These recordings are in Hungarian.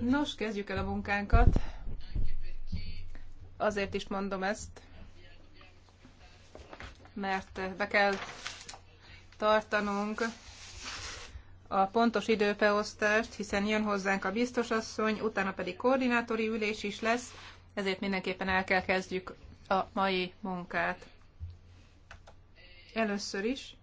Nos, kezdjük el a munkánkat. Azért is mondom ezt, mert be kell tartanunk a pontos időbeosztást, hiszen jön hozzánk a biztosasszony, utána pedig koordinátori ülés is lesz, ezért mindenképpen el kell kezdjük a mai munkát. Először is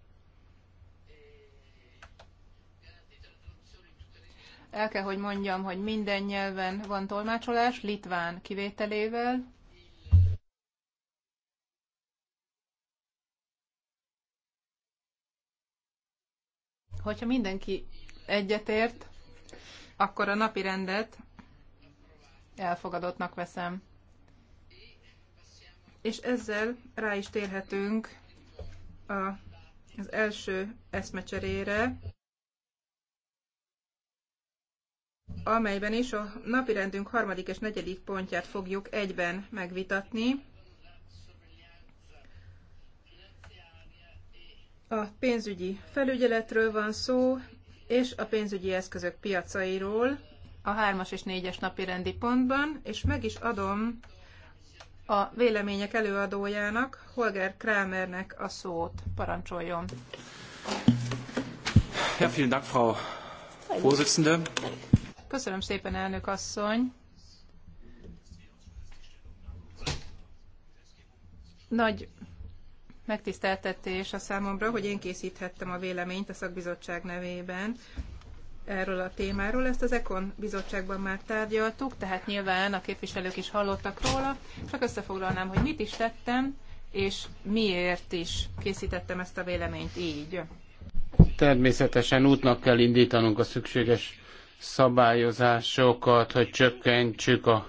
El kell, hogy mondjam, hogy minden nyelven van tolmácsolás, litván kivételével. Hogyha mindenki egyetért, akkor a napi rendet elfogadottnak veszem. És ezzel rá is térhetünk a, az első eszmecserére amelyben is a napirendünk harmadik és negyedik pontját fogjuk egyben megvitatni. A pénzügyi felügyeletről van szó, és a pénzügyi eszközök piacairól a hármas és négyes napi rendi pontban, és meg is adom a vélemények előadójának, Holger Kramernek a szót. Parancsoljon! Ja, vielen Dank, Frau Vorsitzende. Köszönöm szépen, elnök asszony. Nagy megtiszteltetés a számomra, hogy én készíthettem a véleményt a szakbizottság nevében erről a témáról. Ezt az Ekon bizottságban már tárgyaltuk, tehát nyilván a képviselők is hallottak róla. Csak összefoglalnám, hogy mit is tettem, és miért is készítettem ezt a véleményt így. Természetesen útnak kell indítanunk a szükséges szabályozásokat, hogy csökkentsük a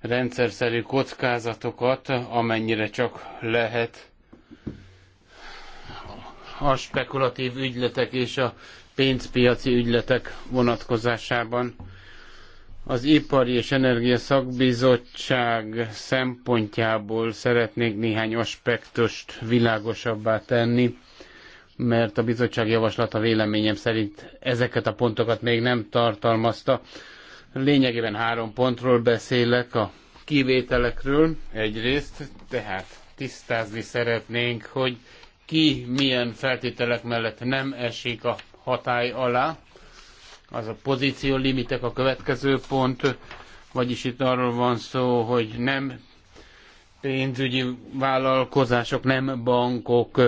rendszerszerű kockázatokat, amennyire csak lehet a spekulatív ügyletek és a pénzpiaci ügyletek vonatkozásában. Az Ipari és Energia Szakbizottság szempontjából szeretnék néhány aspektust világosabbá tenni mert a bizottság javaslata véleményem szerint ezeket a pontokat még nem tartalmazta. Lényegében három pontról beszélek, a kivételekről egyrészt, tehát tisztázni szeretnénk, hogy ki milyen feltételek mellett nem esik a hatály alá. Az a pozíció limitek a következő pont, vagyis itt arról van szó, hogy nem pénzügyi vállalkozások, nem bankok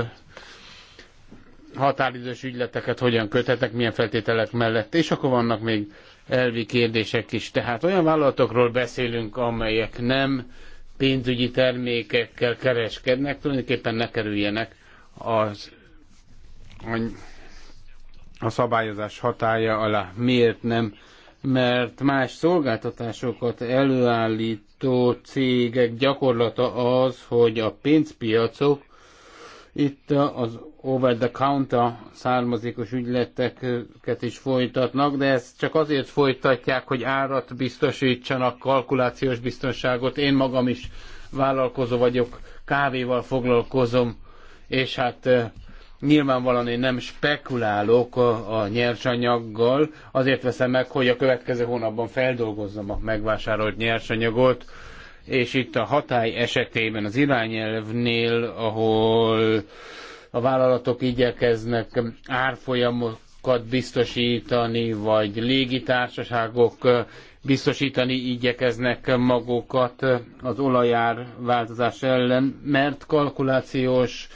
határidős ügyleteket hogyan köthetek, milyen feltételek mellett, és akkor vannak még elvi kérdések is. Tehát olyan vállalatokról beszélünk, amelyek nem pénzügyi termékekkel kereskednek, tulajdonképpen ne kerüljenek az a, a szabályozás hatája alá. Miért nem? Mert más szolgáltatásokat előállító cégek gyakorlata az, hogy a pénzpiacok itt az over the counter származékos ügyleteket is folytatnak, de ezt csak azért folytatják, hogy árat biztosítsanak, kalkulációs biztonságot. Én magam is vállalkozó vagyok, kávéval foglalkozom, és hát eh, nyilvánvalóan én nem spekulálok a, a nyersanyaggal, azért veszem meg, hogy a következő hónapban feldolgozzam a megvásárolt nyersanyagot, és itt a hatály esetében az irányelvnél, ahol a vállalatok igyekeznek árfolyamokat biztosítani, vagy légitársaságok biztosítani igyekeznek magukat az olajár változás ellen, mert kalkulációs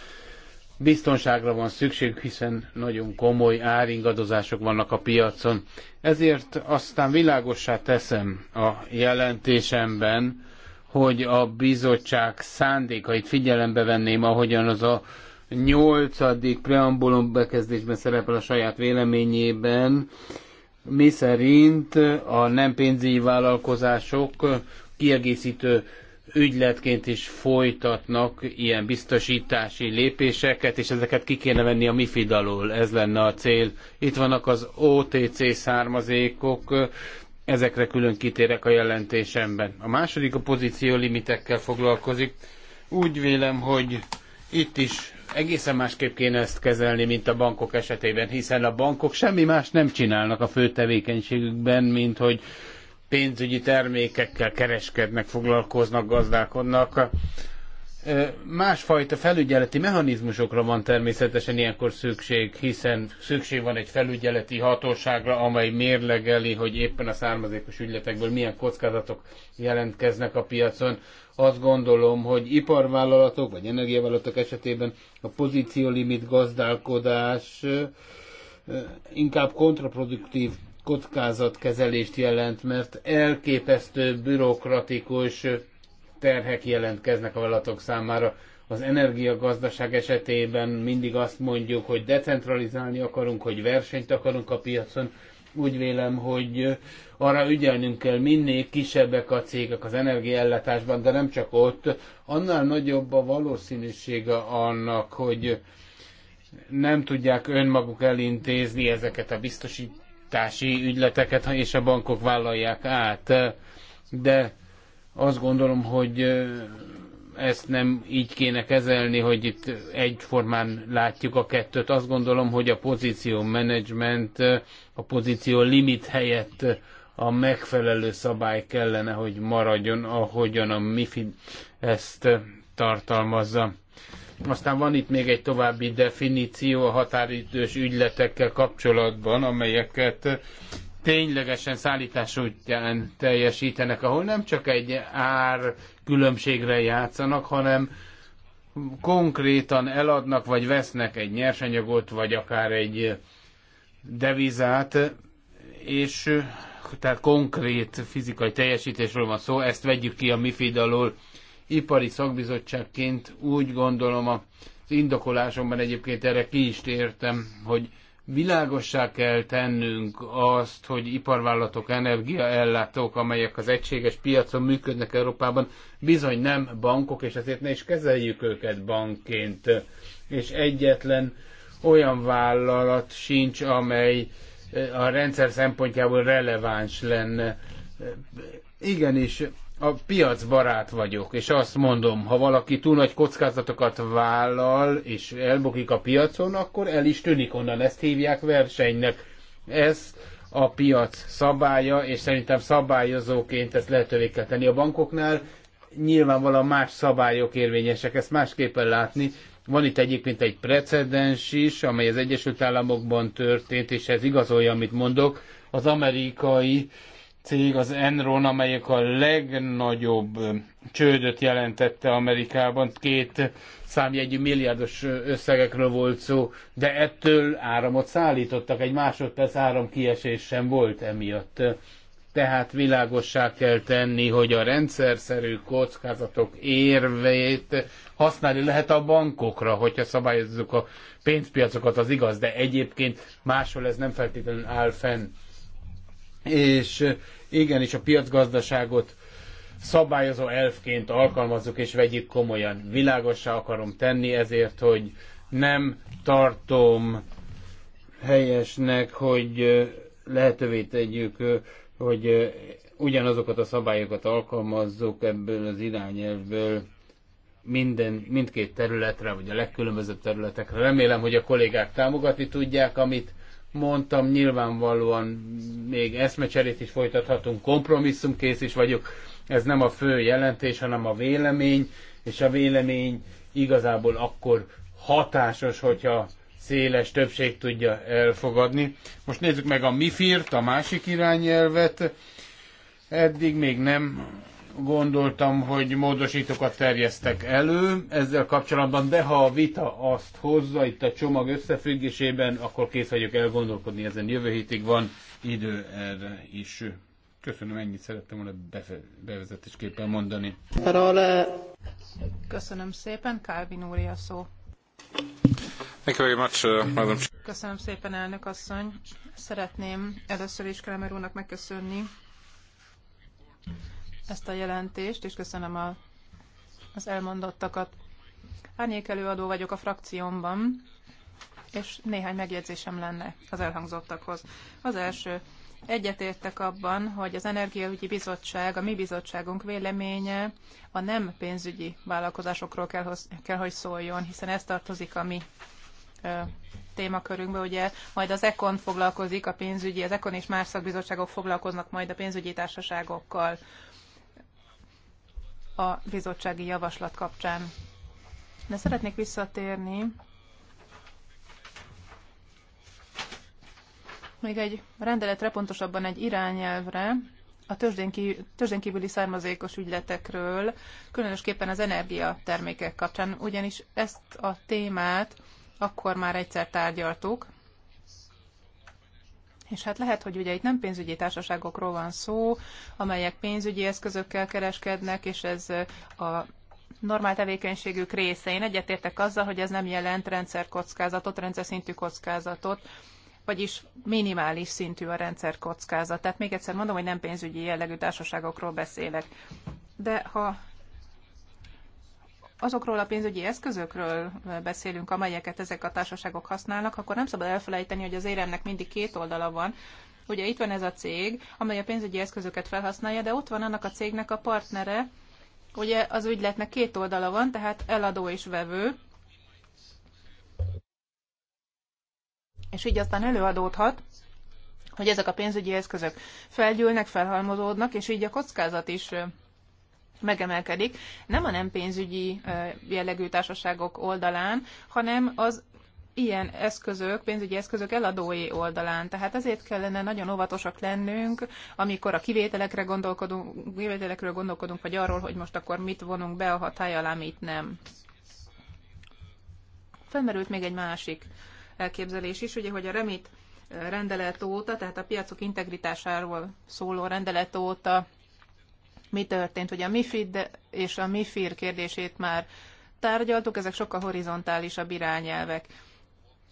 biztonságra van szükség, hiszen nagyon komoly áringadozások vannak a piacon. Ezért aztán világossá teszem a jelentésemben, hogy a bizottság szándékait figyelembe venném, ahogyan az a nyolcadik preambulum bekezdésben szerepel a saját véleményében, mi szerint a nem pénzügyi vállalkozások kiegészítő ügyletként is folytatnak ilyen biztosítási lépéseket, és ezeket ki kéne venni a MIFID alól, ez lenne a cél. Itt vannak az OTC származékok, ezekre külön kitérek a jelentésemben. A második a pozíció limitekkel foglalkozik. Úgy vélem, hogy itt is Egészen másképp kéne ezt kezelni, mint a bankok esetében, hiszen a bankok semmi más nem csinálnak a fő tevékenységükben, mint hogy pénzügyi termékekkel kereskednek, foglalkoznak, gazdálkodnak másfajta felügyeleti mechanizmusokra van természetesen ilyenkor szükség, hiszen szükség van egy felügyeleti hatóságra, amely mérlegeli, hogy éppen a származékos ügyletekből milyen kockázatok jelentkeznek a piacon. Azt gondolom, hogy iparvállalatok vagy energiavállalatok esetében a pozíciólimit gazdálkodás inkább kontraproduktív kockázatkezelést jelent, mert elképesztő bürokratikus terhek jelentkeznek a vállalatok számára. Az energiagazdaság esetében mindig azt mondjuk, hogy decentralizálni akarunk, hogy versenyt akarunk a piacon. Úgy vélem, hogy arra ügyelnünk kell, minél kisebbek a cégek az energiaellátásban, de nem csak ott, annál nagyobb a valószínűsége annak, hogy nem tudják önmaguk elintézni ezeket a biztosítási ügyleteket, és a bankok vállalják át. De azt gondolom, hogy ezt nem így kéne kezelni, hogy itt egyformán látjuk a kettőt. Azt gondolom, hogy a pozíció management, a pozíció limit helyett a megfelelő szabály kellene, hogy maradjon, ahogyan a MIFID ezt tartalmazza. Aztán van itt még egy további definíció a határidős ügyletekkel kapcsolatban, amelyeket ténylegesen szállítás útján teljesítenek, ahol nem csak egy ár különbségre játszanak, hanem konkrétan eladnak, vagy vesznek egy nyersanyagot, vagy akár egy devizát, és tehát konkrét fizikai teljesítésről van szó, ezt vegyük ki a MIFID alól. Ipari szakbizottságként úgy gondolom az indokolásomban egyébként erre ki is tértem, hogy Világossá kell tennünk azt, hogy iparvállalatok, energiaellátók, amelyek az egységes piacon működnek Európában, bizony nem bankok, és ezért ne is kezeljük őket bankként. És egyetlen olyan vállalat sincs, amely eh, a rendszer szempontjából releváns lenne. Igenis, a piacbarát vagyok, és azt mondom, ha valaki túl nagy kockázatokat vállal, és elbukik a piacon, akkor el is tűnik onnan. Ezt hívják versenynek. Ez a piac szabálya, és szerintem szabályozóként ezt lehetővé kell tenni a bankoknál. Nyilvánvalóan más szabályok érvényesek, ezt másképpen látni. Van itt egyébként egy precedens is, amely az Egyesült Államokban történt, és ez igazolja, amit mondok. Az amerikai uh, cég, az Enron, amelyik a legnagyobb csődöt jelentette Amerikában, két számjegyű milliárdos összegekről volt szó, de ettől áramot szállítottak, egy másodperc kiesés sem volt emiatt. Tehát világossá kell tenni, hogy a rendszerszerű kockázatok érvét használni lehet a bankokra, hogyha szabályozzuk a pénzpiacokat, az igaz, de egyébként máshol ez nem feltétlenül áll fenn és igenis a piacgazdaságot szabályozó elfként alkalmazzuk és vegyük komolyan. Világossá akarom tenni ezért, hogy nem tartom helyesnek, hogy lehetővé tegyük, hogy ugyanazokat a szabályokat alkalmazzuk ebből az irányelvből minden, mindkét területre, vagy a legkülönbözőbb területekre. Remélem, hogy a kollégák támogatni tudják, amit mondtam, nyilvánvalóan még eszmecserét is folytathatunk, kompromisszumkész is vagyok. Ez nem a fő jelentés, hanem a vélemény, és a vélemény igazából akkor hatásos, hogyha széles többség tudja elfogadni. Most nézzük meg a MIFIR-t, a másik irányelvet. Eddig még nem gondoltam, hogy módosítókat terjesztek elő ezzel kapcsolatban, de ha a vita azt hozza itt a csomag összefüggésében, akkor kész vagyok elgondolkodni ezen. Jövő hétig van idő erre is. Köszönöm, ennyit szerettem volna bevezetésképpen mondani. Köszönöm szépen, Kálvin úr a szó. Thank you very much, uh, madam. Köszönöm szépen, elnök asszony. Szeretném először is Kramer úrnak megköszönni ezt a jelentést, és köszönöm a, az elmondottakat. Árnyék előadó vagyok a frakciómban, és néhány megjegyzésem lenne az elhangzottakhoz. Az első, egyetértek abban, hogy az Energiaügyi Bizottság, a mi bizottságunk véleménye a nem pénzügyi vállalkozásokról kell, kell hogy szóljon, hiszen ez tartozik a mi ö, témakörünkbe, ugye majd az ECON foglalkozik, a pénzügyi, az ECON és más szakbizottságok foglalkoznak majd a pénzügyi társaságokkal a bizottsági javaslat kapcsán. De szeretnék visszatérni még egy rendeletre, pontosabban egy irányelvre, a tőzsdén kívüli származékos ügyletekről, különösképpen az energiatermékek kapcsán, ugyanis ezt a témát akkor már egyszer tárgyaltuk, és hát lehet, hogy ugye itt nem pénzügyi társaságokról van szó, amelyek pénzügyi eszközökkel kereskednek, és ez a normál tevékenységük része. Én egyetértek azzal, hogy ez nem jelent kockázatot, rendszer szintű kockázatot, vagyis minimális szintű a rendszer kockázat. Tehát még egyszer mondom, hogy nem pénzügyi jellegű társaságokról beszélek. De ha azokról a pénzügyi eszközökről beszélünk, amelyeket ezek a társaságok használnak, akkor nem szabad elfelejteni, hogy az éremnek mindig két oldala van. Ugye itt van ez a cég, amely a pénzügyi eszközöket felhasználja, de ott van annak a cégnek a partnere, ugye az ügyletnek két oldala van, tehát eladó és vevő, és így aztán előadódhat, hogy ezek a pénzügyi eszközök felgyűlnek, felhalmozódnak, és így a kockázat is megemelkedik, nem a nem pénzügyi jellegű társaságok oldalán, hanem az ilyen eszközök, pénzügyi eszközök eladói oldalán. Tehát ezért kellene nagyon óvatosak lennünk, amikor a kivételekre gondolkodunk, kivételekről gondolkodunk, vagy arról, hogy most akkor mit vonunk be a hatály alá, mit nem. Felmerült még egy másik elképzelés is, ugye, hogy a remit rendelet óta, tehát a piacok integritásáról szóló rendelet óta mi történt. Ugye a MIFID és a MIFIR kérdését már tárgyaltuk, ezek sokkal horizontálisabb irányelvek.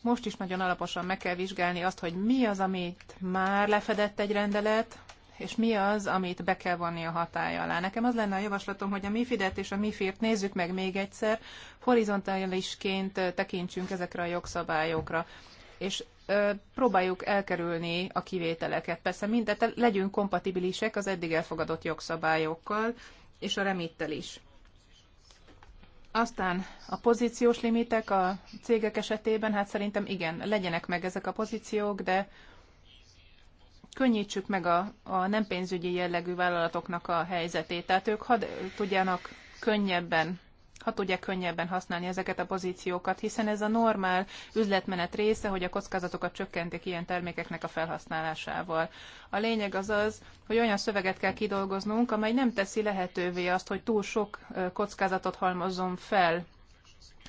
Most is nagyon alaposan meg kell vizsgálni azt, hogy mi az, amit már lefedett egy rendelet, és mi az, amit be kell vonni a hatája alá. Nekem az lenne a javaslatom, hogy a MIFID-et és a MIFIR-t nézzük meg még egyszer, horizontálisként tekintsünk ezekre a jogszabályokra. És próbáljuk elkerülni a kivételeket. Persze mindet legyünk kompatibilisek az eddig elfogadott jogszabályokkal, és a remittel is. Aztán a pozíciós limitek a cégek esetében, hát szerintem igen, legyenek meg ezek a pozíciók, de könnyítsük meg a, a nem pénzügyi jellegű vállalatoknak a helyzetét. Tehát ők had, tudjanak könnyebben ha tudják könnyebben használni ezeket a pozíciókat, hiszen ez a normál üzletmenet része, hogy a kockázatokat csökkentik ilyen termékeknek a felhasználásával. A lényeg az az, hogy olyan szöveget kell kidolgoznunk, amely nem teszi lehetővé azt, hogy túl sok kockázatot halmozzon fel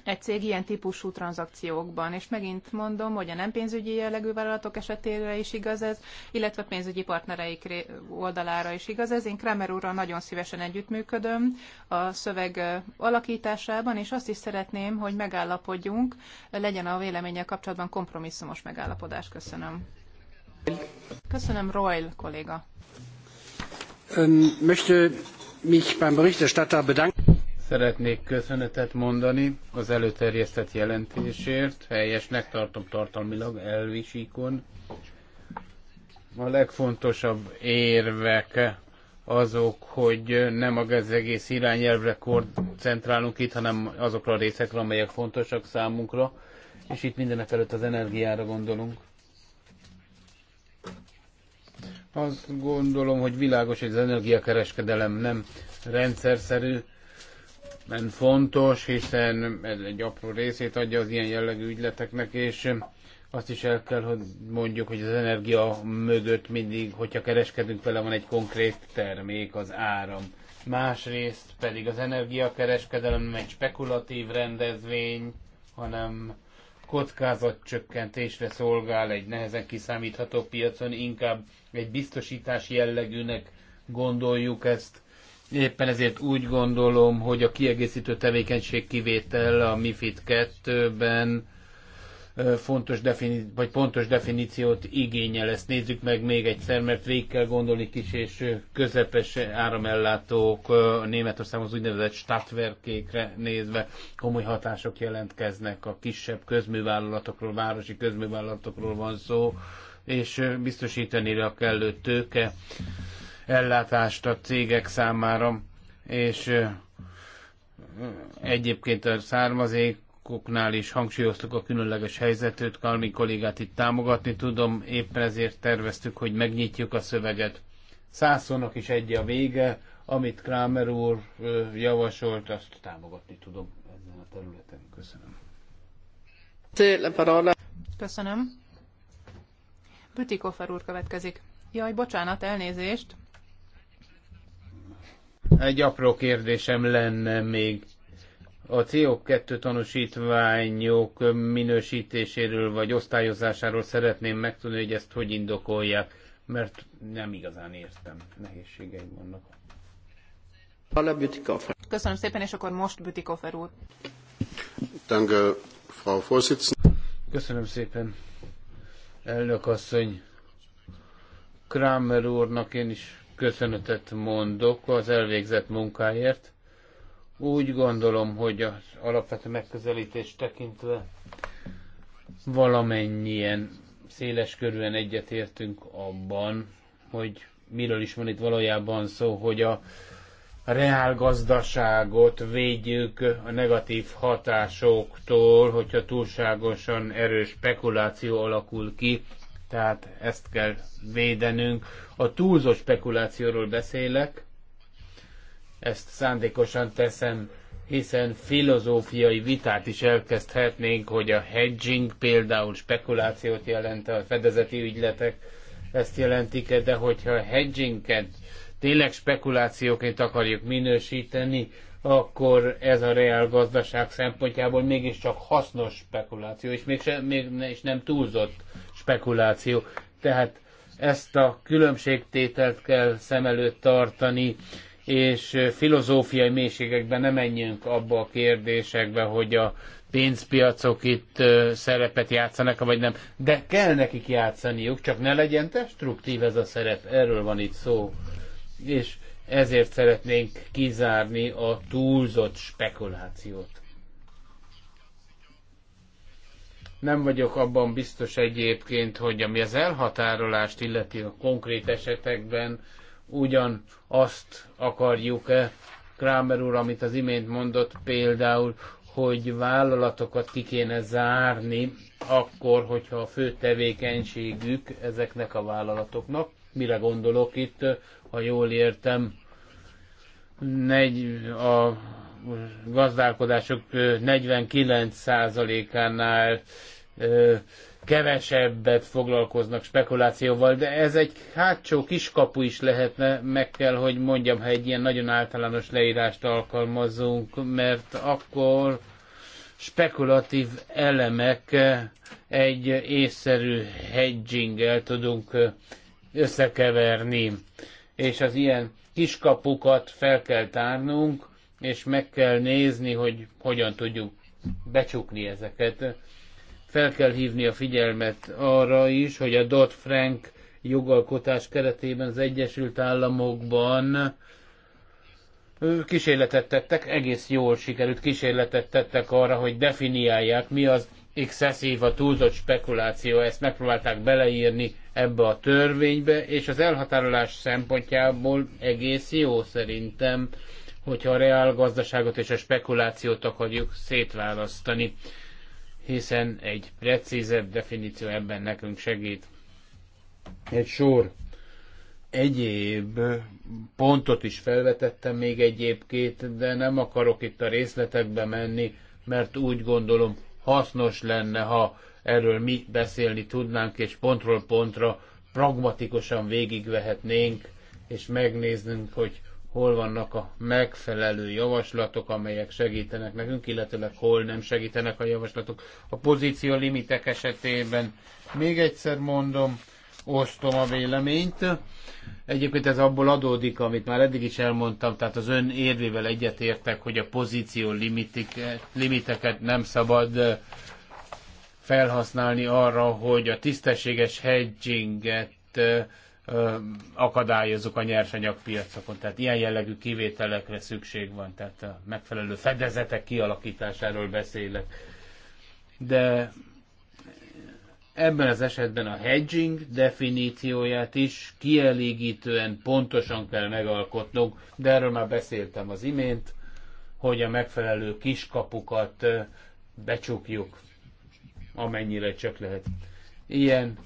egy cég ilyen típusú tranzakciókban. És megint mondom, hogy a nem pénzügyi jellegű vállalatok esetére is igaz ez, illetve pénzügyi partnereik oldalára is igaz ez. Én Kramer úrral nagyon szívesen együttműködöm a szöveg alakításában, és azt is szeretném, hogy megállapodjunk, legyen a véleménye kapcsolatban kompromisszumos megállapodás. Köszönöm. Köszönöm, Royal kolléga. Möchte mich beim Berichterstatter bedanken. Szeretnék köszönetet mondani az előterjesztett jelentésért, helyesnek tartom tartalmilag elvisíkon. A legfontosabb érvek azok, hogy nem az egész irányelvre koncentrálunk itt, hanem azokra a részekre, amelyek fontosak számunkra, és itt mindenek előtt az energiára gondolunk. Azt gondolom, hogy világos, hogy az energiakereskedelem nem rendszerszerű, szerű, nem fontos, hiszen ez egy apró részét adja az ilyen jellegű ügyleteknek, és azt is el kell, hogy mondjuk, hogy az energia mögött mindig, hogyha kereskedünk vele, van egy konkrét termék, az áram. Másrészt pedig az energiakereskedelem nem egy spekulatív rendezvény, hanem kockázatcsökkentésre szolgál egy nehezen kiszámítható piacon, inkább egy biztosítás jellegűnek gondoljuk ezt, Éppen ezért úgy gondolom, hogy a kiegészítő tevékenység kivétel a MIFID 2-ben fontos defini- vagy pontos definíciót igényel. Ezt nézzük meg még egyszer, mert végig kell gondolni kis és közepes áramellátók Németországon az úgynevezett statverkékre nézve komoly hatások jelentkeznek. A kisebb közművállalatokról, városi közművállalatokról van szó, és biztosítani a kellő tőke ellátást a cégek számára, és egyébként a származékoknál is hangsúlyoztuk a különleges helyzetőt, Kalmi kollégát itt támogatni tudom, éppen ezért terveztük, hogy megnyitjuk a szöveget. Százszónak is egy a vége, amit Kramer úr javasolt, azt támogatni tudom ezen a területen. Köszönöm. Köszönöm. Bütikofer úr következik. Jaj, bocsánat, elnézést. Egy apró kérdésem lenne még. A CO2 tanúsítványok minősítéséről vagy osztályozásáról szeretném megtudni, hogy ezt hogy indokolják, mert nem igazán értem. Nehézségeim vannak. Köszönöm szépen, és akkor most Bütikofer úr. Danke, Frau Köszönöm szépen, elnök asszony. Kramer úrnak én is köszönetet mondok az elvégzett munkáért. Úgy gondolom, hogy az alapvető megközelítés tekintve valamennyien széles körülön egyetértünk abban, hogy miről is van itt valójában szó, hogy a reál gazdaságot védjük a negatív hatásoktól, hogyha túlságosan erős spekuláció alakul ki tehát ezt kell védenünk. A túlzó spekulációról beszélek, ezt szándékosan teszem, hiszen filozófiai vitát is elkezdhetnénk, hogy a hedging például spekulációt jelent a fedezeti ügyletek, ezt jelentik-e, de hogyha a hedginget tényleg spekulációként akarjuk minősíteni, akkor ez a reál gazdaság szempontjából mégiscsak hasznos spekuláció, és, még még, és nem túlzott spekuláció. Tehát ezt a különbségtételt kell szem előtt tartani, és filozófiai mélységekben nem menjünk abba a kérdésekbe, hogy a pénzpiacok itt szerepet játszanak, vagy nem. De kell nekik játszaniuk, csak ne legyen destruktív ez a szerep. Erről van itt szó. És ezért szeretnénk kizárni a túlzott spekulációt. Nem vagyok abban biztos egyébként, hogy ami az elhatárolást illeti a konkrét esetekben, ugyan azt akarjuk-e, Kramer úr, amit az imént mondott például, hogy vállalatokat ki kéne zárni, akkor, hogyha a fő tevékenységük ezeknek a vállalatoknak, mire gondolok itt, ha jól értem, negy, a gazdálkodások 49%-ánál kevesebbet foglalkoznak spekulációval, de ez egy hátsó kiskapu is lehetne, meg kell, hogy mondjam, ha egy ilyen nagyon általános leírást alkalmazunk, mert akkor spekulatív elemek egy észszerű hedginggel tudunk összekeverni. És az ilyen kiskapukat fel kell tárnunk, és meg kell nézni, hogy hogyan tudjuk becsukni ezeket fel kell hívni a figyelmet arra is, hogy a Dodd-Frank jogalkotás keretében az Egyesült Államokban kísérletet tettek, egész jól sikerült kísérletet tettek arra, hogy definiálják, mi az excessív, a túlzott spekuláció, ezt megpróbálták beleírni ebbe a törvénybe, és az elhatárolás szempontjából egész jó szerintem, hogyha a reál gazdaságot és a spekulációt akarjuk szétválasztani hiszen egy precízebb definíció ebben nekünk segít. Egy sor egyéb pontot is felvetettem még egyébként, de nem akarok itt a részletekbe menni, mert úgy gondolom hasznos lenne, ha erről mi beszélni tudnánk, és pontról pontra pragmatikusan végigvehetnénk, és megnéznünk, hogy hol vannak a megfelelő javaslatok, amelyek segítenek nekünk, illetőleg hol nem segítenek a javaslatok. A pozíció limitek esetében még egyszer mondom, osztom a véleményt. Egyébként ez abból adódik, amit már eddig is elmondtam, tehát az ön érvével egyetértek, hogy a pozíció limiteket, limiteket nem szabad eh, felhasználni arra, hogy a tisztességes hedginget eh, akadályozzuk a nyersanyagpiacokon. Tehát ilyen jellegű kivételekre szükség van, tehát a megfelelő fedezetek kialakításáról beszélek. De ebben az esetben a hedging definícióját is kielégítően pontosan kell megalkotnunk, de erről már beszéltem az imént, hogy a megfelelő kiskapukat becsukjuk, amennyire csak lehet. Ilyen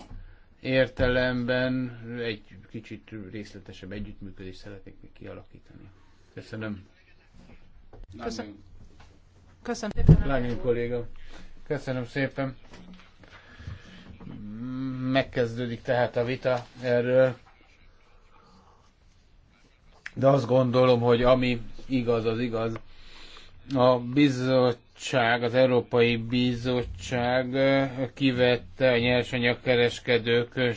értelemben egy kicsit részletesebb együttműködést szeretnék még kialakítani. Köszönöm. Köszönöm. Köszönöm szépen. Lányi kolléga. Köszönöm szépen. Megkezdődik tehát a vita erről. De azt gondolom, hogy ami igaz, az igaz. A bizott bizottság, az Európai Bizottság kivette a nyersanyagkereskedők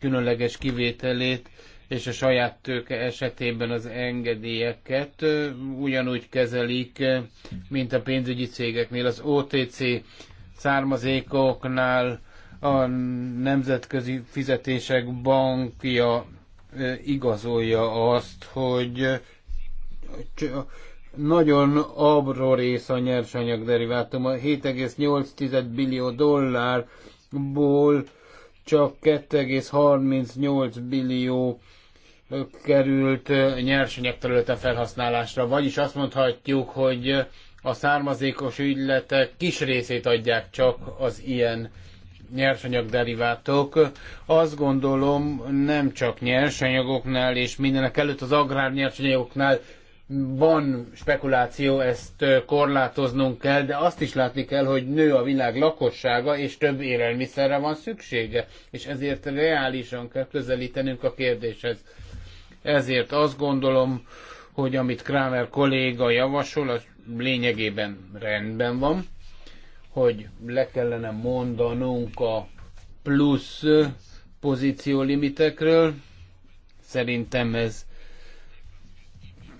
különleges kivételét, és a saját tőke esetében az engedélyeket ugyanúgy kezelik, mint a pénzügyi cégeknél. Az OTC származékoknál a nemzetközi fizetések bankja igazolja azt, hogy nagyon abró rész a nyersanyag derivátuma. 7,8 billió dollárból csak 2,38 billió került nyersanyag területen felhasználásra. Vagyis azt mondhatjuk, hogy a származékos ügyletek kis részét adják csak az ilyen nyersanyagderivátok. Azt gondolom nem csak nyersanyagoknál és mindenek előtt az agrárnyersanyagoknál van spekuláció, ezt korlátoznunk kell, de azt is látni kell, hogy nő a világ lakossága, és több élelmiszerre van szüksége, és ezért reálisan kell közelítenünk a kérdéshez. Ezért azt gondolom, hogy amit Kramer kolléga javasol, az lényegében rendben van, hogy le kellene mondanunk a plusz pozíciólimitekről. Szerintem ez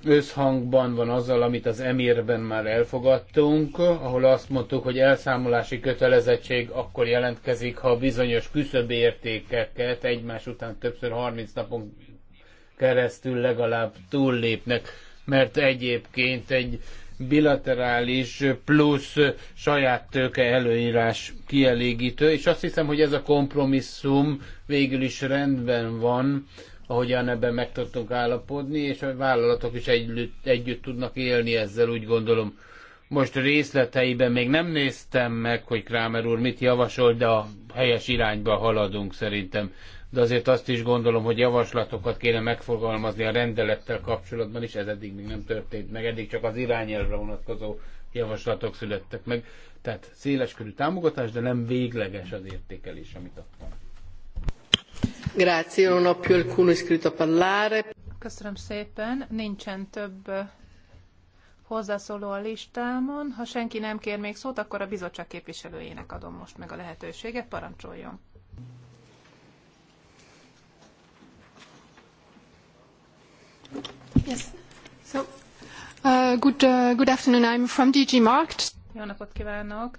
összhangban van azzal, amit az emírben már elfogadtunk, ahol azt mondtuk, hogy elszámolási kötelezettség akkor jelentkezik, ha bizonyos küszöbértékeket egymás után többször 30 napon keresztül legalább túllépnek, mert egyébként egy bilaterális plusz saját tőke előírás kielégítő, és azt hiszem, hogy ez a kompromisszum végül is rendben van, ahogyan ebben meg tudtunk állapodni, és a vállalatok is együtt, együtt tudnak élni ezzel, úgy gondolom. Most részleteiben még nem néztem meg, hogy Krámer úr mit javasol, de a helyes irányba haladunk szerintem. De azért azt is gondolom, hogy javaslatokat kéne megfogalmazni a rendelettel kapcsolatban is, ez eddig még nem történt meg, eddig csak az irányelvre vonatkozó javaslatok születtek meg. Tehát széleskörű támogatás, de nem végleges az értékelés, amit adtam. Köszönöm szépen, nincsen több eh, hozzászóló a listámon. Ha senki nem kér még szót, akkor a bizottság képviselőjének adom most meg a lehetőséget, parancsoljon. Yes. So, uh, good, uh, good afternoon. I'm from DG Markt. Jó napot kívánok!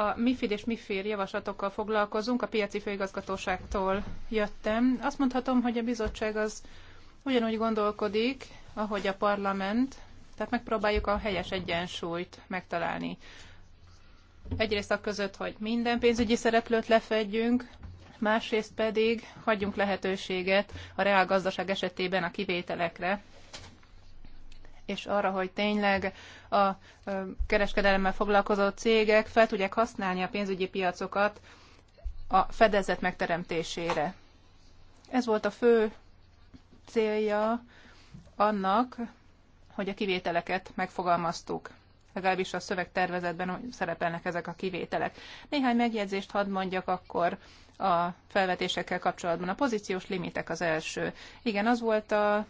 a MIFID és MIFIR javaslatokkal foglalkozunk, a piaci főigazgatóságtól jöttem. Azt mondhatom, hogy a bizottság az ugyanúgy gondolkodik, ahogy a parlament, tehát megpróbáljuk a helyes egyensúlyt megtalálni. Egyrészt a között, hogy minden pénzügyi szereplőt lefedjünk, másrészt pedig hagyjunk lehetőséget a reálgazdaság esetében a kivételekre, és arra, hogy tényleg a kereskedelemmel foglalkozó cégek fel tudják használni a pénzügyi piacokat a fedezet megteremtésére. Ez volt a fő célja annak, hogy a kivételeket megfogalmaztuk. Legalábbis a szövegtervezetben szerepelnek ezek a kivételek. Néhány megjegyzést hadd mondjak akkor a felvetésekkel kapcsolatban. A pozíciós limitek az első. Igen, az volt a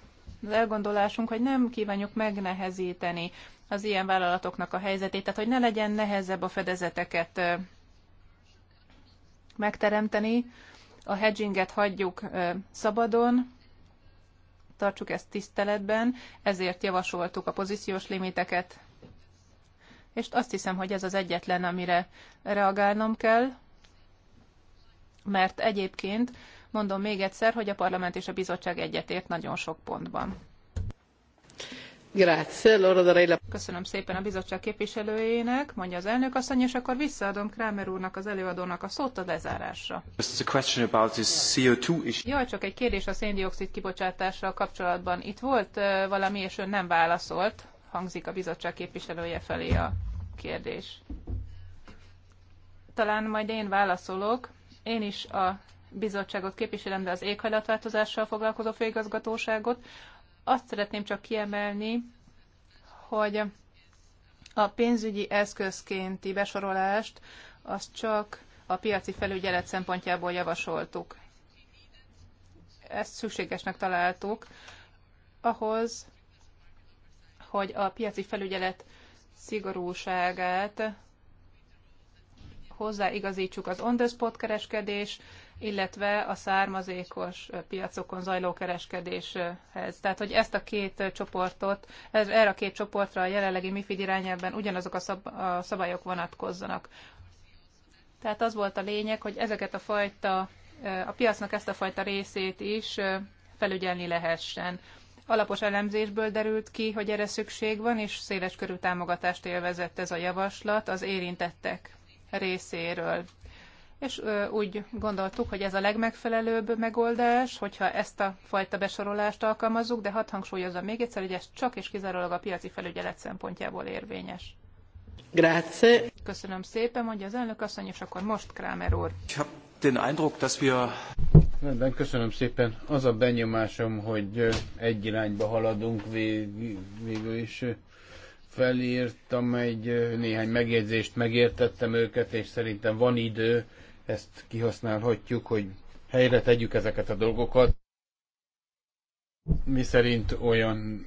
az elgondolásunk, hogy nem kívánjuk megnehezíteni az ilyen vállalatoknak a helyzetét, tehát hogy ne legyen nehezebb a fedezeteket megteremteni, a hedginget hagyjuk szabadon, tartsuk ezt tiszteletben, ezért javasoltuk a pozíciós limiteket, és azt hiszem, hogy ez az egyetlen, amire reagálnom kell, mert egyébként Mondom még egyszer, hogy a parlament és a bizottság egyetért nagyon sok pontban. Köszönöm szépen a bizottság képviselőjének, mondja az elnök asszony, és akkor visszaadom Kramer úrnak, az előadónak a szót a lezárásra. Jaj, csak egy kérdés a széndiokszid kibocsátásra kapcsolatban. Itt volt valami, és ön nem válaszolt, hangzik a bizottság képviselője felé a kérdés. Talán majd én válaszolok. Én is a bizottságot képviselem, de az éghajlatváltozással foglalkozó főigazgatóságot. Azt szeretném csak kiemelni, hogy a pénzügyi eszközkénti besorolást azt csak a piaci felügyelet szempontjából javasoltuk. Ezt szükségesnek találtuk ahhoz, hogy a piaci felügyelet szigorúságát hozzáigazítsuk az on-the-spot kereskedés illetve a származékos piacokon zajló kereskedéshez. Tehát, hogy ezt a két csoportot, ez, erre a két csoportra a jelenlegi MIFID irányelben ugyanazok a, szab, a szabályok vonatkozzanak. Tehát az volt a lényeg, hogy ezeket a fajta, a piacnak ezt a fajta részét is felügyelni lehessen. Alapos elemzésből derült ki, hogy erre szükség van, és széles körű támogatást élvezett ez a javaslat az érintettek részéről és úgy gondoltuk, hogy ez a legmegfelelőbb megoldás, hogyha ezt a fajta besorolást alkalmazzuk, de hadd hangsúlyozom még egyszer, hogy ez csak és kizárólag a piaci felügyelet szempontjából érvényes. Grazie. Köszönöm szépen, mondja az elnök asszony, és akkor most Krámer úr. Den Eindruck, dass wir... Rendben, köszönöm szépen. Az a benyomásom, hogy egy irányba haladunk vég, végül is felírtam egy néhány megjegyzést, megértettem őket, és szerintem van idő ezt kihasználhatjuk, hogy helyre tegyük ezeket a dolgokat, mi szerint olyan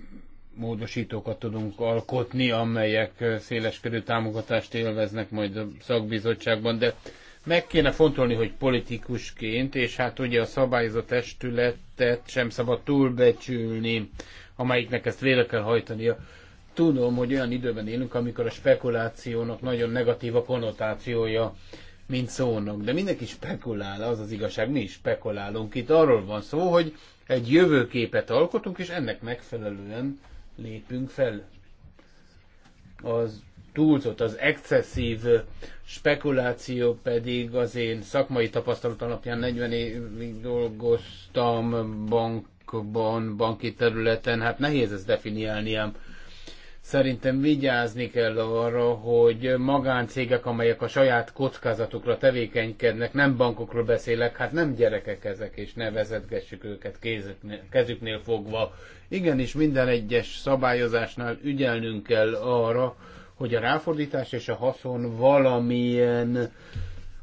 módosítókat tudunk alkotni, amelyek széleskörű támogatást élveznek majd a szakbizottságban, de meg kéne fontolni, hogy politikusként, és hát ugye a szabályozó testületet sem szabad túlbecsülni, amelyiknek ezt vére kell hajtania. Tudom, hogy olyan időben élünk, amikor a spekulációnak nagyon negatív a konnotációja, mint szónok. De mindenki spekulál, az az igazság, mi is spekulálunk. Itt arról van szó, hogy egy jövőképet alkotunk, és ennek megfelelően lépünk fel. Az túlzott, az excesszív spekuláció pedig az én szakmai tapasztalat alapján 40 évig dolgoztam bankban, banki területen, hát nehéz ezt definiálni ám Szerintem vigyázni kell arra, hogy magáncégek, amelyek a saját kockázatukra tevékenykednek, nem bankokról beszélek, hát nem gyerekek ezek, és ne vezetgessük őket kézüknél, kezüknél fogva. Igenis minden egyes szabályozásnál ügyelnünk kell arra, hogy a ráfordítás és a haszon valamilyen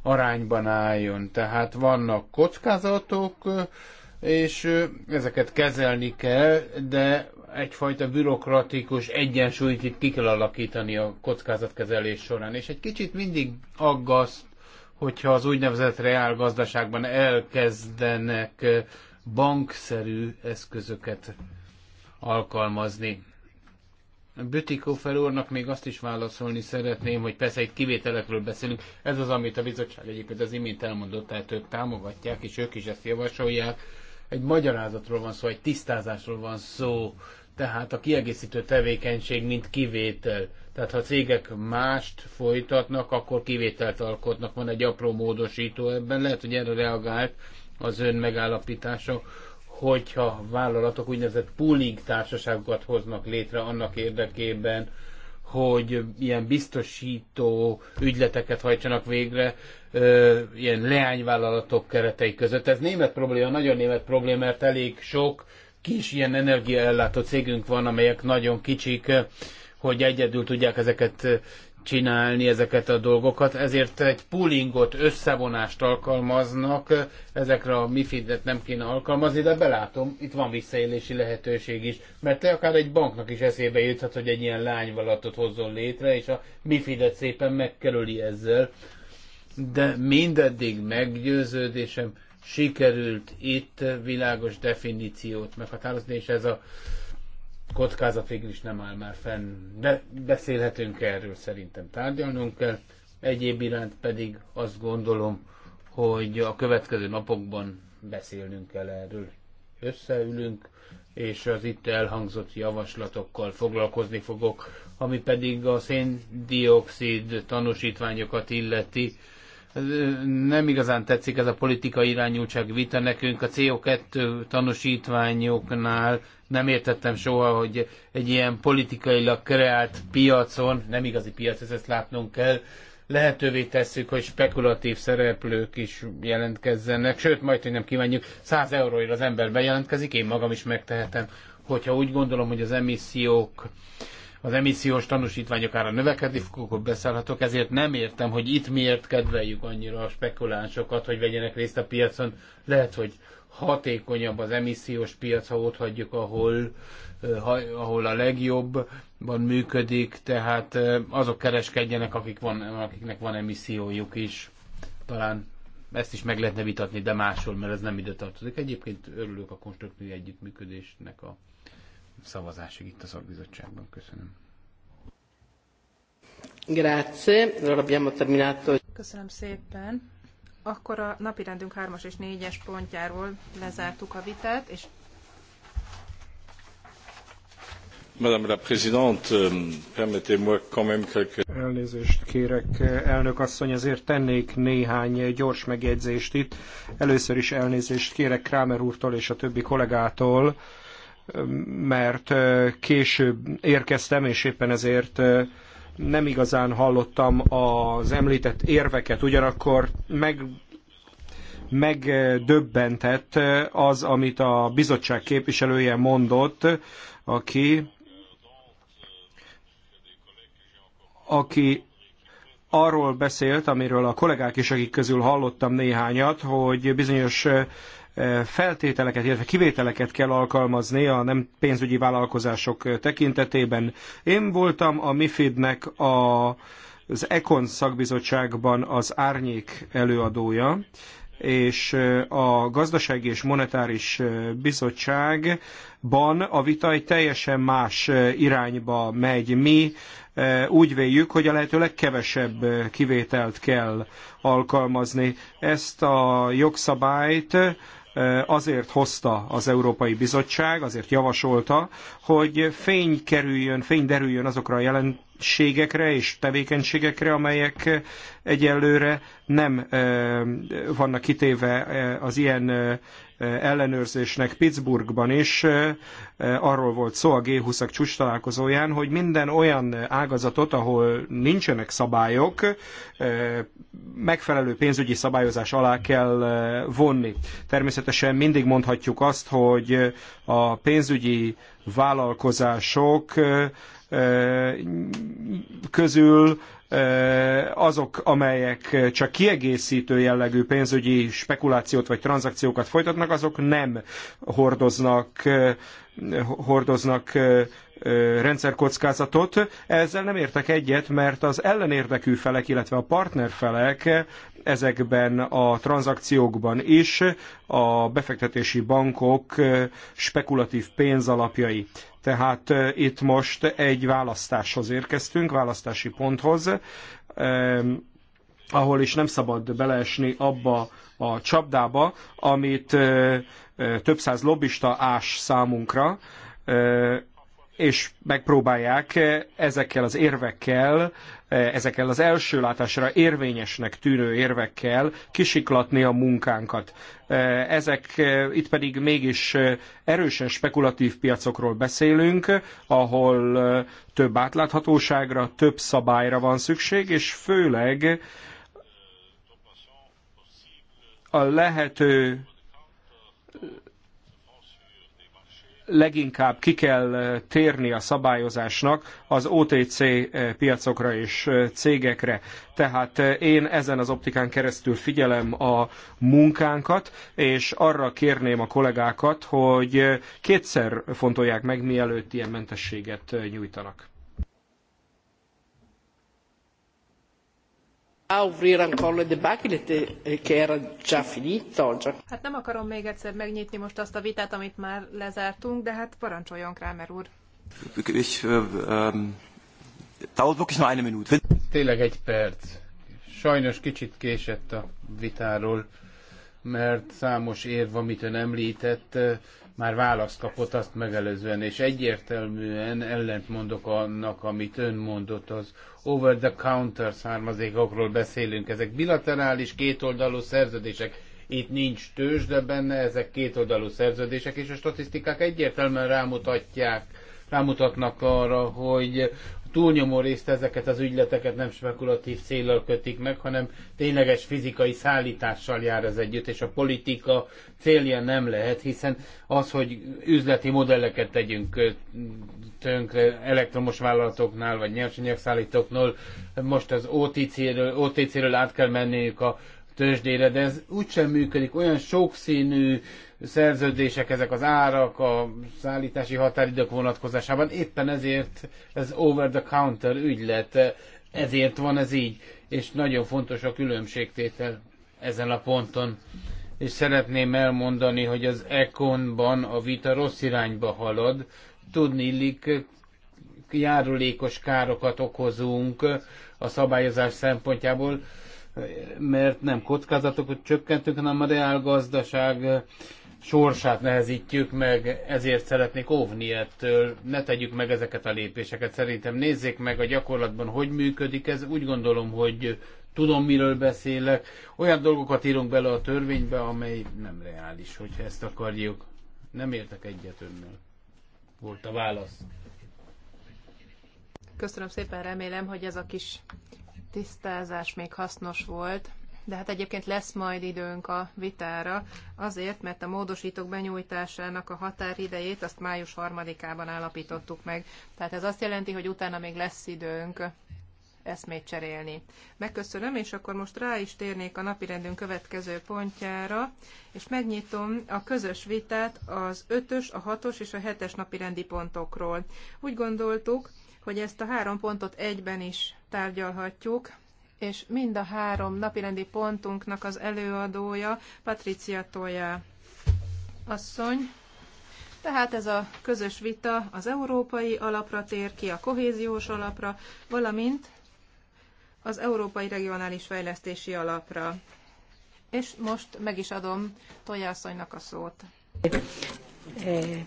arányban álljon. Tehát vannak kockázatok, és ezeket kezelni kell, de egyfajta bürokratikus egyensúlyt itt ki kell alakítani a kockázatkezelés során. És egy kicsit mindig aggaszt, hogyha az úgynevezett reál gazdaságban elkezdenek bankszerű eszközöket alkalmazni. Bütikofer úrnak még azt is válaszolni szeretném, hogy persze egy kivételekről beszélünk. Ez az, amit a bizottság egyébként az imént elmondott, tehát ők támogatják, és ők is ezt javasolják egy magyarázatról van szó, egy tisztázásról van szó, tehát a kiegészítő tevékenység, mint kivétel. Tehát ha cégek mást folytatnak, akkor kivételt alkotnak. Van egy apró módosító ebben, lehet, hogy erre reagált az ön megállapítása, hogyha vállalatok úgynevezett pooling társaságokat hoznak létre annak érdekében, hogy ilyen biztosító ügyleteket hajtsanak végre ö, ilyen leányvállalatok keretei között. Ez német probléma, nagyon német probléma, mert elég sok kis ilyen energiaellátó cégünk van, amelyek nagyon kicsik, hogy egyedül tudják ezeket csinálni ezeket a dolgokat, ezért egy poolingot, összevonást alkalmaznak, ezekre a MIFID-et nem kéne alkalmazni, de belátom, itt van visszaélési lehetőség is, mert akár egy banknak is eszébe juthat, hogy egy ilyen lányvalatot hozzon létre, és a MIFID-et szépen megkerüli ezzel. De mindeddig meggyőződésem sikerült itt világos definíciót meghatározni, és ez a kockázat végül is nem áll már fenn, de beszélhetünk erről, szerintem tárgyalnunk kell. Egyéb iránt pedig azt gondolom, hogy a következő napokban beszélnünk kell erről. Összeülünk, és az itt elhangzott javaslatokkal foglalkozni fogok, ami pedig a széndiokszid tanúsítványokat illeti nem igazán tetszik ez a politikai irányultság vita nekünk a CO2 tanúsítványoknál. Nem értettem soha, hogy egy ilyen politikailag kreált piacon, nem igazi piac, ezt, ezt látnunk kell, lehetővé tesszük, hogy spekulatív szereplők is jelentkezzenek, sőt, majd, hogy nem kívánjuk, 100 euróért az ember bejelentkezik, én magam is megtehetem, hogyha úgy gondolom, hogy az emissziók az emissziós tanúsítványok ára növekedni fog, akkor beszállhatok, ezért nem értem, hogy itt miért kedveljük annyira a spekulánsokat, hogy vegyenek részt a piacon. Lehet, hogy hatékonyabb az emissziós piac, ha ott hagyjuk, ahol, eh, ahol a legjobban működik, tehát eh, azok kereskedjenek, akik van, akiknek van emissziójuk is. Talán ezt is meg lehetne vitatni, de máshol, mert ez nem ide tartozik. Egyébként örülök a konstruktív együttműködésnek a szavazásig itt a szakbizottságban. Köszönöm. Grazie, abbiamo terminato. Köszönöm szépen. Akkor a napi rendünk 3 és 4-es pontjáról lezártuk a vitát, és Madame la Présidente, euh, permettez-moi quand même quelques... Elnézést kérek, elnök asszony, azért tennék néhány gyors megjegyzést itt. Először is elnézést kérek Kramer úrtól és a többi kollégától, mert később érkeztem, és éppen ezért nem igazán hallottam az említett érveket, ugyanakkor meg megdöbbentett az, amit a bizottság képviselője mondott, aki, aki arról beszélt, amiről a kollégák is, akik közül hallottam néhányat, hogy bizonyos feltételeket, illetve kivételeket kell alkalmazni a nem pénzügyi vállalkozások tekintetében. Én voltam a MIFID-nek a, az Econ szakbizottságban az árnyék előadója, és a Gazdasági és Monetáris Bizottságban a vita egy teljesen más irányba megy. Mi úgy véljük, hogy a lehető legkevesebb kivételt kell alkalmazni. Ezt a jogszabályt Eh, azért hozta az Európai Bizottság, azért javasolta, hogy fény kerüljön, fény derüljön azokra a jelenségekre és tevékenységekre, amelyek egyelőre nem eh, vannak kitéve eh, az ilyen ellenőrzésnek Pittsburghban is arról volt szó a G20-ak csúcs találkozóján, hogy minden olyan ágazatot, ahol nincsenek szabályok, megfelelő pénzügyi szabályozás alá kell vonni. Természetesen mindig mondhatjuk azt, hogy a pénzügyi vállalkozások közül azok, amelyek csak kiegészítő jellegű pénzügyi spekulációt vagy tranzakciókat folytatnak, azok nem hordoznak hordoznak rendszerkockázatot. Ezzel nem értek egyet, mert az ellenérdekű felek, illetve a partnerfelek ezekben a tranzakciókban is a befektetési bankok spekulatív pénzalapjai. Tehát itt most egy választáshoz érkeztünk, választási ponthoz, ahol is nem szabad beleesni abba a csapdába, amit több száz lobbista ás számunkra, és megpróbálják eh, ezekkel az érvekkel, eh, ezekkel az első látásra érvényesnek tűnő érvekkel kisiklatni a munkánkat. Eh, ezek itt pedig mégis erősen spekulatív piacokról beszélünk, ahol több átláthatóságra, több szabályra van szükség, és főleg a lehető leginkább ki kell eh, térni a szabályozásnak az OTC eh, piacokra és eh, cégekre. Tehát én ezen az optikán keresztül figyelem a munkánkat, és arra kérném a kollégákat, hogy kétszer fontolják meg, mielőtt ilyen mentességet nyújtanak. a ah, aprire ancora il dibattito che era già finito. Hát nem akarom még egyszer megnyitni most azt a vitát, amit már lezártunk, de hát parancsoljon Kramer úr. Ich, äh, ähm, dauert wirklich nur eine Minute. Tényleg egy perc. Sajnos kicsit késett a vitáról, mert számos érv, amit ön említett, már választ kapott azt megelőzően, és egyértelműen ellent mondok annak, amit ön mondott, az over-the-counter származékokról beszélünk. Ezek bilaterális, kétoldalú szerződések. Itt nincs tőzs, de benne ezek kétoldalú szerződések, és a statisztikák egyértelműen rámutatják, rámutatnak arra, hogy túlnyomó részt ezeket az ügyleteket nem spekulatív célral kötik meg, hanem tényleges fizikai szállítással jár ez együtt, és a politika célja nem lehet, hiszen az, hogy üzleti modelleket tegyünk tönkre elektromos vállalatoknál, vagy nyersanyagszállítóknál, most az OTC-ről, OTC-ről át kell menniük a tőzsdére, de ez úgysem működik, olyan sokszínű szerződések, ezek az árak, a szállítási határidők vonatkozásában. Éppen ezért ez over-the-counter ügylet, ezért van ez így, és nagyon fontos a különbségtétel ezen a ponton. És szeretném elmondani, hogy az Econban a vita rossz irányba halad, tudni illik, járulékos károkat okozunk a szabályozás szempontjából, mert nem kockázatokat csökkentünk, hanem a reálgazdaság sorsát nehezítjük meg, ezért szeretnék óvni ettől, ne tegyük meg ezeket a lépéseket. Szerintem nézzék meg a gyakorlatban, hogy működik ez. Úgy gondolom, hogy tudom, miről beszélek. Olyan dolgokat írunk bele a törvénybe, amely nem reális, hogyha ezt akarjuk. Nem értek egyet önnel. Volt a válasz. Köszönöm szépen, remélem, hogy ez a kis tisztázás még hasznos volt de hát egyébként lesz majd időnk a vitára, azért, mert a módosítók benyújtásának a határidejét azt május harmadikában állapítottuk meg. Tehát ez azt jelenti, hogy utána még lesz időnk eszmét cserélni. Megköszönöm, és akkor most rá is térnék a napirendünk következő pontjára, és megnyitom a közös vitát az 5-ös, a 6-os és a 7-es napirendi pontokról. Úgy gondoltuk, hogy ezt a három pontot egyben is tárgyalhatjuk, és mind a három napirendi pontunknak az előadója Patricia Toja asszony. Tehát ez a közös vita az európai alapra tér ki, a kohéziós alapra, valamint az Európai Regionális Fejlesztési Alapra. És most meg is adom Tojászonynak a szót. Eh,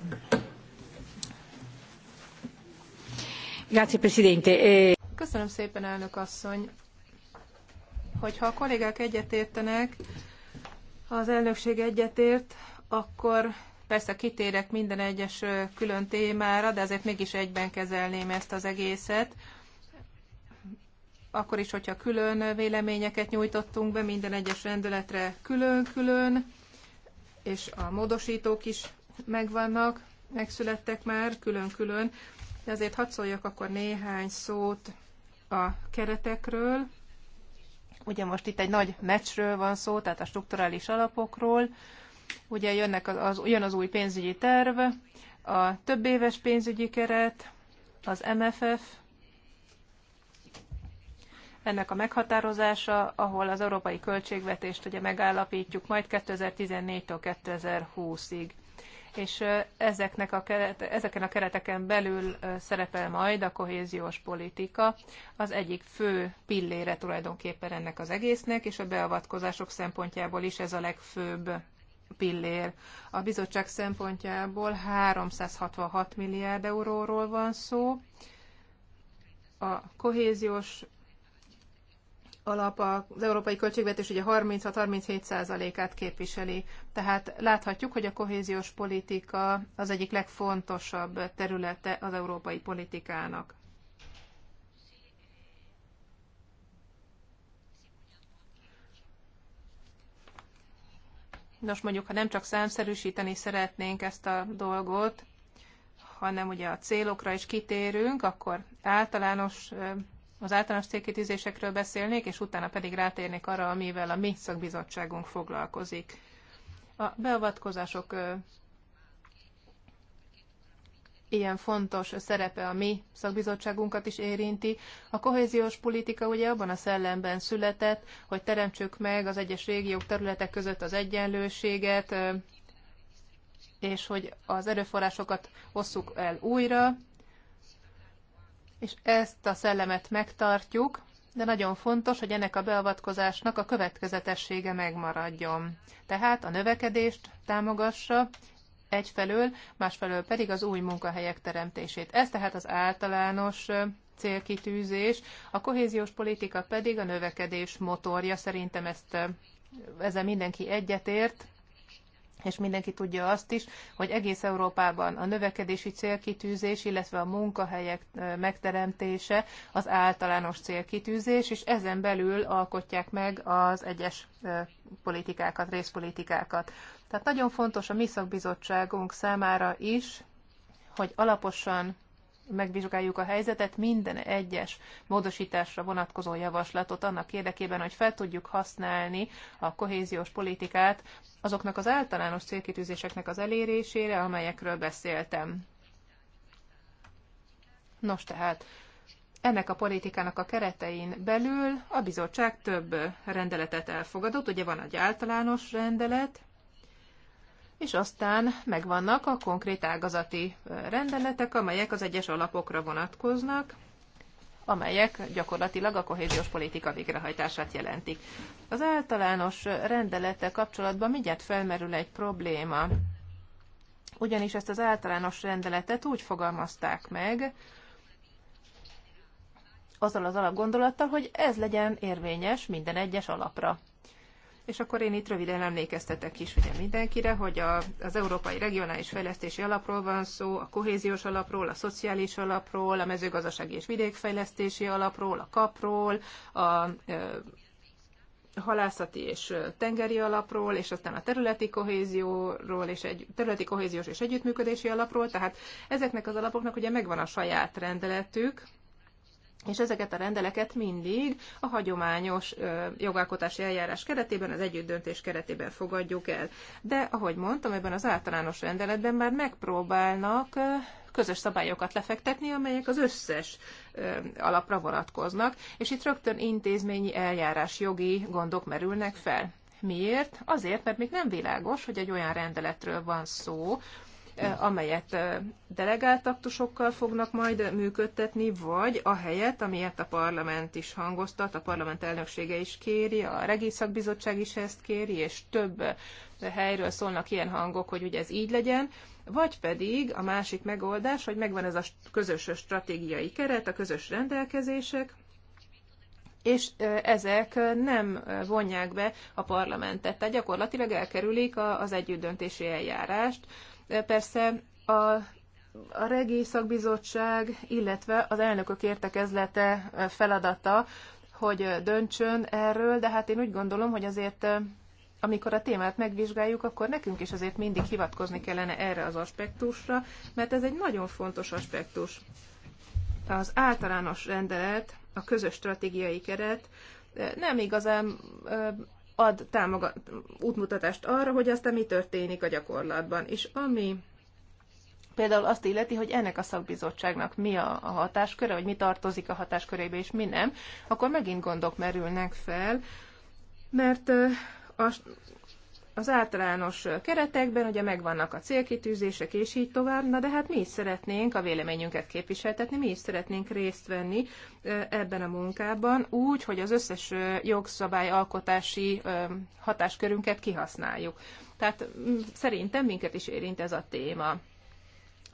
Köszönöm szépen, elnök asszony hogyha a kollégák egyetértenek, az elnökség egyetért, akkor persze kitérek minden egyes külön témára, de azért mégis egyben kezelném ezt az egészet. Akkor is, hogyha külön véleményeket nyújtottunk be, minden egyes rendeletre külön-külön, és a módosítók is megvannak, megszülettek már külön-külön, de azért hadd szóljak akkor néhány szót a keretekről, Ugye most itt egy nagy meccsről van szó, tehát a strukturális alapokról. Ugye jönnek az, az, jön az új pénzügyi terv, a több éves pénzügyi keret, az MFF, ennek a meghatározása, ahol az európai költségvetést ugye megállapítjuk majd 2014-től 2020-ig és ezeknek a keret, ezeken a kereteken belül szerepel majd a kohéziós politika, az egyik fő pillére tulajdonképpen ennek az egésznek, és a beavatkozások szempontjából is ez a legfőbb pillér. A bizottság szempontjából 366 milliárd euróról van szó, a kohéziós alap az európai költségvetés ugye 36-37%-át képviseli. Tehát láthatjuk, hogy a kohéziós politika az egyik legfontosabb területe az európai politikának. Nos, mondjuk, ha nem csak számszerűsíteni szeretnénk ezt a dolgot, hanem ugye a célokra is kitérünk, akkor általános az általános célkitűzésekről beszélnék, és utána pedig rátérnék arra, amivel a mi szakbizottságunk foglalkozik. A beavatkozások ilyen fontos szerepe a mi szakbizottságunkat is érinti. A kohéziós politika ugye abban a szellemben született, hogy teremtsük meg az egyes régiók területek között az egyenlőséget, és hogy az erőforrásokat osszuk el újra, és ezt a szellemet megtartjuk, de nagyon fontos, hogy ennek a beavatkozásnak a következetessége megmaradjon. Tehát a növekedést támogassa egyfelől, másfelől pedig az új munkahelyek teremtését. Ez tehát az általános célkitűzés, a kohéziós politika pedig a növekedés motorja. Szerintem ezt ezzel mindenki egyetért, és mindenki tudja azt is, hogy egész Európában a növekedési célkitűzés, illetve a munkahelyek megteremtése az általános célkitűzés, és ezen belül alkotják meg az egyes politikákat, részpolitikákat. Tehát nagyon fontos a mi szakbizottságunk számára is, hogy alaposan megvizsgáljuk a helyzetet, minden egyes módosításra vonatkozó javaslatot annak érdekében, hogy fel tudjuk használni a kohéziós politikát azoknak az általános célkitűzéseknek az elérésére, amelyekről beszéltem. Nos tehát, ennek a politikának a keretein belül a bizottság több rendeletet elfogadott, ugye van egy általános rendelet, és aztán megvannak a konkrét ágazati rendeletek, amelyek az egyes alapokra vonatkoznak, amelyek gyakorlatilag a kohéziós politika végrehajtását jelentik. Az általános rendelettel kapcsolatban mindjárt felmerül egy probléma, ugyanis ezt az általános rendeletet úgy fogalmazták meg, azzal az alapgondolattal, hogy ez legyen érvényes minden egyes alapra. És akkor én itt röviden emlékeztetek is ugye mindenkire, hogy a, az Európai Regionális Fejlesztési Alapról van szó, a kohéziós alapról, a szociális alapról, a mezőgazdasági és vidékfejlesztési alapról, a kapról, a ö, halászati és tengeri alapról, és aztán a területi kohézióról, és egy területi kohéziós és együttműködési alapról, tehát ezeknek az alapoknak ugye megvan a saját rendeletük, és ezeket a rendeleket mindig a hagyományos jogalkotási eljárás keretében, az együttdöntés keretében fogadjuk el. De, ahogy mondtam, ebben az általános rendeletben már megpróbálnak közös szabályokat lefektetni, amelyek az összes alapra vonatkoznak, és itt rögtön intézményi eljárás jogi gondok merülnek fel. Miért? Azért, mert még nem világos, hogy egy olyan rendeletről van szó, Eh, amelyet eh, delegált aktusokkal fognak majd működtetni, vagy a helyet, amilyet a parlament is hangoztat, a parlament elnöksége is kéri, a regiszakbizottság is ezt kéri, és több eh, helyről szólnak ilyen hangok, hogy ugye ez így legyen, vagy pedig a másik megoldás, hogy megvan ez a közös stratégiai keret, a közös rendelkezések, és ezek nem vonják be a parlamentet, tehát gyakorlatilag elkerülik az együttdöntési eljárást, Persze a a regi szakbizottság, illetve az elnökök értekezlete eh, feladata, hogy eh, döntsön erről, de hát én úgy gondolom, hogy azért eh, amikor a témát megvizsgáljuk, akkor nekünk is azért mindig hivatkozni kellene erre az aspektusra, mert ez egy nagyon fontos aspektus. Az általános rendelet, a közös stratégiai keret nem igazán ad támogat, útmutatást arra, hogy aztán mi történik a gyakorlatban. És ami például azt illeti, hogy ennek a szakbizottságnak mi a, a hatásköre, vagy mi tartozik a hatáskörébe, és mi nem, akkor megint gondok merülnek fel, mert a az általános keretekben ugye megvannak a célkitűzések, és így tovább, na de hát mi is szeretnénk a véleményünket képviseltetni, mi is szeretnénk részt venni ebben a munkában, úgy, hogy az összes jogszabályalkotási hatáskörünket kihasználjuk. Tehát mm, szerintem minket is érint ez a téma.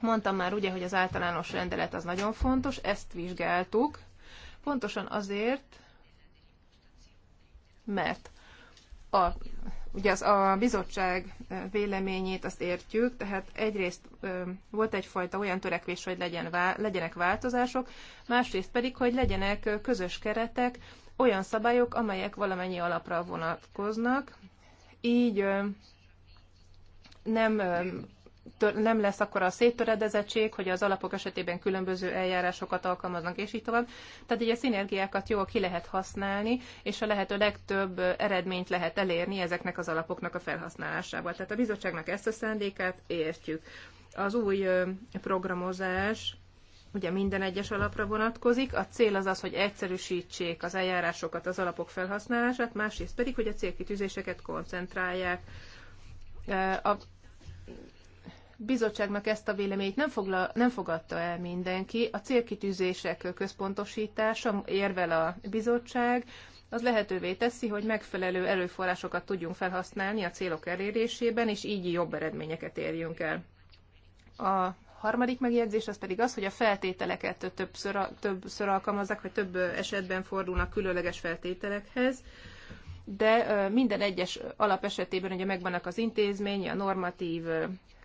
Mondtam már ugye, hogy az általános rendelet az nagyon fontos, ezt vizsgáltuk, pontosan azért, mert a Ugye az a bizottság véleményét azt értjük, tehát egyrészt volt egyfajta olyan törekvés, hogy legyen, legyenek változások, másrészt pedig, hogy legyenek közös keretek, olyan szabályok, amelyek valamennyi alapra vonatkoznak, így nem nem lesz akkor a széttöredezettség, hogy az alapok esetében különböző eljárásokat alkalmaznak, és így tovább. Tehát így a szinergiákat jól ki lehet használni, és a lehető legtöbb eredményt lehet elérni ezeknek az alapoknak a felhasználásával. Tehát a bizottságnak ezt a szándékát értjük. Az új programozás ugye minden egyes alapra vonatkozik. A cél az az, hogy egyszerűsítsék az eljárásokat, az alapok felhasználását, másrészt pedig, hogy a célkitűzéseket koncentrálják. A bizottságnak ezt a véleményt nem, fogla, nem fogadta el mindenki. A célkitűzések központosítása érvel a bizottság, az lehetővé teszi, hogy megfelelő erőforrásokat tudjunk felhasználni a célok elérésében, és így jobb eredményeket érjünk el. A harmadik megjegyzés az pedig az, hogy a feltételeket többször, többször alkalmazzák, vagy több esetben fordulnak különleges feltételekhez, de minden egyes alap esetében ugye megvannak az intézmény, a normatív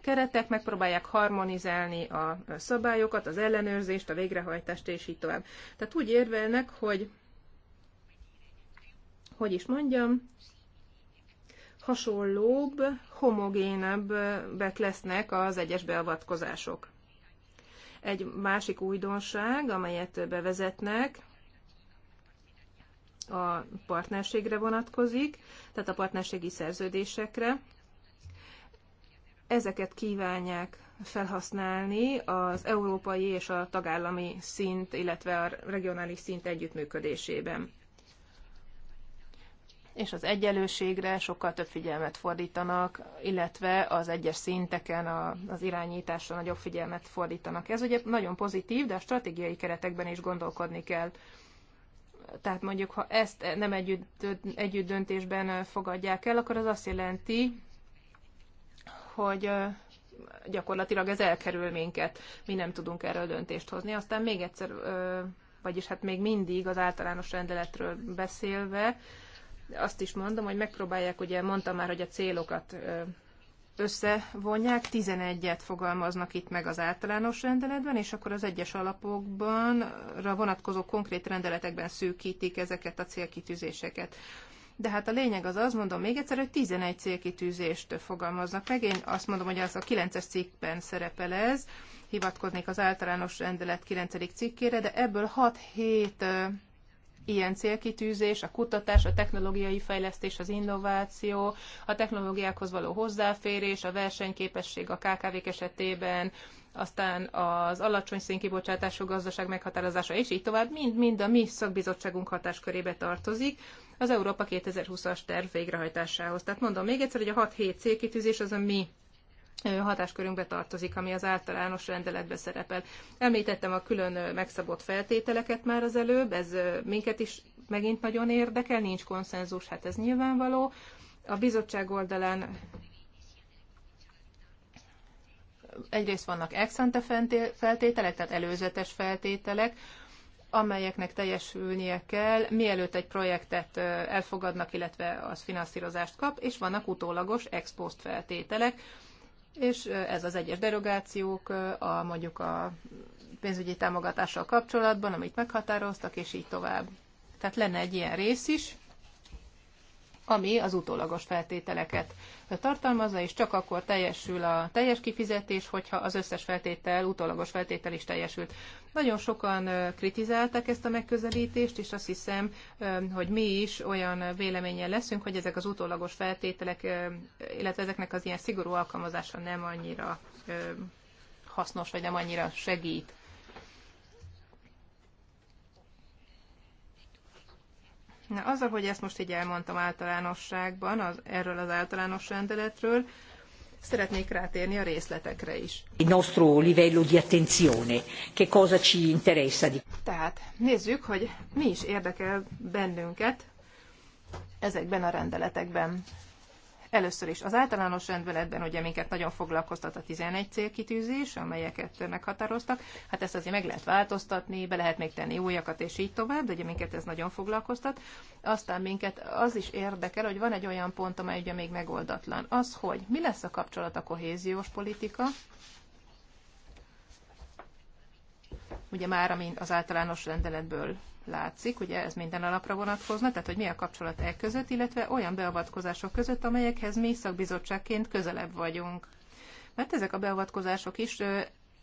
keretek, megpróbálják harmonizálni a szabályokat, az ellenőrzést, a végrehajtást és így tovább. Tehát úgy érvelnek, hogy hogy is mondjam, hasonlóbb, homogénebbek lesznek az egyes beavatkozások. Egy másik újdonság, amelyet bevezetnek, a partnerségre vonatkozik, tehát a partnerségi szerződésekre ezeket kívánják felhasználni az európai és a tagállami szint, illetve a regionális szint együttműködésében. És az egyenlőségre sokkal több figyelmet fordítanak, illetve az egyes szinteken a, az irányításra nagyobb figyelmet fordítanak. Ez ugye nagyon pozitív, de a stratégiai keretekben is gondolkodni kell. Tehát mondjuk, ha ezt nem együtt, együtt döntésben fogadják el, akkor az azt jelenti, hogy gyakorlatilag ez elkerül minket, mi nem tudunk erről döntést hozni. Aztán még egyszer, vagyis hát még mindig az általános rendeletről beszélve, azt is mondom, hogy megpróbálják, ugye mondtam már, hogy a célokat összevonják, 11-et fogalmaznak itt meg az általános rendeletben, és akkor az egyes alapokban vonatkozó konkrét rendeletekben szűkítik ezeket a célkitűzéseket de hát a lényeg az az, mondom még egyszer, hogy 11 célkitűzést fogalmaznak meg. Én azt mondom, hogy az a 9-es cikkben szerepel ez, hivatkoznék az általános rendelet 9. cikkére, de ebből 6-7 ilyen célkitűzés, a kutatás, a technológiai fejlesztés, az innováció, a technológiákhoz való hozzáférés, a versenyképesség a KKV-k esetében, aztán az alacsony szénkibocsátású gazdaság meghatározása, és így tovább, mind-mind a mi szakbizottságunk hatáskörébe tartozik, az Európa 2020-as terv végrehajtásához. Tehát mondom még egyszer, hogy a 6-7 célkitűzés az a mi hatáskörünkbe tartozik, ami az általános rendeletbe szerepel. Említettem a külön megszabott feltételeket már az előbb, ez minket is megint nagyon érdekel, nincs konszenzus, hát ez nyilvánvaló. A bizottság oldalán egyrészt vannak ex ante feltételek, tehát előzetes feltételek, amelyeknek teljesülnie kell, mielőtt egy projektet elfogadnak, illetve az finanszírozást kap, és vannak utólagos ex post feltételek, és ez az egyes derogációk a, mondjuk a pénzügyi támogatással kapcsolatban, amit meghatároztak, és így tovább. Tehát lenne egy ilyen rész is, ami az utólagos feltételeket tartalmazza, és csak akkor teljesül a teljes kifizetés, hogyha az összes feltétel, utólagos feltétel is teljesült. Nagyon sokan kritizálták ezt a megközelítést, és azt hiszem, hogy mi is olyan véleményen leszünk, hogy ezek az utólagos feltételek, illetve ezeknek az ilyen szigorú alkalmazása nem annyira hasznos, vagy nem annyira segít. Na, az, hogy ezt most így elmondtam általánosságban, az, erről az általános rendeletről, Szeretnék rátérni a részletekre is. Il nostro livello di attenzione, che cosa ci interessa di... Tehát nézzük, hogy mi is érdekel bennünket ezekben a rendeletekben. Először is az általános rendeletben ugye minket nagyon foglalkoztat a 11 célkitűzés, amelyeket meghatároztak. Hát ezt azért meg lehet változtatni, be lehet még tenni újakat, és így tovább, de ugye minket ez nagyon foglalkoztat. Aztán minket az is érdekel, hogy van egy olyan pont, amely ugye még megoldatlan. Az, hogy mi lesz a kapcsolat a kohéziós politika, ugye már, ami az általános rendeletből látszik, ugye ez minden alapra vonatkozna, tehát hogy mi a kapcsolat e között, illetve olyan beavatkozások között, amelyekhez mi szakbizottságként közelebb vagyunk. Mert ezek a beavatkozások is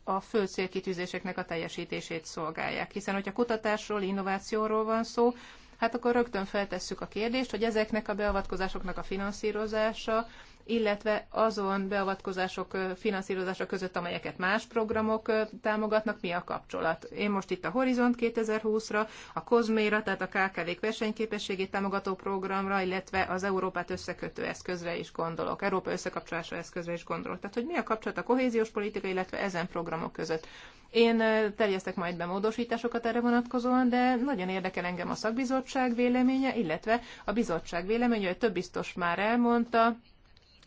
a fő célkitűzéseknek a teljesítését szolgálják. Hiszen, hogyha kutatásról, innovációról van szó, hát akkor rögtön feltesszük a kérdést, hogy ezeknek a beavatkozásoknak a finanszírozása illetve azon beavatkozások finanszírozása között, amelyeket más programok támogatnak, mi a kapcsolat. Én most itt a Horizont 2020-ra, a Kozméra, tehát a KKV-k versenyképességét támogató programra, illetve az Európát összekötő eszközre is gondolok, Európa összekapcsolása eszközre is gondolok. Tehát, hogy mi a kapcsolat a kohéziós politika, illetve ezen programok között. Én terjesztek majd be módosításokat erre vonatkozóan, de nagyon érdekel engem a szakbizottság véleménye, illetve a bizottság véleménye, hogy több biztos már elmondta,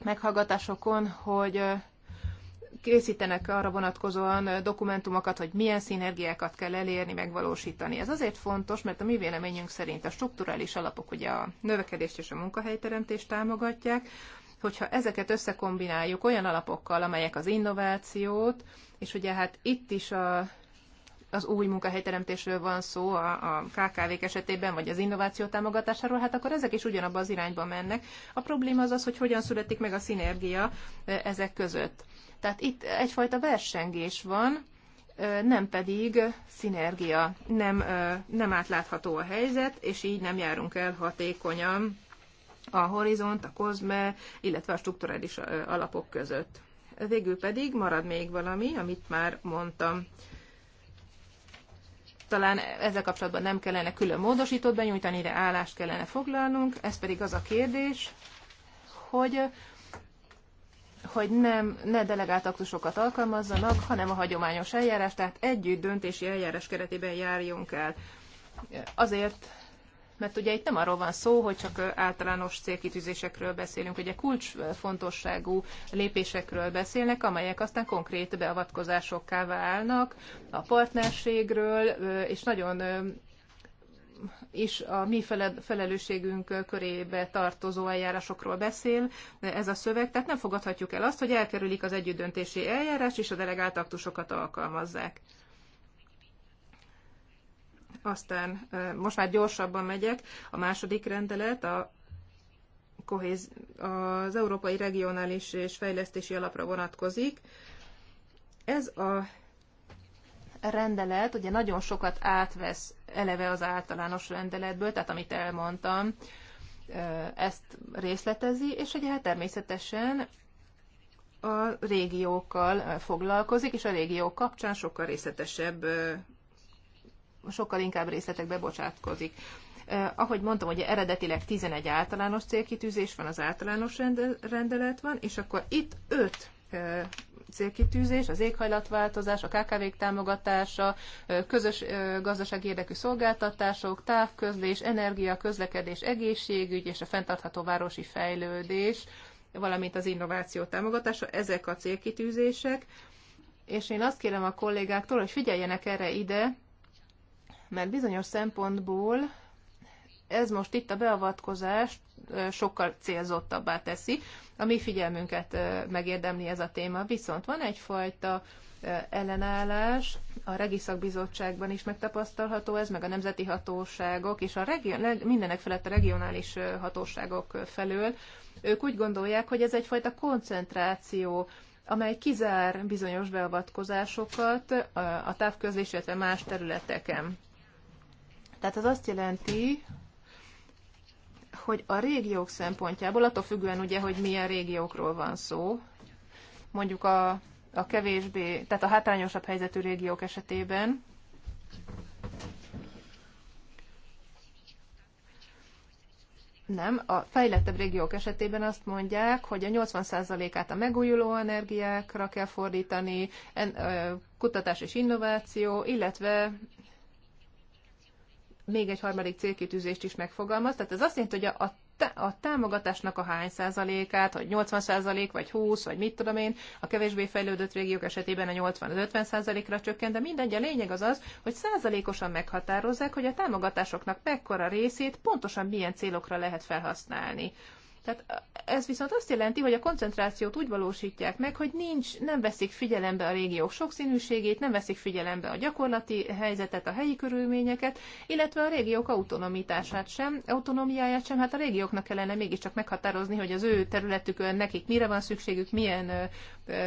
meghallgatásokon, hogy készítenek arra vonatkozóan dokumentumokat, hogy milyen szinergiákat kell elérni, megvalósítani. Ez azért fontos, mert a mi véleményünk szerint a strukturális alapok ugye a növekedést és a munkahelyteremtést támogatják, hogyha ezeket összekombináljuk olyan alapokkal, amelyek az innovációt, és ugye hát itt is a az új munkahelyteremtésről van szó a, a KKV-k esetében, vagy az innováció támogatásáról, hát akkor ezek is ugyanabba az irányba mennek. A probléma az az, hogy hogyan születik meg a szinergia ezek között. Tehát itt egyfajta versengés van, nem pedig szinergia, nem, nem átlátható a helyzet, és így nem járunk el hatékonyan a horizont, a kozme, illetve a strukturális alapok között. Végül pedig marad még valami, amit már mondtam talán ezzel kapcsolatban nem kellene külön módosítót benyújtani, de állást kellene foglalnunk. Ez pedig az a kérdés, hogy hogy nem, ne delegált aktusokat alkalmazzanak, hanem a hagyományos eljárás, tehát együtt döntési eljárás keretében járjunk el. Azért mert ugye itt nem arról van szó, hogy csak általános célkitűzésekről beszélünk, ugye kulcsfontosságú lépésekről beszélnek, amelyek aztán konkrét beavatkozásokká válnak, a partnerségről, és nagyon is a mi felelősségünk körébe tartozó eljárásokról beszél ez a szöveg, tehát nem fogadhatjuk el azt, hogy elkerülik az együttdöntési eljárás, és a delegált aktusokat alkalmazzák. Aztán most már gyorsabban megyek. A második rendelet a kohéz, az Európai Regionális és Fejlesztési Alapra vonatkozik. Ez a rendelet ugye nagyon sokat átvesz eleve az általános rendeletből, tehát amit elmondtam, ezt részletezi, és ugye hát természetesen a régiókkal foglalkozik, és a régiók kapcsán sokkal részletesebb sokkal inkább részletekbe bocsátkozik. Ahogy mondtam, ugye eredetileg 11 általános célkitűzés van, az általános rendelet van, és akkor itt 5 célkitűzés, az éghajlatváltozás, a kkv támogatása, közös gazdasági érdekű szolgáltatások, távközlés, energia, közlekedés, egészségügy és a fenntartható városi fejlődés, valamint az innováció támogatása, ezek a célkitűzések. És én azt kérem a kollégáktól, hogy figyeljenek erre ide, mert bizonyos szempontból ez most itt a beavatkozást sokkal célzottabbá teszi. A mi figyelmünket megérdemli ez a téma. Viszont van egyfajta ellenállás, a Regiszakbizottságban Bizottságban is megtapasztalható ez, meg a nemzeti hatóságok, és a region, mindenek felett a regionális hatóságok felől. Ők úgy gondolják, hogy ez egyfajta koncentráció, amely kizár bizonyos beavatkozásokat a távközlés, illetve más területeken. Tehát az azt jelenti, hogy a régiók szempontjából, attól függően ugye, hogy milyen régiókról van szó, mondjuk a, a kevésbé, tehát a hátrányosabb helyzetű régiók esetében, Nem, a fejlettebb régiók esetében azt mondják, hogy a 80%-át a megújuló energiákra kell fordítani, en, ö, kutatás és innováció, illetve még egy harmadik célkitűzést is megfogalmaz. Tehát ez azt jelenti, hogy a, a támogatásnak a hány százalékát, hogy 80 százalék, vagy 20, vagy mit tudom én, a kevésbé fejlődött régiók esetében a 80-50 százalékra csökken, de mindegy, a lényeg az az, hogy százalékosan meghatározzák, hogy a támogatásoknak mekkora részét pontosan milyen célokra lehet felhasználni. Tehát ez viszont azt jelenti, hogy a koncentrációt úgy valósítják meg, hogy nincs, nem veszik figyelembe a régiók sokszínűségét, nem veszik figyelembe a gyakorlati helyzetet, a helyi körülményeket, illetve a régiók autonomitását sem, autonomiáját sem. Hát a régióknak kellene mégiscsak meghatározni, hogy az ő területükön nekik mire van szükségük, milyen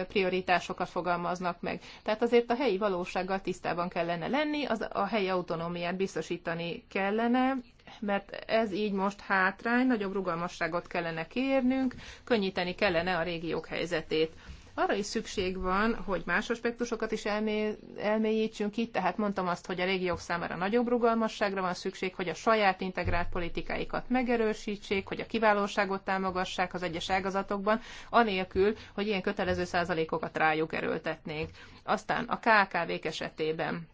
prioritásokat fogalmaznak meg. Tehát azért a helyi valósággal tisztában kellene lenni, az a helyi autonómiát biztosítani kellene, mert ez így most hátrány, nagyobb rugalmasságot kellene kérnünk, könnyíteni kellene a régiók helyzetét. Arra is szükség van, hogy más aspektusokat is elmé, elmélyítsünk itt, tehát mondtam azt, hogy a régiók számára nagyobb rugalmasságra van szükség, hogy a saját integrált politikáikat megerősítsék, hogy a kiválóságot támogassák az egyes ágazatokban, anélkül, hogy ilyen kötelező százalékokat rájuk erőltetnénk. Aztán a KKV-k esetében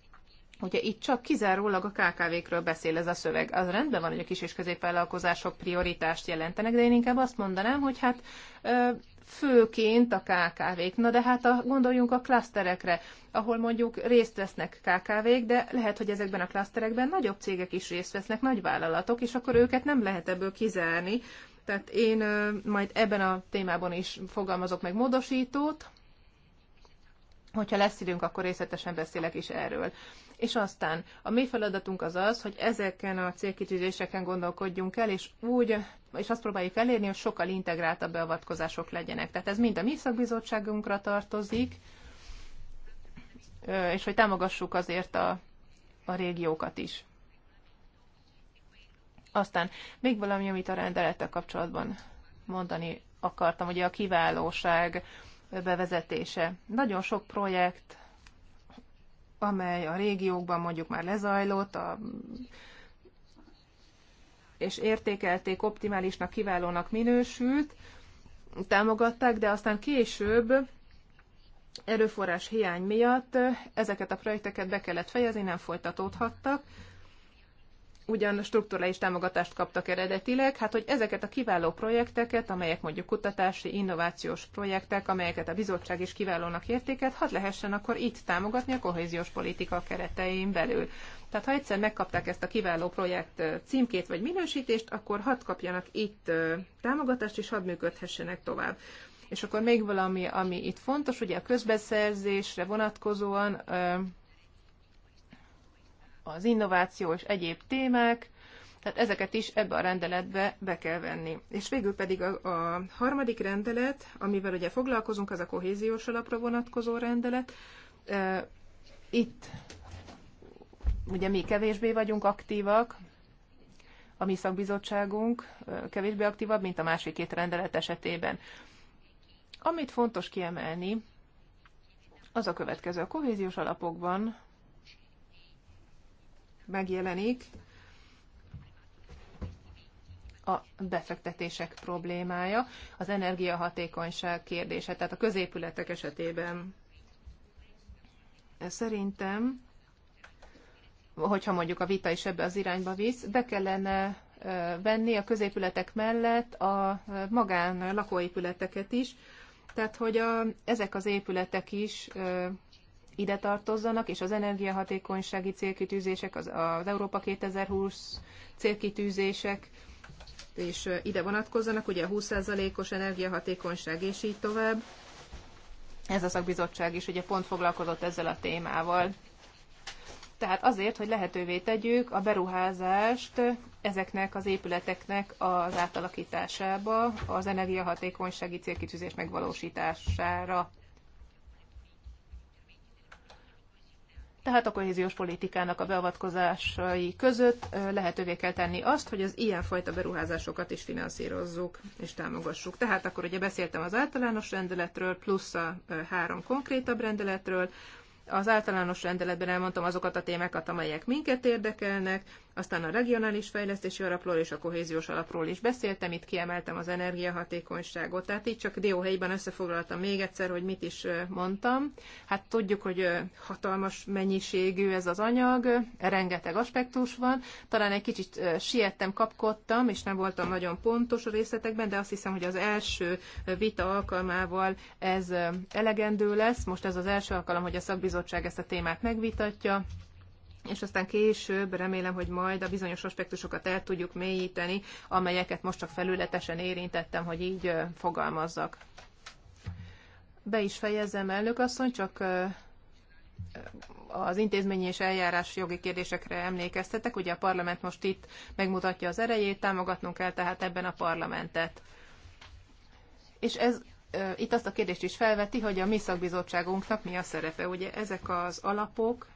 Ugye itt csak kizárólag a KKV-kről beszél ez a szöveg. Az rendben van, hogy a kis és középvállalkozások prioritást jelentenek, de én inkább azt mondanám, hogy hát főként a KKV-k. Na de hát a, gondoljunk a klaszterekre, ahol mondjuk részt vesznek KKV-k, de lehet, hogy ezekben a klaszterekben nagyobb cégek is részt vesznek, nagy vállalatok, és akkor őket nem lehet ebből kizárni. Tehát én majd ebben a témában is fogalmazok meg módosítót, hogyha lesz időnk, akkor részletesen beszélek is erről. És aztán a mi feladatunk az az, hogy ezeken a célkitűzéseken gondolkodjunk el, és úgy és azt próbáljuk elérni, hogy sokkal integráltabb beavatkozások legyenek. Tehát ez mind a mi szakbizottságunkra tartozik, és hogy támogassuk azért a, a régiókat is. Aztán még valami, amit a rendelettel kapcsolatban mondani akartam, ugye a kiválóság bevezetése. Nagyon sok projekt amely a régiókban mondjuk már lezajlott, a, és értékelték optimálisnak, kiválónak minősült, támogatták, de aztán később erőforrás hiány miatt ezeket a projekteket be kellett fejezni, nem folytatódhattak, ugyan struktúrális támogatást kaptak eredetileg, hát hogy ezeket a kiváló projekteket, amelyek mondjuk kutatási, innovációs projektek, amelyeket a bizottság is kiválónak értéket, hadd lehessen akkor itt támogatni a kohéziós politika keretein belül. Tehát ha egyszer megkapták ezt a kiváló projekt címkét vagy minősítést, akkor hadd kapjanak itt támogatást, és hadd működhessenek tovább. És akkor még valami, ami itt fontos, ugye a közbeszerzésre vonatkozóan az innováció és egyéb témák, tehát ezeket is ebbe a rendeletbe be kell venni. És végül pedig a, a harmadik rendelet, amivel ugye foglalkozunk, az a kohéziós alapra vonatkozó rendelet. itt ugye mi kevésbé vagyunk aktívak, a mi szakbizottságunk kevésbé aktívabb, mint a másik két rendelet esetében. Amit fontos kiemelni, az a következő. A kohéziós alapokban megjelenik a befektetések problémája, az energiahatékonyság kérdése, tehát a középületek esetében. Szerintem, hogyha mondjuk a vita is ebbe az irányba visz, be kellene venni a középületek mellett a magán lakóépületeket is, tehát hogy a, ezek az épületek is ide tartozzanak, és az energiahatékonysági célkitűzések, az, az Európa 2020 célkitűzések és ide vonatkozzanak, ugye a 20%-os energiahatékonyság és így tovább. Ez a szakbizottság is ugye pont foglalkozott ezzel a témával. Tehát azért, hogy lehetővé tegyük a beruházást ezeknek az épületeknek az átalakításába, az energiahatékonysági célkitűzés megvalósítására. Tehát a kohéziós politikának a beavatkozásai között lehetővé kell tenni azt, hogy az ilyenfajta beruházásokat is finanszírozzuk és támogassuk. Tehát akkor ugye beszéltem az általános rendeletről, plusz a három konkrétabb rendeletről, az általános rendeletben elmondtam azokat a témákat, amelyek minket érdekelnek, aztán a regionális fejlesztési alapról és a kohéziós alapról is beszéltem, itt kiemeltem az energiahatékonyságot. Tehát így csak dióhelyben összefoglaltam még egyszer, hogy mit is mondtam. Hát tudjuk, hogy hatalmas mennyiségű ez az anyag, rengeteg aspektus van. Talán egy kicsit siettem, kapkodtam, és nem voltam nagyon pontos a részletekben, de azt hiszem, hogy az első vita alkalmával ez elegendő lesz. Most ez az első alkalom, hogy a szakbizottság ezt a témát megvitatja és aztán később remélem, hogy majd a bizonyos aspektusokat el tudjuk mélyíteni, amelyeket most csak felületesen érintettem, hogy így fogalmazzak. Be is fejezem, elnök asszony, csak az intézményi és eljárás jogi kérdésekre emlékeztetek. Ugye a parlament most itt megmutatja az erejét, támogatnunk kell tehát ebben a parlamentet. És ez itt azt a kérdést is felveti, hogy a mi szakbizottságunknak mi a szerepe. Ugye ezek az alapok,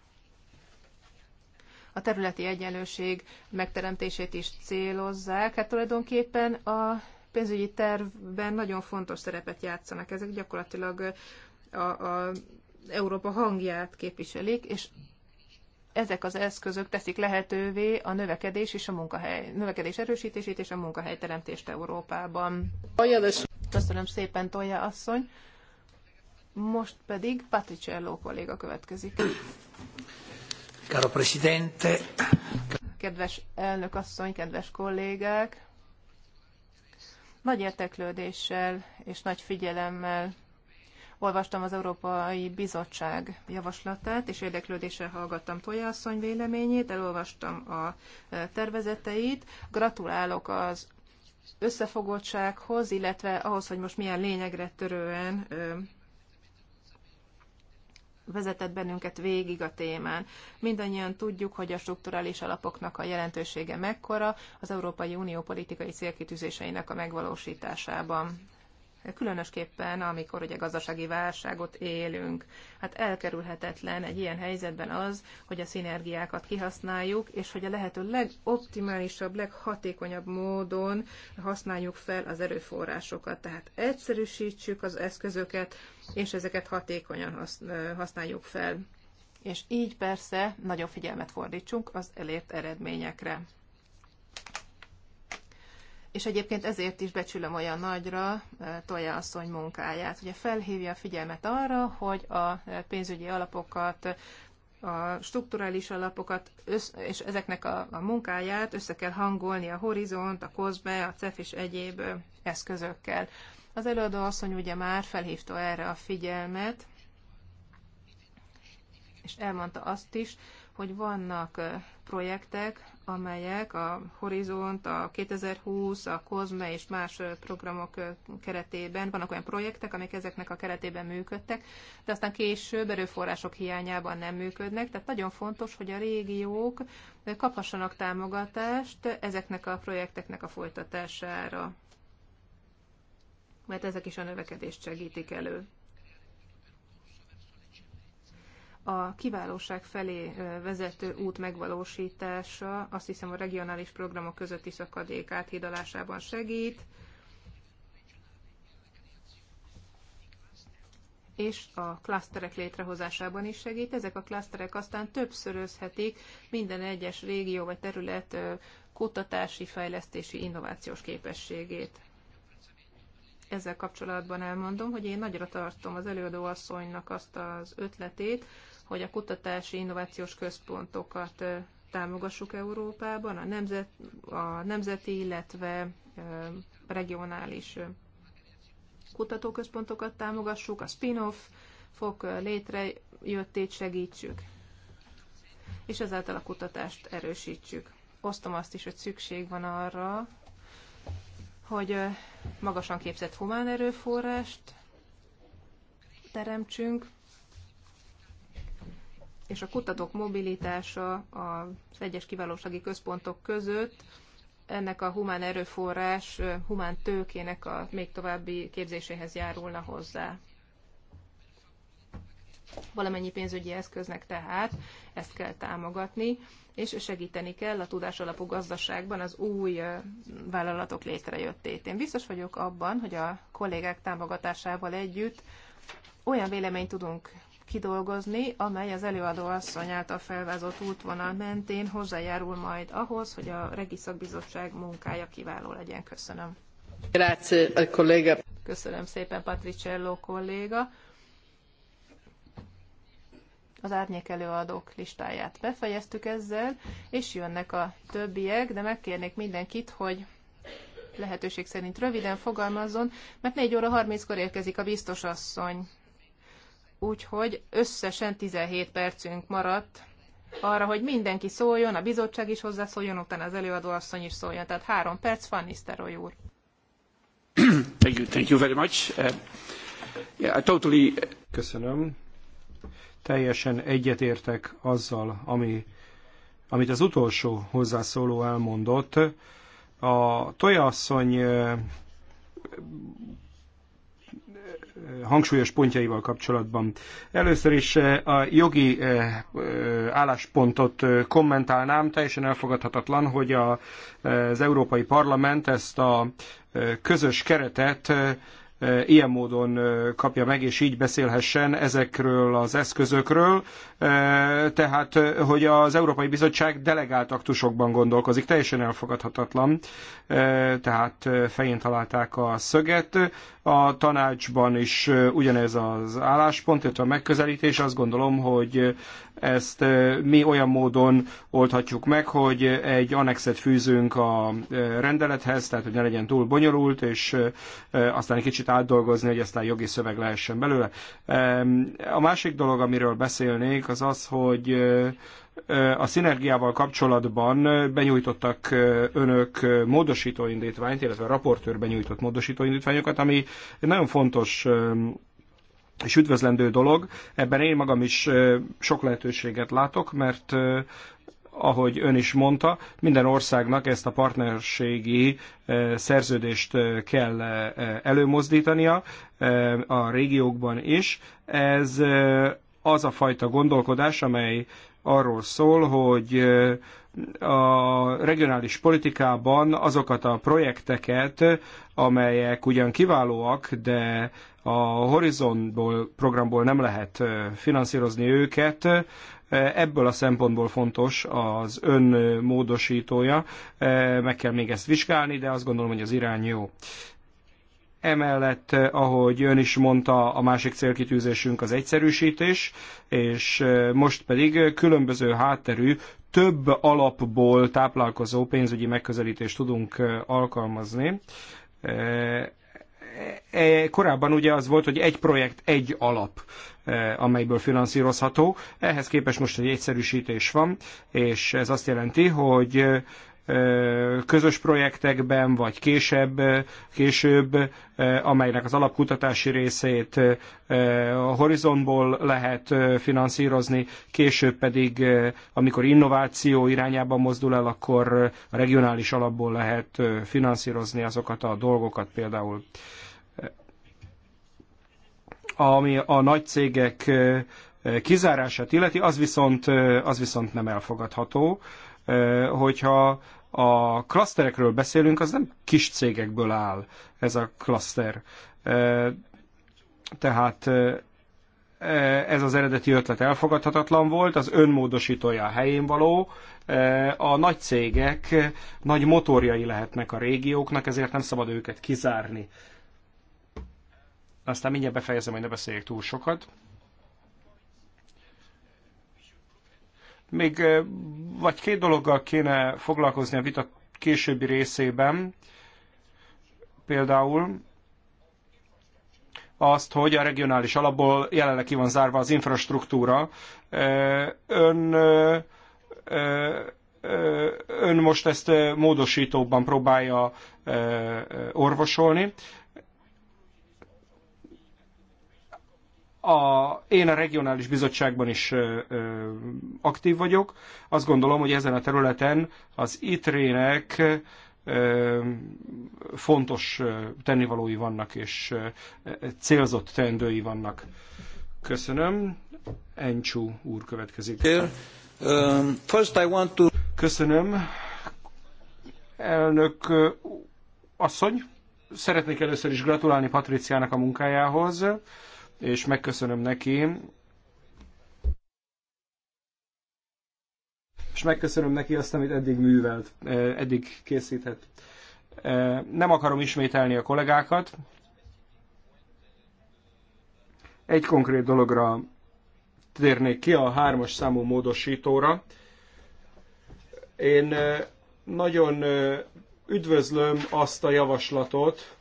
a területi egyenlőség megteremtését is célozzák. Hát tulajdonképpen a pénzügyi tervben nagyon fontos szerepet játszanak. Ezek gyakorlatilag a, a Európa hangját képviselik, és ezek az eszközök teszik lehetővé a növekedés és a munkahely, növekedés erősítését és a munkahelyteremtést Európában. Köszönöm szépen, Tolja asszony. Most pedig Patricello kolléga következik. Kedves elnök asszony, kedves kollégák! Nagy érteklődéssel és nagy figyelemmel olvastam az Európai Bizottság javaslatát, és érdeklődéssel hallgattam Tojászony véleményét, elolvastam a e, tervezeteit. Gratulálok az összefogottsághoz, illetve ahhoz, hogy most milyen lényegre törően e, vezetett bennünket végig a témán. Mindannyian tudjuk, hogy a strukturális alapoknak a jelentősége mekkora az Európai Unió politikai célkitűzéseinek a megvalósításában különösképpen amikor ugye gazdasági válságot élünk. Hát elkerülhetetlen egy ilyen helyzetben az, hogy a szinergiákat kihasználjuk, és hogy a lehető legoptimálisabb, leghatékonyabb módon használjuk fel az erőforrásokat. Tehát egyszerűsítsük az eszközöket, és ezeket hatékonyan használjuk fel. És így persze nagyobb figyelmet fordítsunk az elért eredményekre és egyébként ezért is becsülöm olyan nagyra eh, Tolja asszony munkáját. Ugye felhívja a figyelmet arra, hogy a eh, pénzügyi alapokat a strukturális alapokat össz, és ezeknek a, a munkáját össze kell hangolni a Horizont, a COSBE, a CEF és egyéb eh, eszközökkel. Az előadó asszony ugye már felhívta erre a figyelmet, és elmondta azt is, hogy vannak projektek, amelyek a Horizont, a 2020, a COSME és más programok keretében, vannak olyan projektek, amik ezeknek a keretében működtek, de aztán később erőforrások hiányában nem működnek, tehát nagyon fontos, hogy a régiók kaphassanak támogatást ezeknek a projekteknek a folytatására mert ezek is a növekedést segítik elő. a kiválóság felé vezető út megvalósítása azt hiszem a regionális programok közötti szakadék áthidalásában segít, és a klaszterek létrehozásában is segít. Ezek a klaszterek aztán többszörözhetik minden egyes régió vagy terület kutatási, fejlesztési, innovációs képességét. Ezzel kapcsolatban elmondom, hogy én nagyra tartom az előadó asszonynak azt az ötletét, hogy a kutatási innovációs központokat támogassuk Európában, a, nemzet, a nemzeti, illetve regionális kutatóközpontokat támogassuk, a spin-off fog létrejöttét segítsük, és ezáltal a kutatást erősítsük. Osztom azt is, hogy szükség van arra, hogy magasan képzett humán erőforrást teremtsünk, és a kutatók mobilitása az egyes kiválósági központok között ennek a humán erőforrás, humán tőkének a még további képzéséhez járulna hozzá. Valamennyi pénzügyi eszköznek tehát ezt kell támogatni, és segíteni kell a tudásalapú gazdaságban az új vállalatok létrejöttét. Én biztos vagyok abban, hogy a kollégák támogatásával együtt olyan véleményt tudunk kidolgozni, amely az előadó asszony által felvázolt útvonal mentén hozzájárul majd ahhoz, hogy a Regiszakbizottság munkája kiváló legyen. Köszönöm. Grazie, kolléga. Eh, Köszönöm szépen, Patricello kolléga. Az árnyék előadók listáját befejeztük ezzel, és jönnek a többiek, de megkérnék mindenkit, hogy lehetőség szerint röviden fogalmazzon, mert 4 óra 30-kor érkezik a biztos asszony úgyhogy összesen 17 percünk maradt arra, hogy mindenki szóljon, a bizottság is hozzászóljon, utána az előadó asszony is szóljon. Tehát három perc, Van Nisztelrooy úr. Thank you, thank you very much. Uh, yeah, I totally... Uh, Köszönöm. Teljesen egyetértek azzal, ami, amit az utolsó hozzászóló elmondott. A tojasszony uh, hangsúlyos pontjaival kapcsolatban. Először is eh, a jogi eh, eh, álláspontot kommentálnám. Teljesen elfogadhatatlan, hogy a, az Európai Parlament ezt a közös keretet ilyen módon kapja meg, és így beszélhessen ezekről az eszközökről, tehát hogy az Európai Bizottság delegált aktusokban gondolkozik, teljesen elfogadhatatlan, tehát fején találták a szöget. A tanácsban is ugyanez az álláspont, illetve a megközelítés, azt gondolom, hogy ezt mi olyan módon oldhatjuk meg, hogy egy annexet fűzünk a rendelethez, tehát hogy ne legyen túl bonyolult, és aztán egy kicsit átdolgozni, hogy aztán jogi szöveg lehessen belőle. A másik dolog, amiről beszélnék, egyik az az, hogy a szinergiával kapcsolatban benyújtottak önök módosítóindítványt, indítványt, illetve a raportőr benyújtott módosítóindítványokat, indítványokat, ami egy nagyon fontos és üdvözlendő dolog. Ebben én magam is sok lehetőséget látok, mert ahogy ön is mondta, minden országnak ezt a partnerségi szerződést kell előmozdítania a régiókban is. Ez az a fajta gondolkodás, amely arról szól, hogy a regionális politikában azokat a projekteket, amelyek ugyan kiválóak, de a Horizonból programból nem lehet finanszírozni őket, Ebből a szempontból fontos az ön módosítója. meg kell még ezt vizsgálni, de azt gondolom, hogy az irány jó. Emellett, eh, ahogy ön is mondta, a másik célkitűzésünk az egyszerűsítés, és eh, most pedig különböző hátterű, több alapból táplálkozó pénzügyi megközelítést tudunk eh, alkalmazni. Korábban ugye az volt, hogy egy projekt, egy alap, amelyből finanszírozható. Ehhez képest most egy egyszerűsítés van, és ez azt jelenti, hogy közös projektekben, vagy később, később amelynek az alapkutatási részét a horizontból lehet finanszírozni, később pedig, amikor innováció irányába mozdul el, akkor a regionális alapból lehet finanszírozni azokat a dolgokat például ami a nagy cégek kizárását illeti, az viszont, az viszont nem elfogadható, hogyha a klaszterekről beszélünk, az nem kis cégekből áll ez a klaszter. E, tehát e, ez az eredeti ötlet elfogadhatatlan volt, az önmódosítója a helyén való, e, a nagy cégek nagy motorjai lehetnek a régióknak, ezért nem szabad őket kizárni. Aztán mindjárt befejezem, hogy ne beszéljek túl sokat. Még vagy két dologgal kéne foglalkozni a vita későbbi részében, például azt, hogy a regionális alapból jelenleg ki van zárva az infrastruktúra. Ön, ön most ezt módosítóban próbálja orvosolni. A, én a regionális bizottságban is ö, ö, aktív vagyok. Azt gondolom, hogy ezen a területen az ITRE-nek fontos tennivalói vannak, és célzott teendői vannak. Köszönöm. Encsú úr következik. Um, first I want to... Köszönöm. Elnök asszony, szeretnék először is gratulálni Patriciának a munkájához és megköszönöm neki, és megköszönöm neki azt, amit eddig művelt, eh, eddig készített. Eh, nem akarom ismételni a kollégákat. Egy konkrét dologra térnék ki, a hármas számú módosítóra. Én eh, nagyon üdvözlöm azt a javaslatot,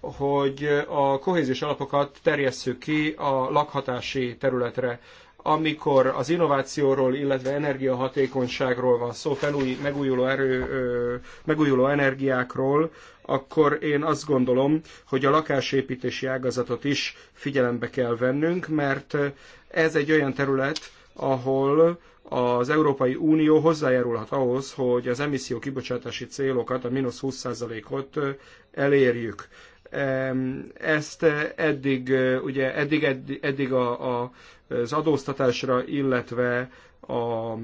hogy a kohéziós alapokat terjesszük ki a lakhatási területre. Amikor az innovációról, illetve energiahatékonyságról van szó, felúj, megújuló, erő, megújuló energiákról, akkor én azt gondolom, hogy a lakásépítési ágazatot is figyelembe kell vennünk, mert ez egy olyan terület, ahol az Európai Unió hozzájárulhat ahhoz, hogy az emisszió kibocsátási célokat, a mínusz 20%-ot elérjük. Ezt eh, eddig, eh, ugye eddig, eddig, eddig a, a, az adóztatásra, illetve a eh,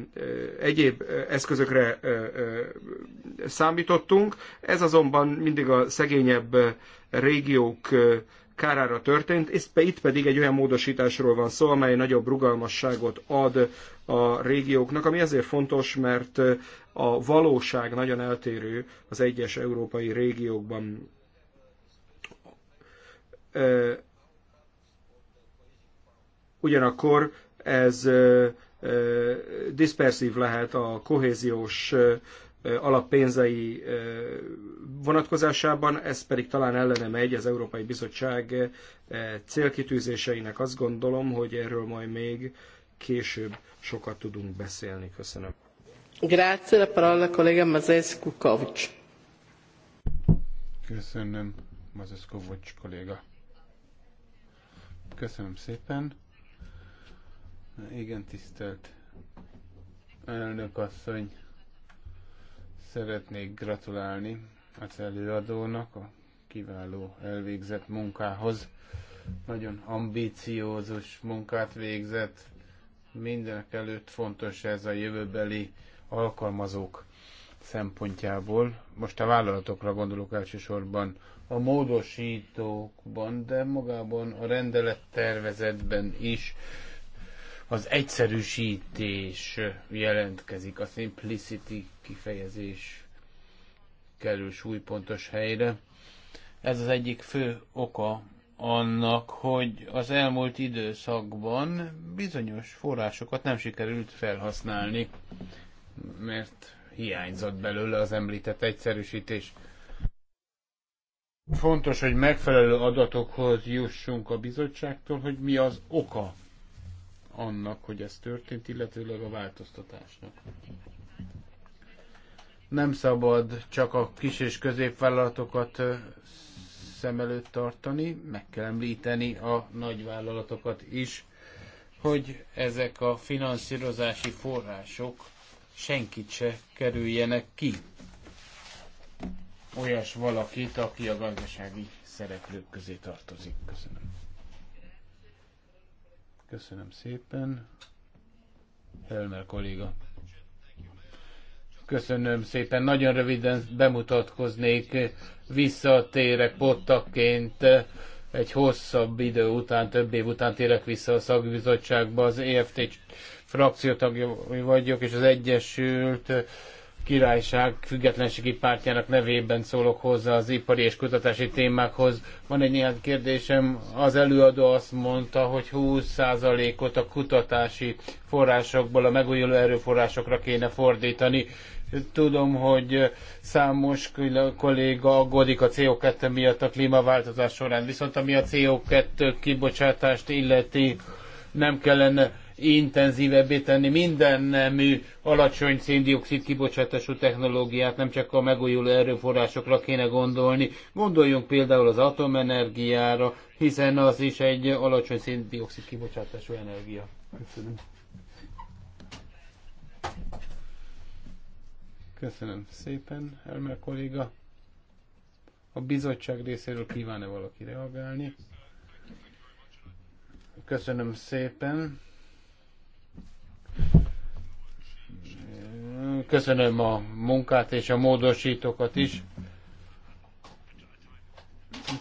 egyéb eszközökre számítottunk. Ez azonban mindig a szegényebb régiók kárára történt, és itt pedig egy olyan módosításról van szó, amely nagyobb rugalmasságot ad a régióknak, ami azért fontos, mert a valóság nagyon eltérő az egyes európai régiókban. Ugyanakkor ez diszperszív lehet a kohéziós alappénzei vonatkozásában, ez pedig talán ellene megy az Európai Bizottság célkitűzéseinek. Azt gondolom, hogy erről majd még később sokat tudunk beszélni. Köszönöm. Grazie, la parola collega Mazes Kukovic. Köszönöm, Mazes kolléga. Köszönöm szépen. Igen, tisztelt elnök asszony. Szeretnék gratulálni az előadónak a kiváló elvégzett munkához. Nagyon ambíciózus munkát végzett. Mindenek előtt fontos ez a jövőbeli alkalmazók szempontjából, most a vállalatokra gondolok elsősorban, a módosítókban, de magában a rendelettervezetben is az egyszerűsítés jelentkezik, a simplicity kifejezés kerül súlypontos helyre. Ez az egyik fő oka annak, hogy az elmúlt időszakban bizonyos forrásokat nem sikerült felhasználni, mert hiányzott belőle az említett egyszerűsítés. Fontos, hogy megfelelő adatokhoz jussunk a bizottságtól, hogy mi az oka annak, hogy ez történt, illetőleg a változtatásnak. Nem szabad csak a kis és középvállalatokat szem előtt tartani, meg kell említeni a nagyvállalatokat is, hogy ezek a finanszírozási források senkit se kerüljenek ki. Olyas valakit, aki a gazdasági szereplők közé tartozik. Köszönöm. Köszönöm szépen. Helmer kolléga. Köszönöm szépen. Nagyon röviden bemutatkoznék. Visszatérek pottaként egy hosszabb idő után, több év után térek vissza a szakbizottságba az EFT frakciótagja vagyok, és az Egyesült Királyság függetlenségi pártjának nevében szólok hozzá az ipari és kutatási témákhoz. Van egy néhány kérdésem. Az előadó azt mondta, hogy 20%-ot a kutatási forrásokból a megújuló erőforrásokra kéne fordítani. Tudom, hogy számos kolléga aggódik a CO2 miatt a klímaváltozás során, viszont ami a CO2 kibocsátást illeti, nem kellene intenzívebbé tenni minden nemű alacsony széndiokszid kibocsátású technológiát, nem csak a megújuló erőforrásokra kéne gondolni. Gondoljunk például az atomenergiára, hiszen az is egy alacsony széndiokszid kibocsátású energia. Köszönöm. Köszönöm szépen, Elmer kolléga. A bizottság részéről kíván-e valaki reagálni? Köszönöm szépen. Köszönöm a munkát és a módosítókat is.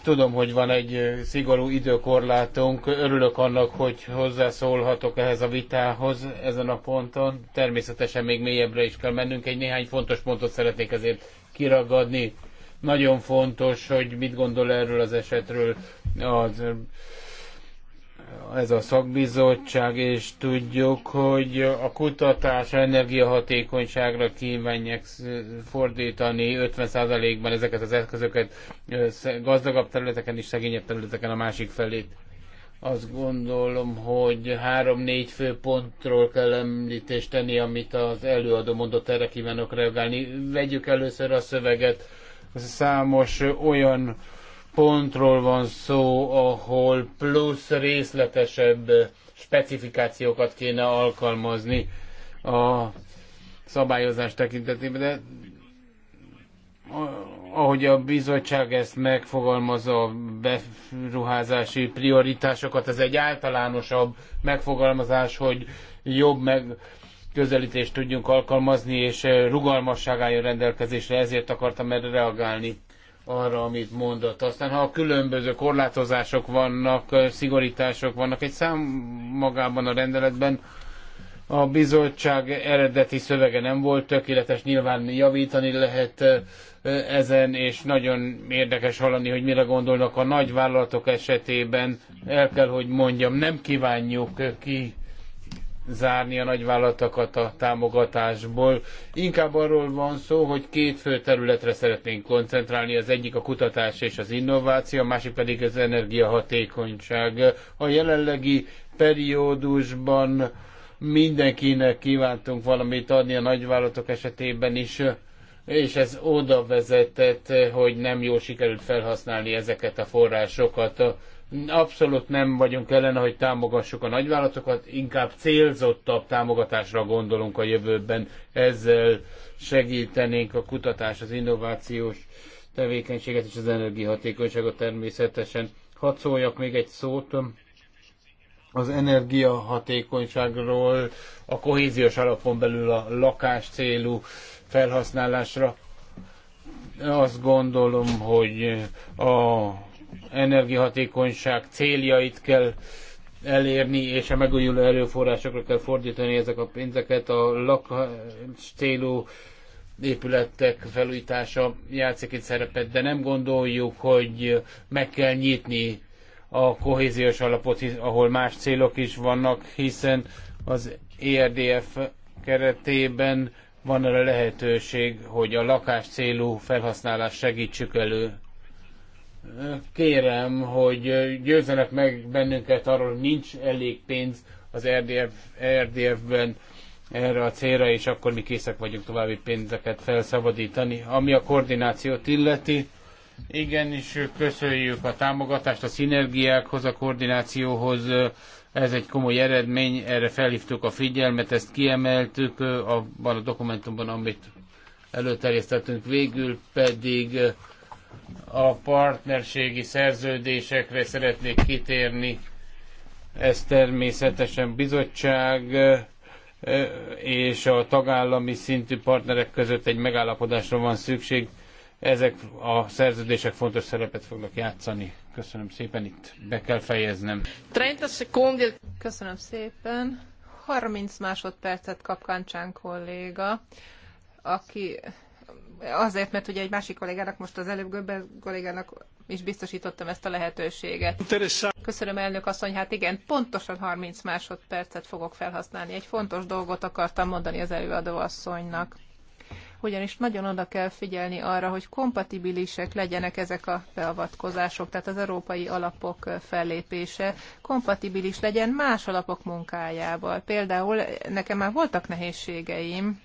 Tudom, hogy van egy szigorú időkorlátunk. Örülök annak, hogy hozzászólhatok ehhez a vitához ezen a ponton. Természetesen még mélyebbre is kell mennünk. Egy néhány fontos pontot szeretnék ezért kiragadni. Nagyon fontos, hogy mit gondol erről az esetről az ez a szakbizottság, és tudjuk, hogy a kutatás energiahatékonyságra kívánják fordítani 50%-ban ezeket az eszközöket gazdagabb területeken és szegényebb területeken a másik felét. Azt gondolom, hogy három-négy fő pontról kell említést tenni, amit az előadó mondott, erre kívánok reagálni. Vegyük először a szöveget, számos olyan pontról van szó, ahol plusz részletesebb specifikációkat kéne alkalmazni a szabályozás tekintetében, de ahogy a bizottság ezt megfogalmazza a beruházási prioritásokat, ez egy általánosabb megfogalmazás, hogy jobb meg közelítést tudjunk alkalmazni, és rugalmasságája rendelkezésre, ezért akartam erre reagálni arra, amit mondott. Aztán, ha különböző korlátozások vannak, szigorítások vannak, egy szám magában a rendeletben a bizottság eredeti szövege nem volt tökéletes, nyilván javítani lehet ezen, és nagyon érdekes hallani, hogy mire gondolnak a nagyvállalatok esetében. El kell, hogy mondjam, nem kívánjuk ki zárni a nagyvállalatokat a támogatásból. Inkább arról van szó, hogy két fő területre szeretnénk koncentrálni, az egyik a kutatás és az innováció, a másik pedig az energiahatékonyság. A jelenlegi periódusban mindenkinek kívántunk valamit adni a nagyvállalatok esetében is, és ez oda vezetett, hogy nem jól sikerült felhasználni ezeket a forrásokat Abszolút nem vagyunk ellene, hogy támogassuk a nagyvállalatokat, inkább célzottabb támogatásra gondolunk a jövőben. Ezzel segítenénk a kutatás, az innovációs tevékenységet és az energiahatékonyságot természetesen. Hadd szóljak még egy szót az energiahatékonyságról, a kohéziós alapon belül a lakás célú felhasználásra. Azt gondolom, hogy a energiahatékonyság céljait kell elérni, és a megújuló erőforrásokra kell fordítani ezek a pénzeket. A lakás célú épületek felújítása játszik itt szerepet, de nem gondoljuk, hogy meg kell nyitni a kohéziós alapot, ahol más célok is vannak, hiszen az ERDF keretében van arra lehetőség, hogy a lakás célú felhasználást segítsük elő. Kérem, hogy győzzenek meg bennünket arról, hogy nincs elég pénz az RDF, RDF-ben erre a célra, és akkor mi készek vagyunk további pénzeket felszabadítani. Ami a koordinációt illeti, igen, és köszönjük a támogatást a szinergiákhoz, a koordinációhoz. Ez egy komoly eredmény, erre felhívtuk a figyelmet, ezt kiemeltük abban a dokumentumban, amit előterjesztettünk. Végül pedig a partnerségi szerződésekre szeretnék kitérni. Ez természetesen bizottság és a tagállami szintű partnerek között egy megállapodásra van szükség. Ezek a szerződések fontos szerepet fognak játszani. Köszönöm szépen, itt be kell fejeznem. 30 Köszönöm szépen. 30 másodpercet kap Kancsán kolléga, aki azért, mert ugye egy másik kollégának, most az előbb Göbben kollégának is biztosítottam ezt a lehetőséget. Köszönöm, elnök asszony, hát igen, pontosan 30 másodpercet fogok felhasználni. Egy fontos dolgot akartam mondani az előadó asszonynak. Ugyanis nagyon oda kell figyelni arra, hogy kompatibilisek legyenek ezek a beavatkozások, tehát az európai alapok fellépése kompatibilis legyen más alapok munkájával. Például nekem már voltak nehézségeim,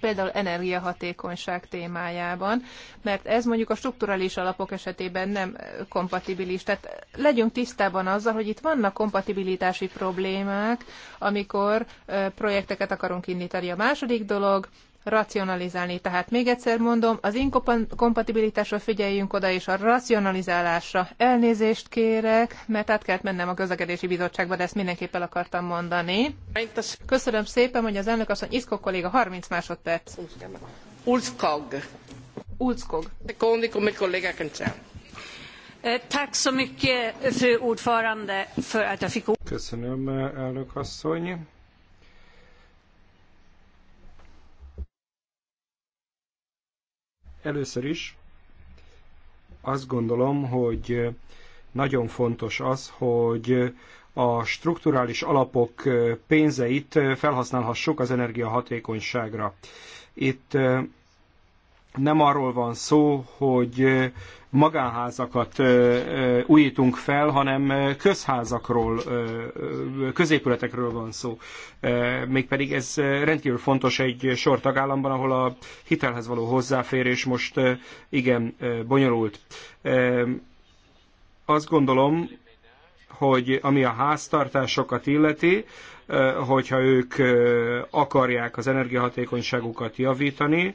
például energiahatékonyság témájában, mert ez mondjuk a strukturális alapok esetében nem eh, kompatibilis. Tehát legyünk tisztában azzal, hogy itt vannak kompatibilitási problémák, amikor eh, projekteket akarunk indítani. A második dolog, racionalizálni. Tehát még egyszer mondom, az inkompatibilitásra figyeljünk oda, és a racionalizálásra elnézést kérek, mert át kellett mennem a közlekedési bizottságba, de ezt mindenképp el akartam mondani. Köszönöm szépen, hogy az elnök asszony Iszkok kolléga 30 másodperc. Ulskog. Ulskog. Sekundi, come kolléga Kencsán. Köszönöm, elnök asszony Először is azt gondolom, hogy nagyon fontos az, hogy a strukturális alapok pénzeit felhasználhassuk az energiahatékonyságra. Itt nem arról van szó, hogy magánházakat újítunk fel, hanem közházakról, középületekről van szó. Mégpedig ez rendkívül fontos egy sor tagállamban, ahol a hitelhez való hozzáférés most igen bonyolult. Azt gondolom, hogy ami a háztartásokat illeti, hogyha ők akarják az energiahatékonyságukat javítani,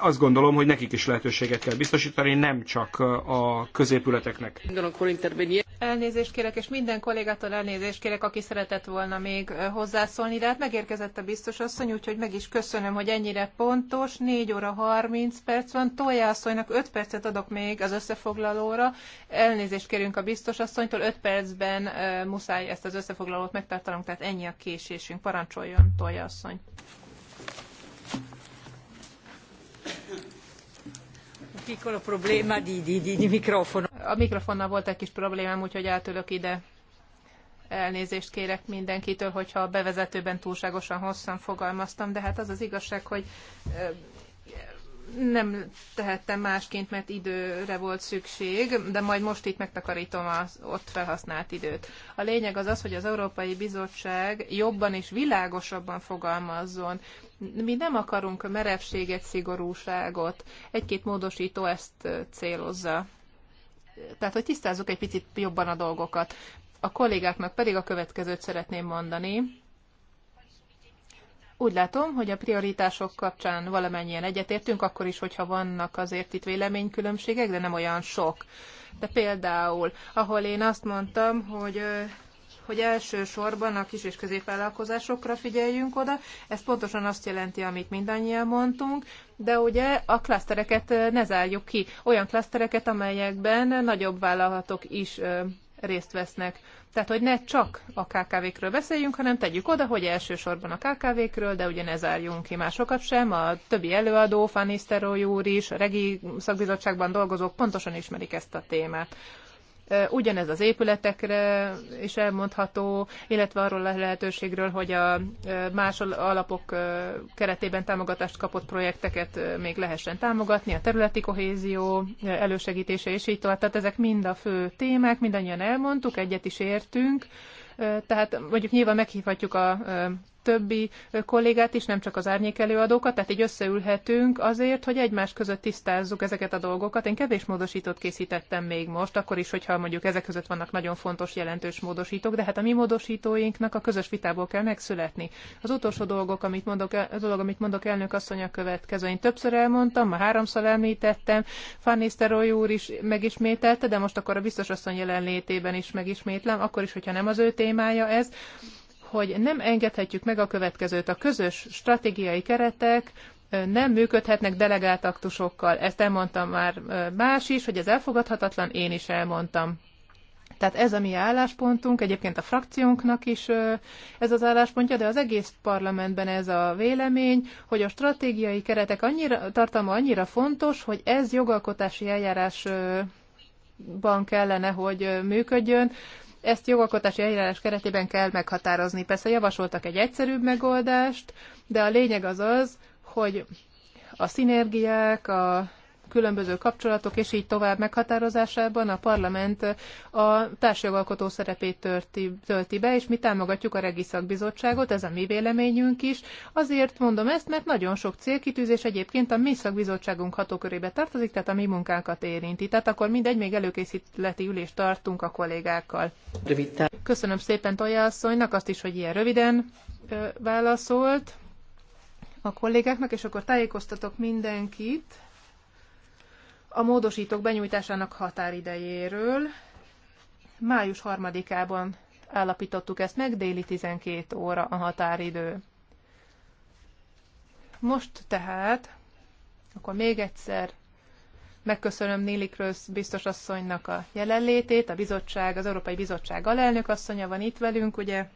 azt gondolom, hogy nekik is lehetőséget kell biztosítani, nem csak a középületeknek. Elnézést kérek, és minden kollégától elnézést kérek, aki szeretett volna még hozzászólni, de hát megérkezett a biztos asszony, úgyhogy meg is köszönöm, hogy ennyire pontos. 4 óra 30 perc van. Tolja asszonynak 5 percet adok még az összefoglalóra. Elnézést kérünk a biztos asszonytól, 5 percben muszáj ezt az összefoglalót megtartanunk, tehát ennyi a késésünk. Parancsoljon, Tolja asszony. piccolo di, di, di, di A mikrofonnal volt egy kis problémám, úgyhogy átülök ide. Elnézést kérek mindenkitől, hogyha a bevezetőben túlságosan hosszan fogalmaztam, de hát az az igazság, hogy nem tehettem másként, mert időre volt szükség, de majd most itt megtakarítom az ott felhasznált időt. A lényeg az az, hogy az Európai Bizottság jobban és világosabban fogalmazzon. Mi nem akarunk merevséget, szigorúságot. Egy-két módosító ezt célozza. Tehát, hogy tisztázzuk egy picit jobban a dolgokat. A kollégáknak pedig a következőt szeretném mondani. Úgy látom, hogy a prioritások kapcsán valamennyien egyetértünk, akkor is, hogyha vannak azért itt véleménykülönbségek, de nem olyan sok. De például, ahol én azt mondtam, hogy hogy elsősorban a kis és középvállalkozásokra figyeljünk oda. Ez pontosan azt jelenti, amit mindannyian mondtunk, de ugye a klasztereket ne zárjuk ki. Olyan klasztereket, amelyekben nagyobb vállalatok is részt vesznek. Tehát, hogy ne csak a KKV-kről beszéljünk, hanem tegyük oda, hogy elsősorban a KKV-kről, de ugye ne zárjunk ki másokat sem. A többi előadó, Fanny Szteroly is, a regi szakbizottságban dolgozók pontosan ismerik ezt a témát. Ugyanez az épületekre is elmondható, illetve arról a lehetőségről, hogy a más alapok keretében támogatást kapott projekteket még lehessen támogatni, a területi kohézió elősegítése és így tovább. Tehát ezek mind a fő témák, mindannyian elmondtuk, egyet is értünk. Tehát mondjuk nyilván meghívhatjuk a többi kollégát is, nem csak az árnyék előadókat, tehát így összeülhetünk azért, hogy egymás között tisztázzuk ezeket a dolgokat. Én kevés módosítót készítettem még most, akkor is, hogyha mondjuk ezek között vannak nagyon fontos, jelentős módosítók, de hát a mi módosítóinknak a közös vitából kell megszületni. Az utolsó dolgok, amit mondok, az dolog, amit mondok elnök asszony a következő. Én többször elmondtam, ma háromszor említettem, Fanny Steroy úr is megismételte, de most akkor a biztos asszony jelenlétében is megismétlem, akkor is, hogyha nem az ő témája ez hogy nem engedhetjük meg a következőt. A közös stratégiai keretek nem működhetnek delegált aktusokkal. Ezt elmondtam már más is, hogy ez elfogadhatatlan, én is elmondtam. Tehát ez a mi álláspontunk, egyébként a frakciónknak is ez az álláspontja, de az egész parlamentben ez a vélemény, hogy a stratégiai keretek annyira, tartalma annyira fontos, hogy ez jogalkotási eljárásban kellene, hogy működjön, ezt jogalkotási eljárás keretében kell meghatározni. Persze javasoltak egy egyszerűbb megoldást, de a lényeg az az, hogy a szinergiák, a különböző kapcsolatok és így tovább meghatározásában a parlament a társjogalkotó szerepét törti, tölti be, és mi támogatjuk a Regi Szakbizottságot, ez a mi véleményünk is. Azért mondom ezt, mert nagyon sok célkitűzés egyébként a mi szakbizottságunk hatókörébe tartozik, tehát a mi munkánkat érinti. Tehát akkor mindegy, még előkészítleti ülést tartunk a kollégákkal. Röviden. Köszönöm szépen Tolja asszonynak azt is, hogy ilyen röviden válaszolt a kollégáknak, és akkor tájékoztatok mindenkit a módosítók benyújtásának határidejéről. Május 3-ában állapítottuk ezt meg, déli 12 óra a határidő. Most tehát, akkor még egyszer megköszönöm Nili Krösz biztos asszonynak a jelenlétét, a bizottság, az Európai Bizottság alelnök asszonya van itt velünk, ugye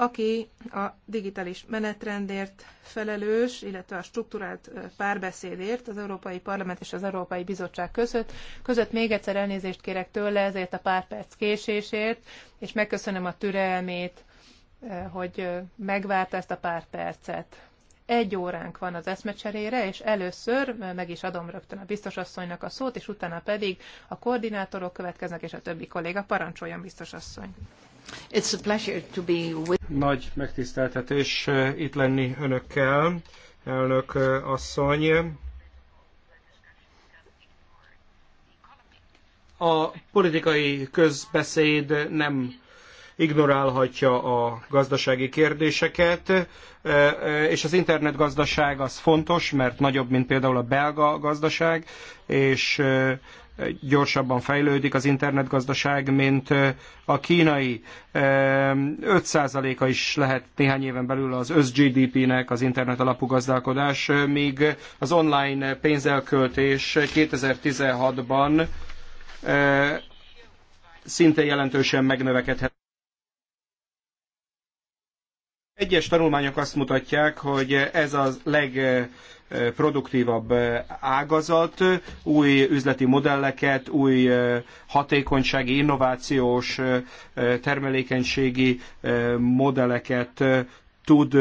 aki a digitális menetrendért felelős, illetve a strukturált párbeszédért az Európai Parlament és az Európai Bizottság között. Között még egyszer elnézést kérek tőle ezért a pár perc késésért, és megköszönöm a türelmét, hogy megvárta ezt a pár percet. Egy óránk van az eszmecserére, és először meg is adom rögtön a biztosasszonynak a szót, és utána pedig a koordinátorok következnek, és a többi kolléga parancsoljon biztosasszony. It's a pleasure to be with... Nagy megtiszteltetés eh, itt lenni önökkel, elnök eh, asszony. A politikai közbeszéd nem ignorálhatja a gazdasági kérdéseket, eh, és az internetgazdaság az fontos, mert nagyobb, mint például a belga gazdaság, és gyorsabban fejlődik az internetgazdaság, mint a kínai. 5%-a is lehet néhány éven belül az össz-GDP-nek az internet alapú gazdálkodás, míg az online pénzelköltés 2016-ban szinte jelentősen megnövekedhet. Egyes tanulmányok azt mutatják, hogy ez a leg produktívabb eh, ágazat, új üzleti modelleket, új eh, hatékonysági, innovációs eh, termelékenységi modelleket tud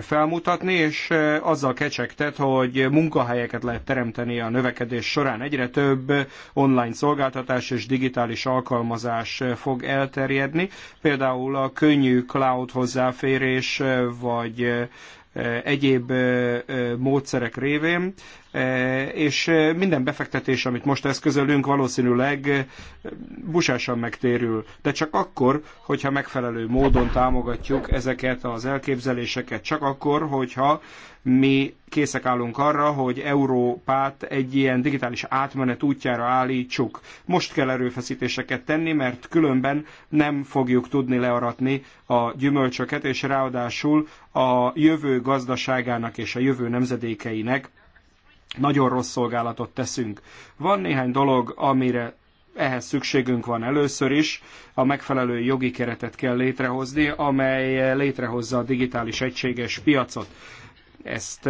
felmutatni, és azzal kecsegtet, hogy munkahelyeket lehet teremteni a növekedés során. Egyre több online szolgáltatás és digitális alkalmazás fog elterjedni, például a könnyű cloud hozzáférés, vagy egyéb módszerek révén. E, és e, minden befektetés, amit most eszközölünk, valószínűleg e, busásan megtérül. De csak akkor, hogyha megfelelő módon támogatjuk ezeket az elképzeléseket, csak akkor, hogyha mi készek állunk arra, hogy Európát egy ilyen digitális átmenet útjára állítsuk. Most kell erőfeszítéseket tenni, mert különben nem fogjuk tudni learatni a gyümölcsöket, és ráadásul a jövő gazdaságának és a jövő nemzedékeinek nagyon rossz szolgálatot teszünk. Van néhány dolog, amire ehhez szükségünk van először is, a megfelelő jogi keretet kell létrehozni, amely létrehozza a digitális egységes piacot. Ezt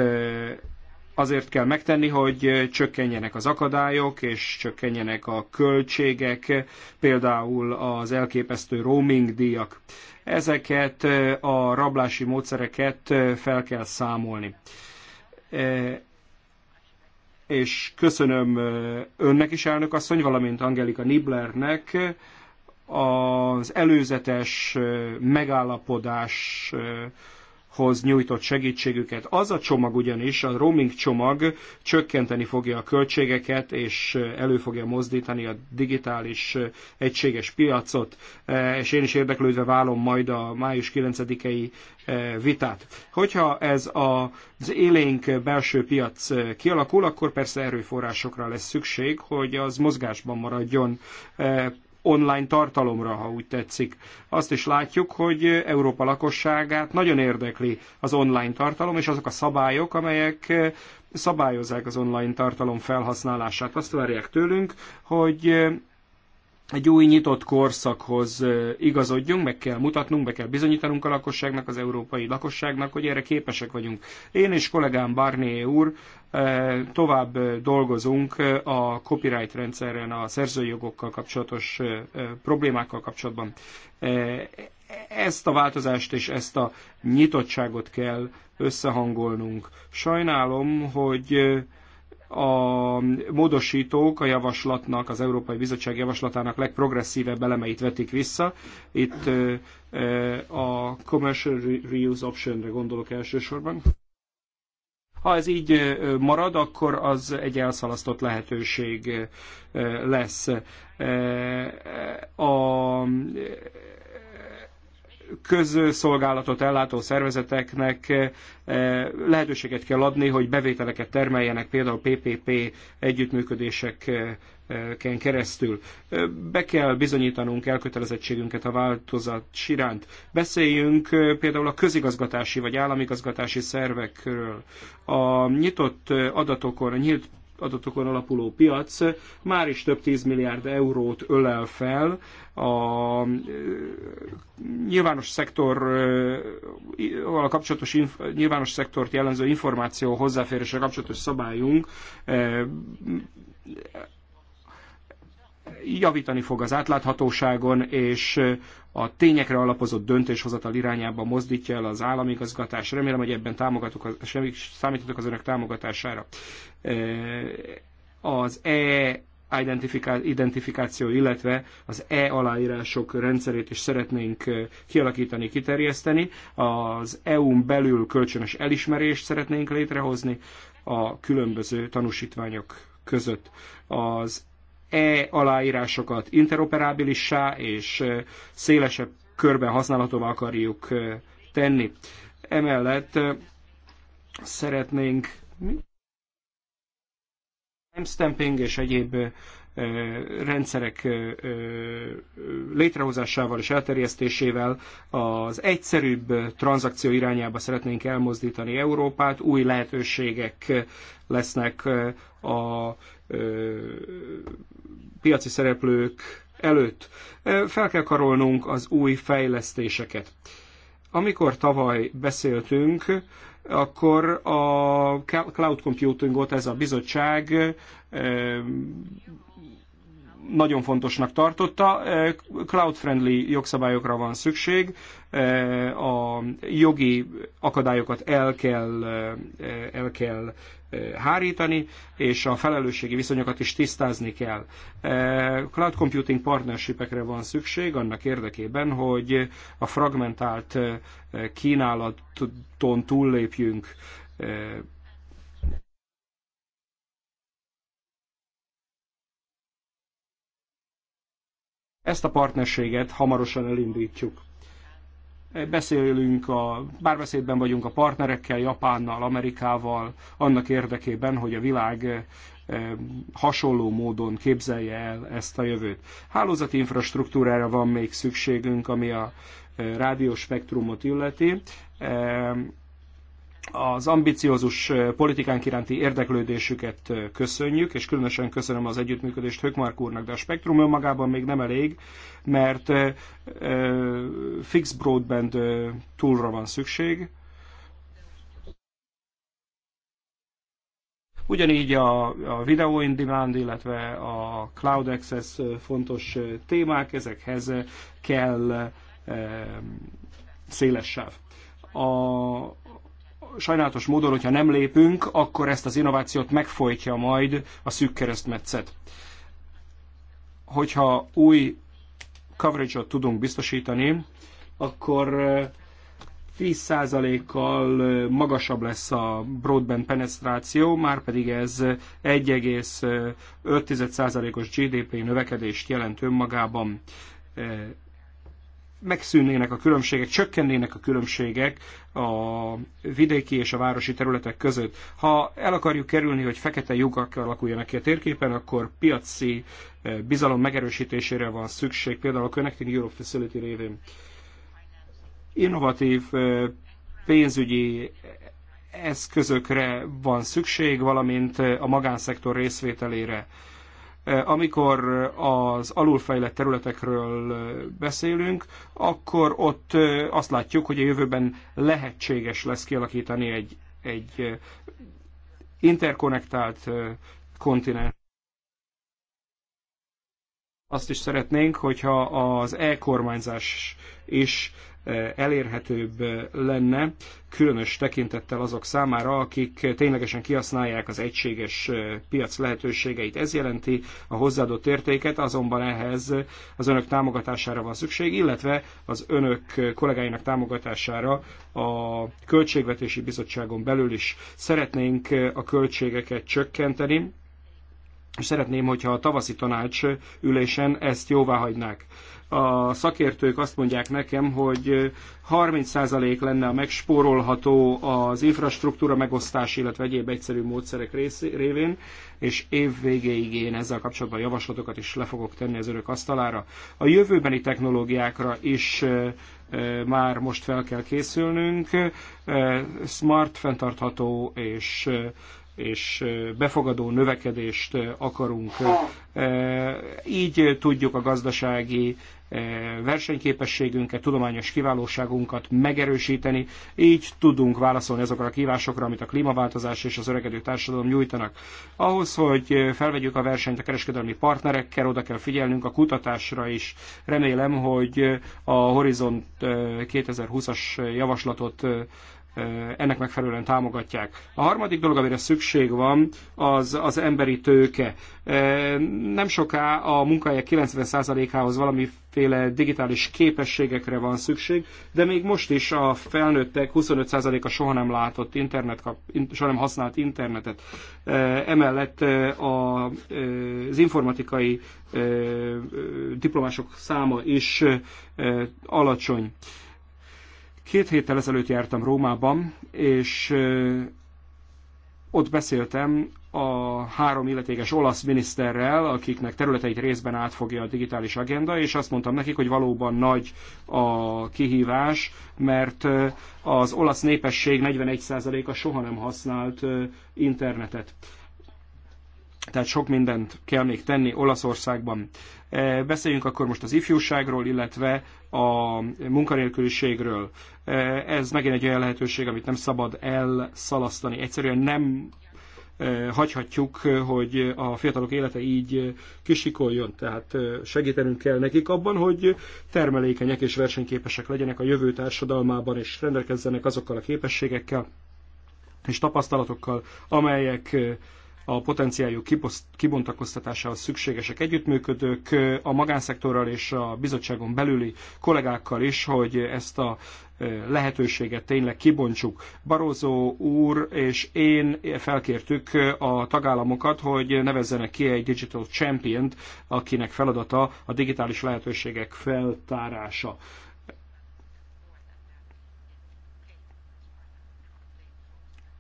azért kell megtenni, hogy csökkenjenek az akadályok, és csökkenjenek a költségek, például az elképesztő roaming díjak. Ezeket a rablási módszereket fel kell számolni és köszönöm önnek is, elnök asszony, valamint Angelika Niblernek az előzetes megállapodás hoz nyújtott segítségüket. Az a csomag ugyanis, a roaming csomag csökkenteni fogja a költségeket, és elő fogja mozdítani a digitális egységes piacot, és én is érdeklődve válom majd a május 9-i vitát. Hogyha ez az élénk belső piac kialakul, akkor persze erőforrásokra lesz szükség, hogy az mozgásban maradjon online tartalomra, ha úgy tetszik. Azt is látjuk, hogy Európa lakosságát nagyon érdekli az online tartalom, és azok a szabályok, amelyek eh, szabályozzák az online tartalom felhasználását. Azt várják tőlünk, hogy eh, egy új nyitott korszakhoz igazodjunk, meg kell mutatnunk, be kell bizonyítanunk a lakosságnak, az európai lakosságnak, hogy erre képesek vagyunk. Én és kollégám Barné úr tovább dolgozunk a copyright rendszeren, a szerzőjogokkal kapcsolatos problémákkal kapcsolatban. Ezt a változást és ezt a nyitottságot kell összehangolnunk. Sajnálom, hogy a módosítók a javaslatnak, az Európai Bizottság javaslatának legprogresszívebb elemeit vetik vissza. Itt a commercial reuse optionre gondolok elsősorban. Ha ez így marad, akkor az egy elszalasztott lehetőség lesz. A közszolgálatot ellátó szervezeteknek eh, lehetőséget kell adni, hogy bevételeket termeljenek például PPP együttműködések keresztül. Eh, be kell bizonyítanunk elkötelezettségünket a változat iránt. Beszéljünk eh, például a közigazgatási vagy államigazgatási szervekről. A nyitott adatokon, a nyílt adatokon alapuló piac már is több 10 milliárd eurót ölel fel a eh, nyilvános szektor, eh, a kapcsolatos nyilvános szektort jellemző információ hozzáférésre kapcsolatos szabályunk eh, javítani fog az átláthatóságon, és a tényekre alapozott döntéshozatal irányába mozdítja el az államigazgatás. Remélem, hogy ebben támogatok, számítotok az önök támogatására. E, az E identifikáció, illetve az e-aláírások rendszerét is szeretnénk e, kialakítani, kiterjeszteni. Az EU-n belül kölcsönös elismerést szeretnénk létrehozni a különböző tanúsítványok között. Az e aláírásokat interoperábilissá és e, szélesebb körben használhatóvá akarjuk e, tenni. Emellett e, szeretnénk timestamping és egyéb rendszerek létrehozásával és elterjesztésével az egyszerűbb tranzakció irányába szeretnénk elmozdítani Európát, új lehetőségek lesznek a piaci szereplők előtt. Fel kell karolnunk az új fejlesztéseket. Amikor tavaly beszéltünk, akkor a cloud computingot ez a bizottság nagyon fontosnak tartotta. E, Cloud-friendly jogszabályokra van szükség, e, a jogi akadályokat el kell, e, el kell hárítani, és a felelősségi viszonyokat is tisztázni kell. Cloud computing partnershipekre van szükség annak érdekében, hogy a fragmentált kínálaton túllépjünk Ezt a partnerséget hamarosan elindítjuk. Beszélünk, a, párbeszédben vagyunk a partnerekkel, Japánnal, Amerikával, annak érdekében, hogy a világ eh, hasonló módon képzelje el ezt a jövőt. Hálózati infrastruktúrára van még szükségünk, ami a eh, spektrumot illeti eh, az ambiciózus politikánk iránti érdeklődésüket köszönjük, és különösen köszönöm az együttműködést Hökmark úrnak, de a spektrum önmagában még nem elég, mert fix broadband túlra van szükség. Ugyanígy a, a Video in Demand, illetve a Cloud Access fontos témák, ezekhez kell széles sáv. A, sajnálatos módon, hogyha nem lépünk, akkor ezt az innovációt megfojtja majd a szűk keresztmetszet. Hogyha új coverage-ot tudunk biztosítani, akkor 10%-kal magasabb lesz a broadband penetráció, már pedig ez 1,5%-os GDP növekedést jelent önmagában megszűnnének a különbségek, csökkennének a különbségek a vidéki és a városi területek között. Ha el akarjuk kerülni, hogy fekete lyukak alakuljanak ki a térképen, akkor piaci eh, bizalom megerősítésére van szükség, például a Connecting Europe Facility révén. Innovatív eh, pénzügyi eszközökre van szükség, valamint eh, a magánszektor részvételére Eh, amikor az alulfejlett területekről eh, beszélünk, akkor ott eh, azt látjuk, hogy a jövőben lehetséges lesz kialakítani egy, egy interkonnektált kontinens. Azt is szeretnénk, hogyha az e-kormányzás is elérhetőbb lenne, különös tekintettel azok számára, akik ténylegesen kihasználják az egységes piac lehetőségeit. Ez jelenti a hozzáadott értéket, azonban ehhez az önök támogatására van szükség, illetve az önök kollégáinak támogatására a Költségvetési Bizottságon belül is szeretnénk a költségeket csökkenteni, és szeretném, hogyha a tavaszi tanács ülésen ezt jóvá hagynák a szakértők azt mondják nekem, hogy 30% lenne a megspórolható az infrastruktúra megosztás, illetve egyéb egyszerű módszerek révén, és év végéig én ezzel kapcsolatban javaslatokat is le fogok tenni az örök asztalára. A jövőbeni technológiákra is már most fel kell készülnünk. Smart, fenntartható és és befogadó növekedést akarunk. Így tudjuk a gazdasági versenyképességünket, tudományos kiválóságunkat megerősíteni, így tudunk válaszolni azokra a kívásokra, amit a klímaváltozás és az öregedő társadalom nyújtanak. Ahhoz, hogy felvegyük a versenyt a kereskedelmi partnerekkel, oda kell figyelnünk a kutatásra is. Remélem, hogy a Horizont 2020-as javaslatot ennek megfelelően támogatják. A harmadik dolog, amire szükség van, az az emberi tőke. Nem soká a munkahelyek 90%-ához valami mindenféle digitális képességekre van szükség, de még most is a felnőttek 25%-a soha nem látott internet, soha nem használt internetet. E, emellett e, e, az informatikai diplomások száma is alacsony. Két héttel ezelőtt jártam Rómában, és ott beszéltem a három illetékes olasz miniszterrel, akiknek területeit részben átfogja a digitális agenda, és azt mondtam nekik, hogy valóban nagy a kihívás, mert az olasz népesség 41%-a soha nem használt internetet. Tehát sok mindent kell még tenni Olaszországban. Beszéljünk akkor most az ifjúságról, illetve a munkanélküliségről. Ez megint egy olyan lehetőség, amit nem szabad elszalasztani. Egyszerűen nem hagyhatjuk, hogy a fiatalok élete így kisikoljon, tehát segítenünk kell nekik abban, hogy termelékenyek és versenyképesek legyenek a jövő társadalmában, és rendelkezzenek azokkal a képességekkel és tapasztalatokkal, amelyek a potenciáljuk kibontakoztatásához szükségesek együttműködők a magánszektorral és a bizottságon belüli kollégákkal is, hogy ezt a lehetőséget tényleg kibontsuk. Barozó úr és én felkértük a tagállamokat, hogy nevezzenek ki egy Digital Champion-t, akinek feladata a digitális lehetőségek feltárása.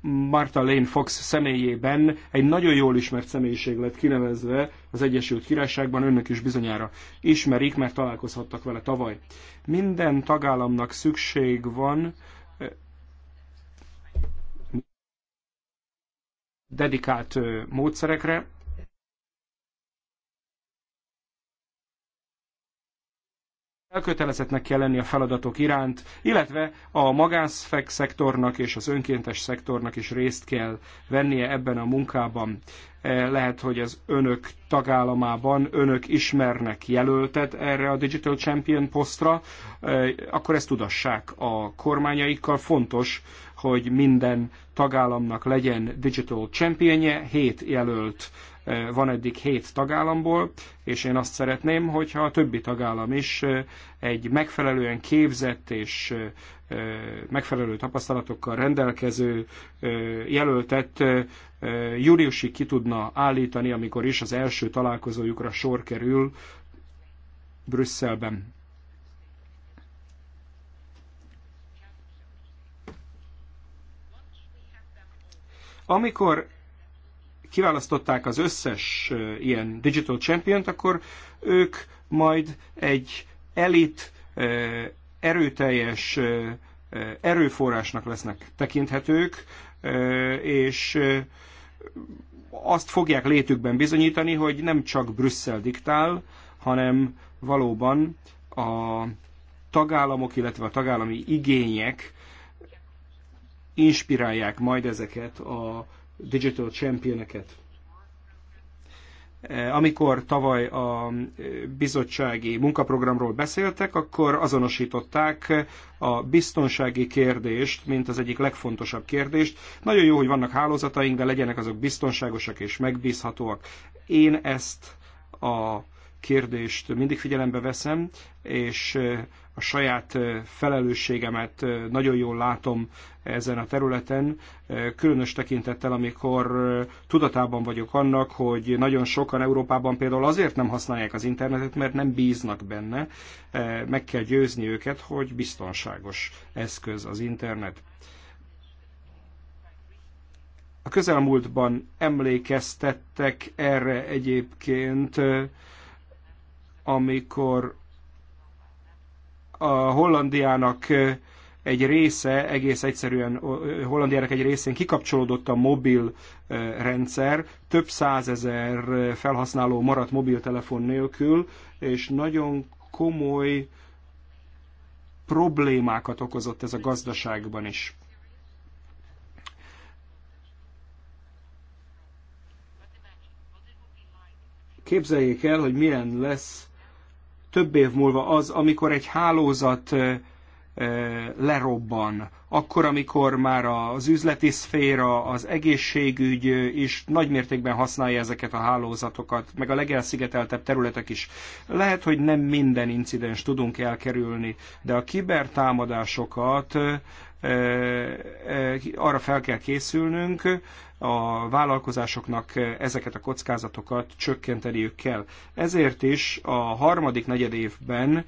Martha Lane Fox személyében egy nagyon jól ismert személyiség lett kinevezve az Egyesült Királyságban, önök is bizonyára ismerik, mert találkozhattak vele tavaly. Minden tagállamnak szükség van eh, dedikált eh, módszerekre, elkötelezettnek kell lenni a feladatok iránt, illetve a magánszektornak és az önkéntes szektornak is részt kell vennie ebben a munkában. E, lehet, hogy az önök tagállamában önök ismernek jelöltet erre a Digital Champion posztra, e, akkor ezt tudassák a kormányaikkal. Fontos, hogy minden tagállamnak legyen Digital Championje, hét jelölt van eddig hét tagállamból, és én azt szeretném, hogyha a többi tagállam is egy megfelelően képzett és megfelelő tapasztalatokkal rendelkező jelöltet júliusig ki tudna állítani, amikor is az első találkozójukra sor kerül Brüsszelben. Amikor kiválasztották az összes ilyen digital champion akkor ők majd egy elit, erőteljes erőforrásnak lesznek tekinthetők, és azt fogják létükben bizonyítani, hogy nem csak Brüsszel diktál, hanem valóban a tagállamok, illetve a tagállami igények inspirálják majd ezeket a digital championeket. Eh, amikor tavaly a eh, bizottsági munkaprogramról beszéltek, akkor azonosították eh, a biztonsági kérdést, mint az egyik legfontosabb kérdést. Nagyon jó, hogy vannak hálózataink, de legyenek azok biztonságosak és megbízhatóak. Én ezt a kérdést mindig figyelembe veszem, és a saját felelősségemet nagyon jól látom ezen a területen, különös tekintettel, amikor tudatában vagyok annak, hogy nagyon sokan Európában például azért nem használják az internetet, mert nem bíznak benne, meg kell győzni őket, hogy biztonságos eszköz az internet. A közelmúltban emlékeztettek erre egyébként amikor a Hollandiának egy része, egész egyszerűen Hollandiának egy részén kikapcsolódott a mobil rendszer, több százezer felhasználó maradt mobiltelefon nélkül, és nagyon komoly problémákat okozott ez a gazdaságban is. Képzeljék el, hogy milyen lesz több év múlva az, amikor egy hálózat lerobban, akkor, amikor már az üzleti szféra, az egészségügy is nagymértékben használja ezeket a hálózatokat, meg a legelszigeteltebb területek is. Lehet, hogy nem minden incidens tudunk elkerülni, de a kibertámadásokat arra fel kell készülnünk, a vállalkozásoknak ezeket a kockázatokat csökkenteniük kell. Ezért is a harmadik negyed évben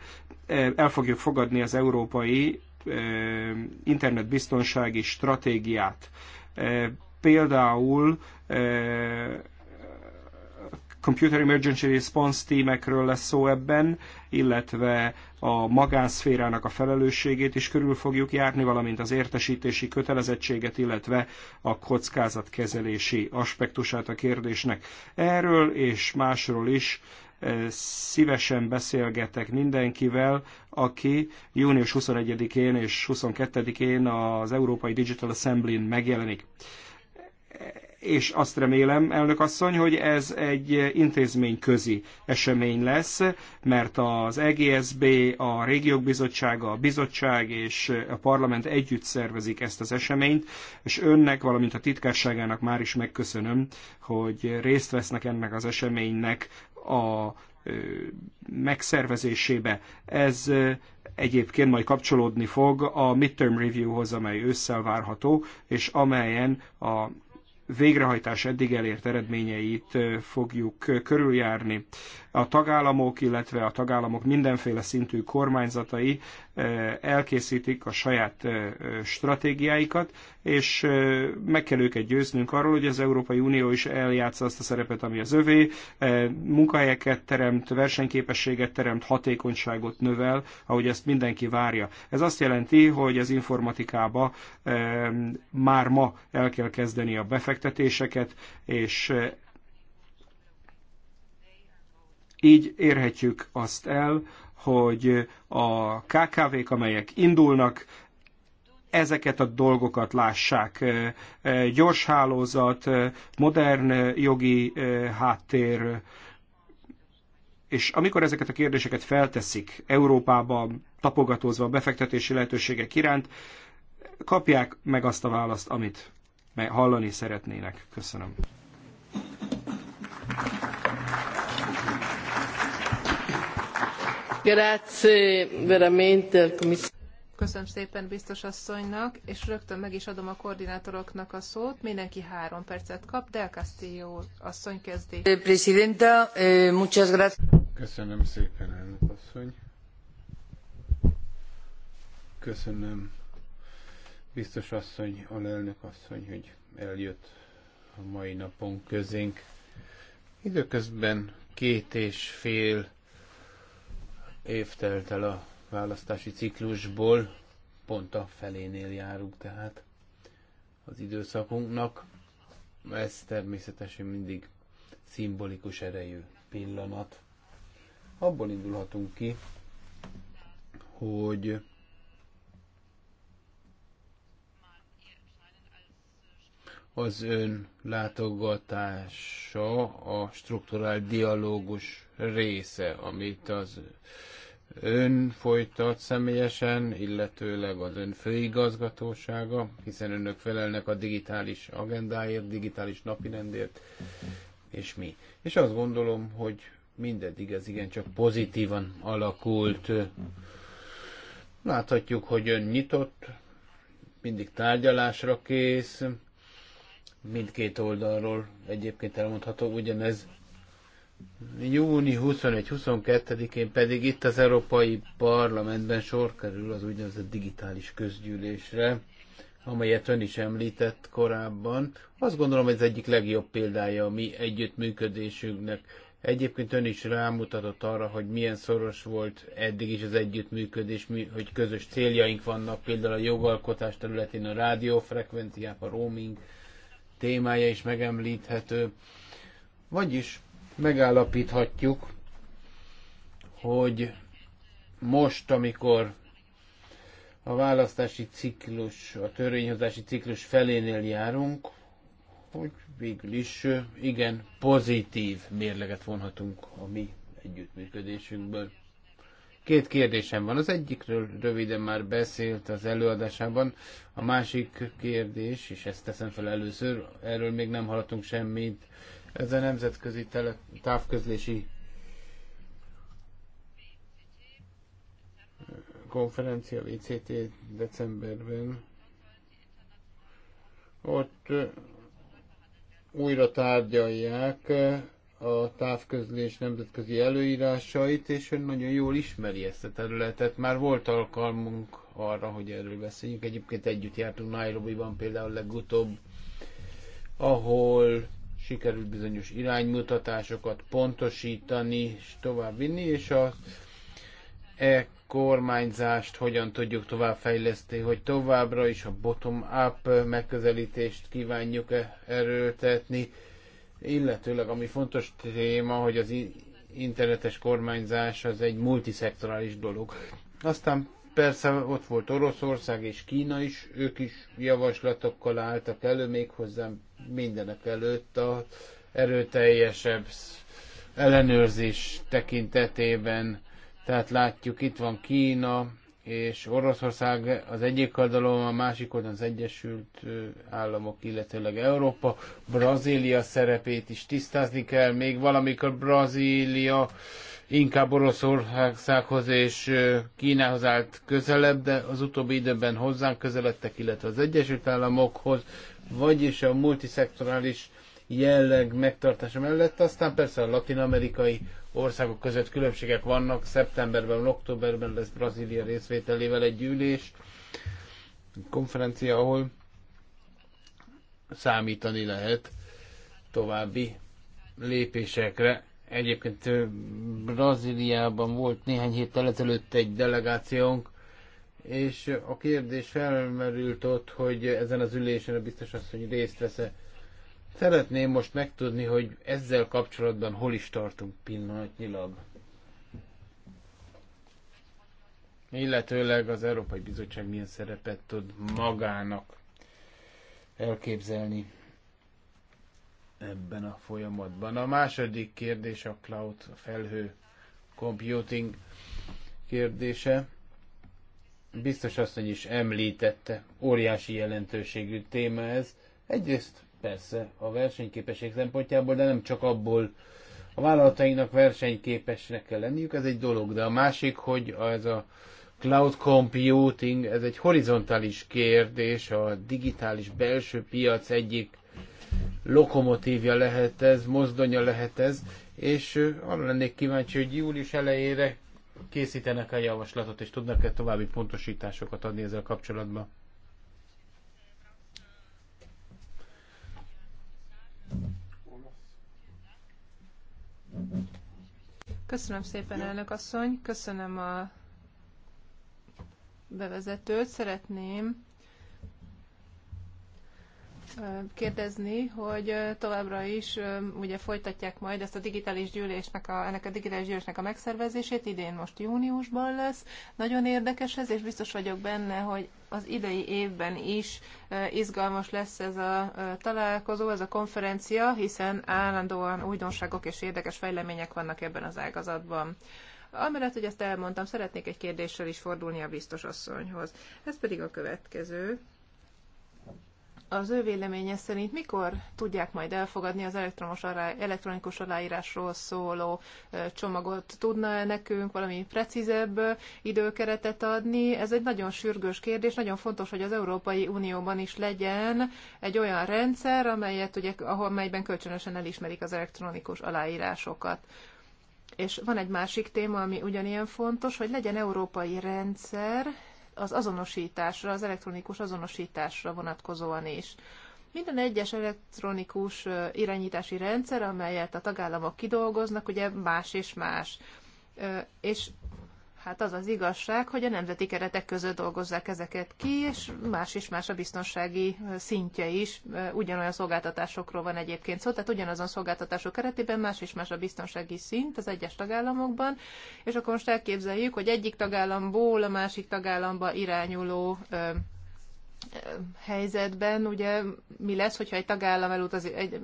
el fogjuk fogadni az európai internetbiztonsági stratégiát. Például Computer Emergency Response tímekről lesz szó ebben, illetve a magánszférának a felelősségét is körül fogjuk járni, valamint az értesítési kötelezettséget, illetve a kockázatkezelési aspektusát a kérdésnek. Erről és másról is eh, szívesen beszélgetek mindenkivel, aki június 21-én és 22-én az Európai Digital Assembly-n megjelenik és azt remélem, elnök asszony, hogy ez egy intézményközi esemény lesz, mert az EGSB, a Régiók Bizottsága, a Bizottság és a Parlament együtt szervezik ezt az eseményt, és önnek, valamint a titkárságának már is megköszönöm, hogy részt vesznek ennek az eseménynek a megszervezésébe. Ez egyébként majd kapcsolódni fog a midterm reviewhoz, amely ősszel várható, és amelyen a végrehajtás eddig elért eredményeit fogjuk körüljárni a tagállamok, illetve a tagállamok mindenféle szintű kormányzatai eh, elkészítik a saját eh, stratégiáikat, és eh, meg kell őket győznünk arról, hogy az Európai Unió is eljátsza azt a szerepet, ami az övé, munkahelyeket teremt, versenyképességet teremt, hatékonyságot növel, ahogy ezt mindenki várja. Ez azt jelenti, hogy az informatikába már ma el kell kezdeni a befektetéseket, és így érhetjük azt el, hogy a KKV-k, amelyek indulnak, ezeket a dolgokat lássák. Gyors hálózat, modern jogi háttér, és amikor ezeket a kérdéseket felteszik Európában, tapogatózva a befektetési lehetőségek iránt, kapják meg azt a választ, amit hallani szeretnének. Köszönöm. Köszönöm szépen biztos asszonynak, és rögtön meg is adom a koordinátoroknak a szót. Mindenki három percet kap. Del Castillo asszony kezdi. Eh, presidenta, eh, muchas gracias. Köszönöm szépen, elnök asszony. Köszönöm biztos asszony, alelnök asszony, hogy eljött a mai napon közénk. Időközben két és fél év telt el a választási ciklusból, pont a felénél járunk tehát az időszakunknak. Ez természetesen mindig szimbolikus erejű pillanat. Abból indulhatunk ki, hogy az ön látogatása a strukturál dialógus része, amit az ön folytat személyesen, illetőleg az ön főigazgatósága, hiszen önök felelnek a digitális agendáért, digitális napirendért, és mi. És azt gondolom, hogy mindeddig ez igencsak pozitívan alakult. Láthatjuk, hogy ön nyitott, mindig tárgyalásra kész, mindkét oldalról egyébként elmondható ugyanez. Júni 21-22-én pedig itt az Európai Parlamentben sor kerül az úgynevezett digitális közgyűlésre, amelyet ön is említett korábban. Azt gondolom, hogy ez egyik legjobb példája a mi együttműködésünknek. Egyébként ön is rámutatott arra, hogy milyen szoros volt eddig is az együttműködés, hogy közös céljaink vannak, például a jogalkotás területén a rádiófrekvenciák, a roaming témája is megemlíthető. Vagyis megállapíthatjuk, hogy most, amikor a választási ciklus, a törvényhozási ciklus felénél járunk, hogy végül is igen pozitív mérleget vonhatunk a mi együttműködésünkből. Két kérdésem van. Az egyikről röviden már beszélt az előadásában, a másik kérdés, és ezt teszem fel először, erről még nem hallottunk semmit, ez a nemzetközi tele, távközlési konferencia VCT decemberben. Ott újra tárgyalják a távközlés nemzetközi előírásait, és ön nagyon jól ismeri ezt a területet. Már volt alkalmunk arra, hogy erről beszéljünk. Egyébként együtt jártunk Nairobi-ban például legutóbb, ahol sikerült bizonyos iránymutatásokat pontosítani és továbbvinni, és a e kormányzást hogyan tudjuk továbbfejleszteni, hogy továbbra is a bottom-up megközelítést kívánjuk -e erőltetni, illetőleg ami fontos téma, hogy az internetes kormányzás az egy multiszektorális dolog. Aztán Persze ott volt Oroszország és Kína is, ők is javaslatokkal álltak elő, méghozzá mindenek előtt a erőteljesebb ellenőrzés tekintetében. Tehát látjuk, itt van Kína, és Oroszország az egyik oldalon, a másik oldalon az Egyesült Államok, illetőleg Európa. Brazília szerepét is tisztázni kell, még valamikor Brazília inkább Oroszországhoz és Kínához állt közelebb, de az utóbbi időben hozzánk közeledtek, illetve az Egyesült Államokhoz, vagyis a multiszektorális jelleg megtartása mellett, aztán persze a latin-amerikai országok között különbségek vannak. Szeptemberben, októberben lesz Brazília részvételével egy gyűlés, konferencia, ahol számítani lehet további lépésekre. Egyébként Brazíliában volt néhány héttel ezelőtt egy delegációnk, és a kérdés felmerült ott, hogy ezen az ülésen a biztos asszony részt vesz-e. Szeretném most megtudni, hogy ezzel kapcsolatban hol is tartunk pillanatnyilag. Illetőleg az Európai Bizottság milyen szerepet tud magának elképzelni ebben a folyamatban. A második kérdés a cloud, a felhő computing kérdése. Biztos hogy is említette, óriási jelentőségű téma ez. Egyrészt persze a versenyképesség szempontjából, de nem csak abból. A vállalatainknak versenyképesnek kell lenniük, ez egy dolog, de a másik, hogy ez a cloud computing, ez egy horizontális kérdés, a digitális belső piac egyik lokomotívja lehet ez, mozdonya lehet ez, és arra lennék kíváncsi, hogy július elejére készítenek el javaslatot, és tudnak-e további pontosításokat adni ezzel kapcsolatban. Köszönöm szépen, elnök asszony. Köszönöm a bevezetőt. Szeretném kérdezni, hogy továbbra is ugye folytatják majd ezt a digitális gyűlésnek, a, ennek a digitális gyűlésnek a megszervezését, idén most júniusban lesz. Nagyon érdekes ez, és biztos vagyok benne, hogy az idei évben is izgalmas lesz ez a találkozó, ez a konferencia, hiszen állandóan újdonságok és érdekes fejlemények vannak ebben az ágazatban. Amellett, hogy ezt elmondtam, szeretnék egy kérdéssel is fordulni a biztos asszonyhoz. Ez pedig a következő az ő véleménye szerint mikor tudják majd elfogadni az elektromos alá, elektronikus aláírásról szóló csomagot? Tudna -e nekünk valami precízebb időkeretet adni? Ez egy nagyon sürgős kérdés, nagyon fontos, hogy az Európai Unióban is legyen egy olyan rendszer, amelyet ugye, ahol, melyben kölcsönösen elismerik az elektronikus aláírásokat. És van egy másik téma, ami ugyanilyen fontos, hogy legyen európai rendszer, az azonosításra, az elektronikus azonosításra vonatkozóan is. Minden egyes elektronikus irányítási rendszer, amelyet a tagállamok kidolgoznak, ugye más és más. És Hát az az igazság, hogy a nemzeti keretek között dolgozzák ezeket ki, és más is más a biztonsági szintje is. Ugyanolyan szolgáltatásokról van egyébként szó, tehát ugyanazon szolgáltatások keretében más is más a biztonsági szint az egyes tagállamokban, és akkor most elképzeljük, hogy egyik tagállamból a másik tagállamba irányuló helyzetben, ugye mi lesz, hogyha egy tagállam elutazik, egy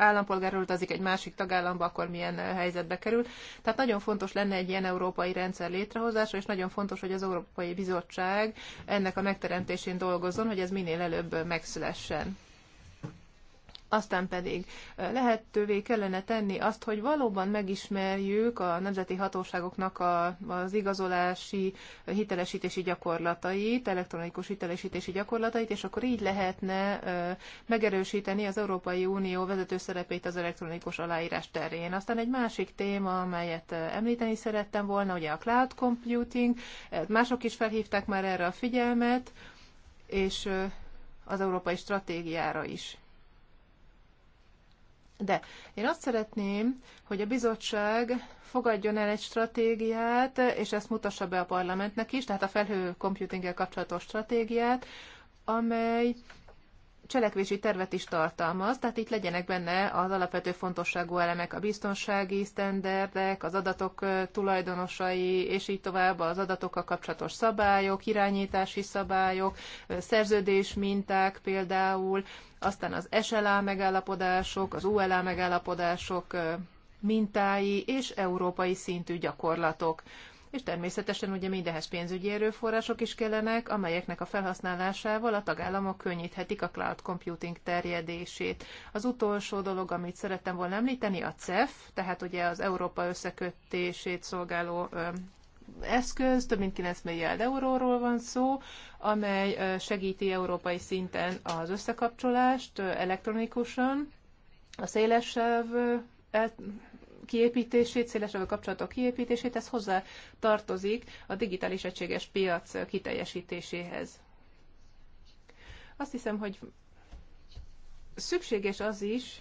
állampolgár utazik egy másik tagállamba, akkor milyen eh, helyzetbe kerül. Tehát nagyon fontos lenne egy ilyen európai rendszer létrehozása, és nagyon fontos, hogy az Európai Bizottság ennek a megteremtésén dolgozzon, hogy ez minél előbb eh, megszülessen. Aztán pedig lehetővé kellene tenni azt, hogy valóban megismerjük a nemzeti hatóságoknak a, az igazolási, hitelesítési gyakorlatait, elektronikus hitelesítési gyakorlatait, és akkor így lehetne megerősíteni az Európai Unió vezető szerepét az elektronikus aláírás terén. Aztán egy másik téma, amelyet említeni szerettem volna, ugye a cloud computing, mások is felhívták már erre a figyelmet, és az európai stratégiára is de én azt szeretném, hogy a bizottság fogadjon el egy stratégiát, és ezt mutassa be a parlamentnek is, tehát a felhő computinggel kapcsolatos stratégiát, amely cselekvési tervet is tartalmaz, tehát itt legyenek benne az alapvető fontosságú elemek, a biztonsági sztenderdek, az adatok tulajdonosai, és így tovább az adatokkal kapcsolatos szabályok, irányítási szabályok, szerződés minták például, aztán az SLA megállapodások, az ULA megállapodások mintái és európai szintű gyakorlatok és természetesen ugye mindehhez pénzügyi erőforrások is kellenek, amelyeknek a felhasználásával a tagállamok könnyíthetik a cloud computing terjedését. Az utolsó dolog, amit szerettem volna említeni, a CEF, tehát ugye az Európa összekötését szolgáló eszköz, több mint 9 milliárd euróról van szó, amely segíti európai szinten az összekapcsolást elektronikusan, a széles kiépítését, szélesebb kapcsolatok kiépítését, ez hozzá tartozik a digitális egységes piac kiteljesítéséhez. Azt hiszem, hogy szükséges az is,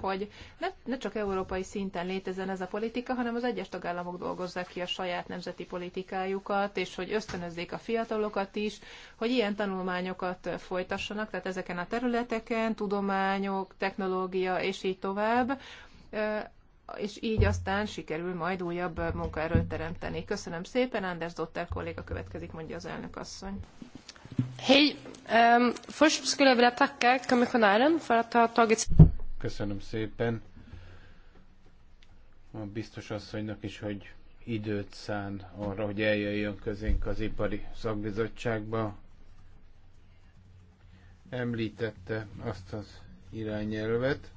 hogy ne, ne csak európai szinten létezzen ez a politika, hanem az egyes tagállamok dolgozzák ki a saját nemzeti politikájukat, és hogy ösztönözzék a fiatalokat is, hogy ilyen tanulmányokat folytassanak, tehát ezeken a területeken, tudományok, technológia és így tovább, és így aztán sikerül majd újabb munkaerőt teremteni. Köszönöm szépen, Anders Dotter kolléga következik, mondja az elnök asszony. Hey, Um, först skulle jag vilja tacka kommissionären för att ha tagit... Köszönöm szépen a biztos asszonynak is, hogy időt szán arra, hogy eljöjjön közénk az ipari szakbizottságba. Említette azt az irányelvet,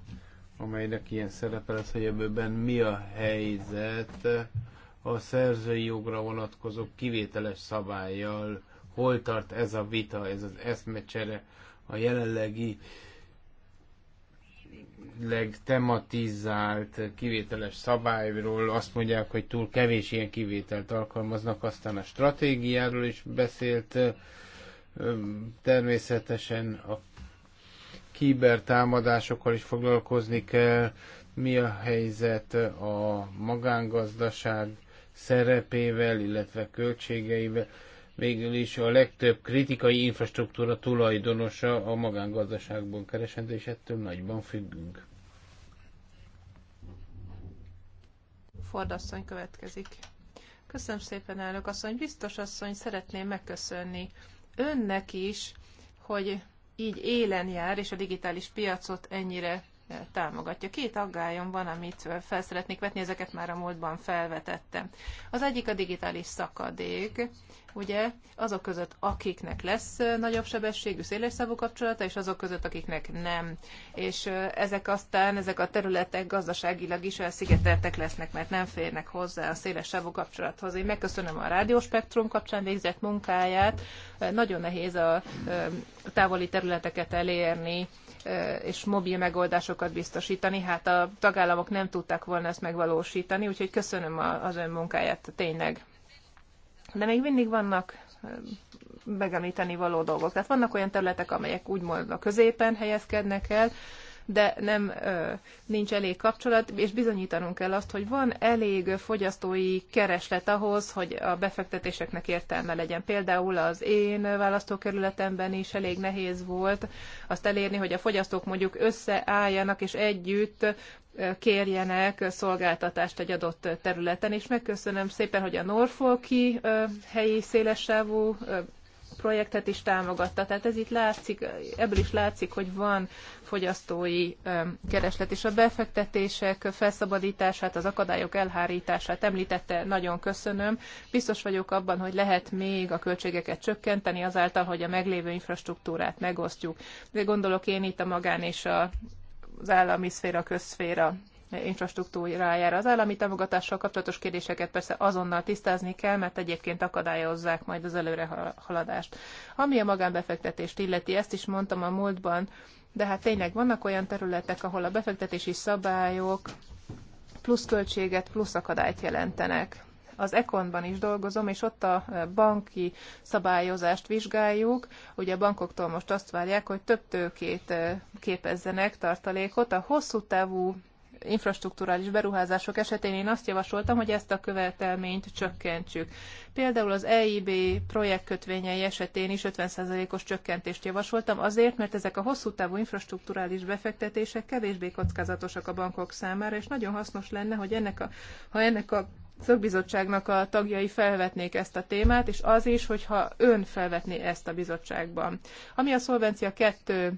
amelynek ilyen szerepe lesz, hogy ebben mi a helyzet a szerzői jogra vonatkozó kivételes szabályjal, hol tart ez a vita, ez az eszmecsere a jelenlegi legtematizált kivételes szabályról azt mondják, hogy túl kevés ilyen kivételt alkalmaznak, aztán a stratégiáról is beszélt természetesen a kibertámadásokkal is foglalkozni kell, mi a helyzet a magángazdaság szerepével, illetve költségeivel. Végül is a legtöbb kritikai infrastruktúra tulajdonosa a magángazdaságban keresendő, és ettől nagyban függünk. Fordasszony következik. Köszönöm szépen, elnök asszony. Biztos asszony, szeretném megköszönni önnek is, hogy így élen jár, és a digitális piacot ennyire támogatja. Két aggályom van, amit fel szeretnék vetni, ezeket már a múltban felvetettem. Az egyik a digitális szakadék, ugye azok között, akiknek lesz nagyobb sebességű szélesszávú kapcsolata, és azok között, akiknek nem. És ezek aztán, ezek a területek gazdaságilag is elszigeteltek lesznek, mert nem férnek hozzá a szélesszávú kapcsolathoz. Én megköszönöm a rádióspektrum kapcsán végzett munkáját. Nagyon nehéz a távoli területeket elérni és mobil megoldásokat biztosítani. Hát a tagállamok nem tudták volna ezt megvalósítani, úgyhogy köszönöm az ön munkáját tényleg. De még mindig vannak megemlíteni való dolgok. Tehát vannak olyan területek, amelyek úgymond a középen helyezkednek el, de nem nincs elég kapcsolat, és bizonyítanunk kell azt, hogy van elég fogyasztói kereslet ahhoz, hogy a befektetéseknek értelme legyen. Például az én választókerületemben is elég nehéz volt azt elérni, hogy a fogyasztók mondjuk összeálljanak és együtt kérjenek szolgáltatást egy adott területen, és megköszönöm szépen, hogy a Norfolki helyi szélessávú projektet is támogatta. Tehát ez itt látszik, ebből is látszik, hogy van fogyasztói kereslet, és a befektetések felszabadítását, az akadályok elhárítását említette, nagyon köszönöm. Biztos vagyok abban, hogy lehet még a költségeket csökkenteni azáltal, hogy a meglévő infrastruktúrát megosztjuk. De gondolok én itt a magán és a, az állami szféra, közszféra infrastruktúrájára. Az állami támogatással kapcsolatos kérdéseket persze azonnal tisztázni kell, mert egyébként akadályozzák majd az előre haladást. Ami a magánbefektetést illeti, ezt is mondtam a múltban, de hát tényleg vannak olyan területek, ahol a befektetési szabályok plusz költséget, plusz akadályt jelentenek. Az Econban is dolgozom, és ott a banki szabályozást vizsgáljuk. Ugye a bankoktól most azt várják, hogy több tőkét képezzenek, tartalékot. A hosszú távú infrastruktúrális beruházások esetén én azt javasoltam, hogy ezt a követelményt csökkentsük. Például az EIB projektkötvényei esetén is 50%-os csökkentést javasoltam, azért, mert ezek a hosszú távú infrastruktúrális befektetések kevésbé kockázatosak a bankok számára, és nagyon hasznos lenne, hogy ennek a, ha ennek a szakbizottságnak a tagjai felvetnék ezt a témát, és az is, hogyha ön felvetné ezt a bizottságban. Ami a szolvencia 2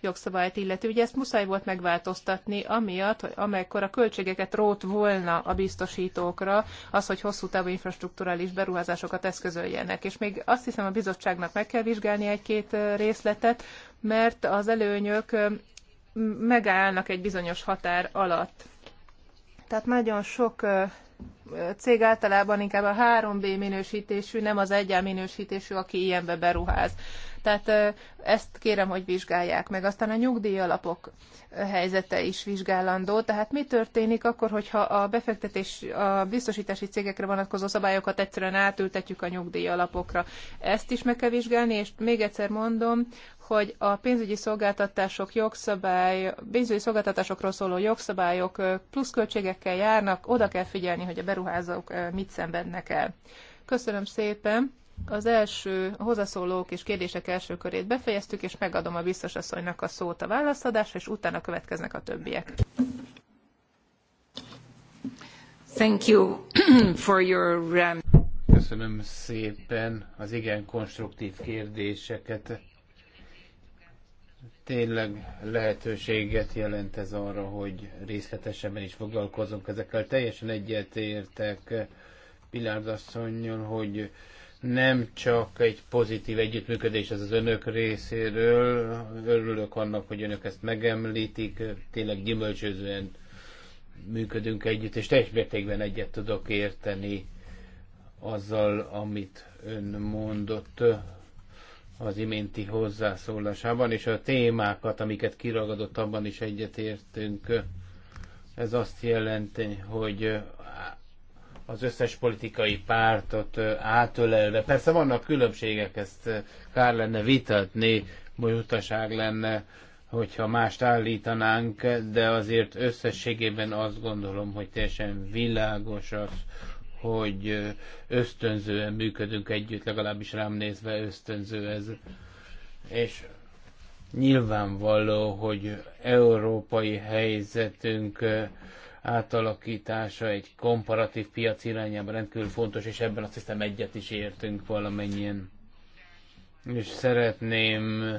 jogszabályt illeti. Ugye ezt muszáj volt megváltoztatni, amiatt, hogy amekkor a költségeket rót volna a biztosítókra, az, hogy hosszú távú infrastruktúrális beruházásokat eszközöljenek. És még azt hiszem a bizottságnak meg kell vizsgálni egy-két részletet, mert az előnyök megállnak egy bizonyos határ alatt. Tehát nagyon sok cég általában inkább a 3B minősítésű, nem az 1A minősítésű, aki ilyenbe beruház. Tehát ezt kérem, hogy vizsgálják meg. Aztán a nyugdíjalapok helyzete is vizsgálandó. Tehát mi történik akkor, hogyha a befektetés, a biztosítási cégekre vonatkozó szabályokat egyszerűen átültetjük a nyugdíjalapokra? Ezt is meg kell vizsgálni, és még egyszer mondom, hogy a pénzügyi szolgáltatások jogszabály, pénzügyi szolgáltatásokról szóló jogszabályok pluszköltségekkel járnak, oda kell figyelni, hogy a beruházók mit szenvednek el. Köszönöm szépen! az első hozzászólók és kérdések első körét befejeztük, és megadom a biztos asszonynak a szót a válaszadásra, és utána következnek a többiek. Thank you for your... Um, Köszönöm szépen az igen konstruktív kérdéseket. Tényleg lehetőséget jelent ez arra, hogy részletesebben is foglalkozunk ezekkel. Teljesen egyetértek Pilárd asszonyon, hogy nem csak egy pozitív együttműködés ez az önök részéről. Örülök annak, hogy önök ezt megemlítik. Tényleg gyümölcsözően működünk együtt, és teljes mértékben egyet tudok érteni azzal, amit ön mondott az iménti hozzászólásában, és a témákat, amiket kiragadott, abban is egyetértünk. Ez azt jelenti, hogy az összes politikai pártot átölelve. Persze vannak különbségek, ezt kár lenne vitatni, bolyutaság lenne, hogyha mást állítanánk, de azért összességében azt gondolom, hogy teljesen világos az, hogy ösztönzően működünk együtt, legalábbis rám nézve ösztönző ez. És nyilvánvaló, hogy európai helyzetünk átalakítása egy komparatív piac irányában rendkívül fontos, és ebben azt hiszem egyet is értünk valamennyien. És szeretném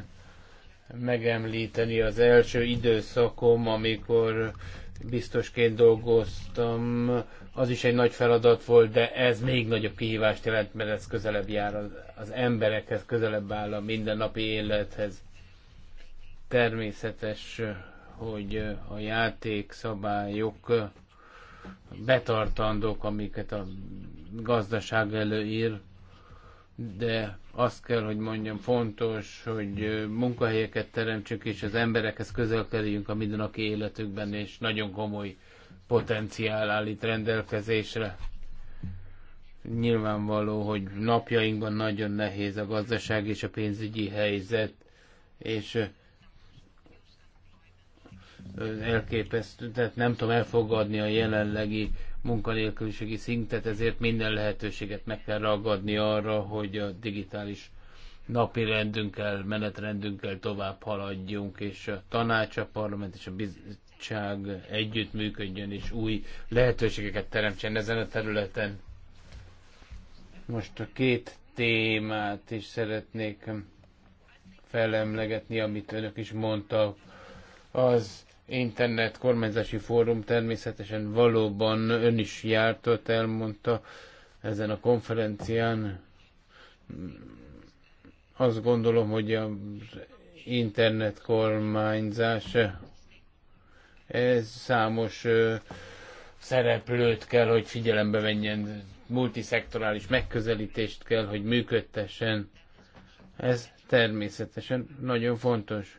megemlíteni az első időszakom, amikor biztosként dolgoztam, az is egy nagy feladat volt, de ez még nagyobb kihívást jelent, mert ez közelebb jár az, az emberekhez, közelebb áll a mindennapi élethez. Természetes, hogy a játék szabályok betartandók, amiket a gazdaság előír, de azt kell, hogy mondjam, fontos, hogy munkahelyeket teremtsük, és az emberekhez közel kerüljünk a mindenki életükben, és nagyon komoly potenciál állít rendelkezésre. Nyilvánvaló, hogy napjainkban nagyon nehéz a gazdaság és a pénzügyi helyzet, és elképesztő, tehát nem tudom elfogadni a jelenlegi munkanélküliségi szintet, ezért minden lehetőséget meg kell ragadni arra, hogy a digitális napi rendünkkel, menetrendünkkel tovább haladjunk, és a tanács, a parlament és a bizottság működjön, és új lehetőségeket teremtsen ezen a területen. Most a két témát is szeretnék felemlegetni, amit önök is mondtak. Az internet kormányzási fórum természetesen valóban ön is járt, ott elmondta ezen a konferencián. Azt gondolom, hogy az internet kormányzás ez számos szereplőt kell, hogy figyelembe menjen, multiszektorális megközelítést kell, hogy működtessen. Ez természetesen nagyon fontos.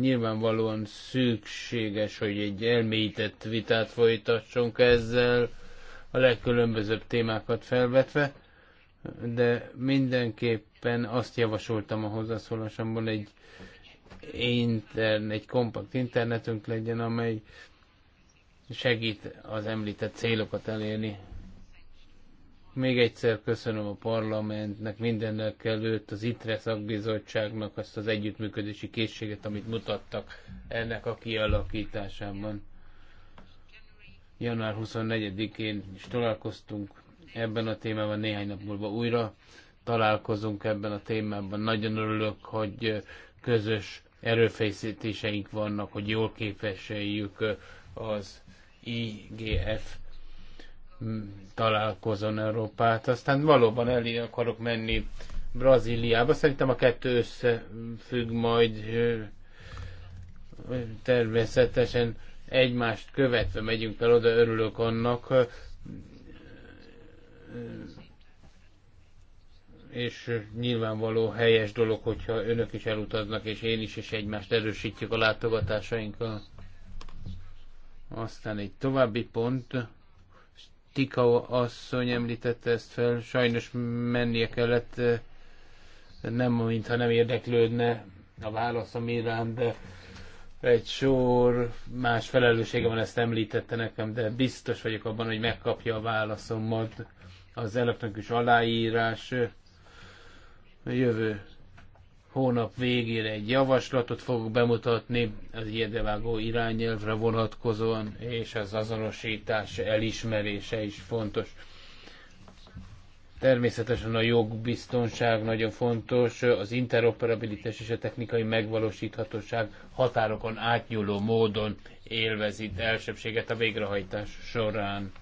nyilvánvalóan szükséges, hogy egy elmélyített vitát folytassunk ezzel, a legkülönbözőbb témákat felvetve, de mindenképpen azt javasoltam a hozzászólásomban, egy, intern, egy kompakt internetünk legyen, amely segít az említett célokat elérni. Még egyszer köszönöm a parlamentnek, mindennek előtt, az ITRE szakbizottságnak azt az együttműködési készséget, amit mutattak ennek a kialakításában. Január 24-én is találkoztunk ebben a témában, néhány nap múlva újra találkozunk ebben a témában. Nagyon örülök, hogy közös erőfeszítéseink vannak, hogy jól képeseljük az IGF találkozon Európát. Aztán valóban elé akarok menni Brazíliába. Szerintem a kettő összefügg majd természetesen egymást követve megyünk el oda, örülök annak. És nyilvánvaló helyes dolog, hogyha önök is elutaznak, és én is, és egymást erősítjük a látogatásainkkal. Aztán egy további pont, Tika asszony említette ezt fel, sajnos mennie kellett, eh, nem, mintha nem érdeklődne a válasz a mirán, de egy sor más felelőssége van, ezt említette nekem, de biztos vagyok abban, hogy megkapja a válaszomat az elektronikus aláírás eh, jövő hónap végére egy javaslatot fogok bemutatni az ilyedevágó irányelvre vonatkozóan, és az azonosítás elismerése is fontos. Természetesen a jogbiztonság nagyon fontos, az interoperabilitás és a technikai megvalósíthatóság határokon átnyúló módon élvez itt elsőbséget a végrehajtás során.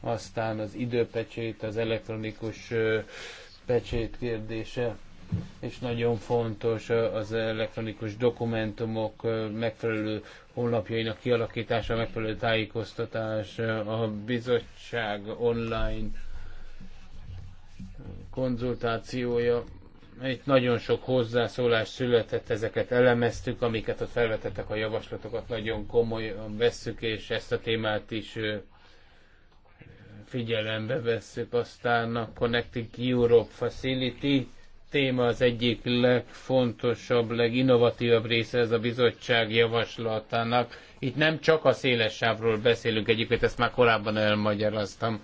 Aztán az időpecsét, az elektronikus pecsét kérdése és nagyon fontos az elektronikus dokumentumok megfelelő honlapjainak kialakítása, megfelelő tájékoztatás, a bizottság online konzultációja. Itt nagyon sok hozzászólás született, ezeket elemeztük, amiket ott felvetettek a javaslatokat, nagyon komolyan vesszük, és ezt a témát is figyelembe vesszük. Aztán a Connecting Europe Facility téma az egyik legfontosabb, leginnovatívabb része ez a bizottság javaslatának. Itt nem csak a széles sávról beszélünk, egyébként ezt már korábban elmagyaráztam.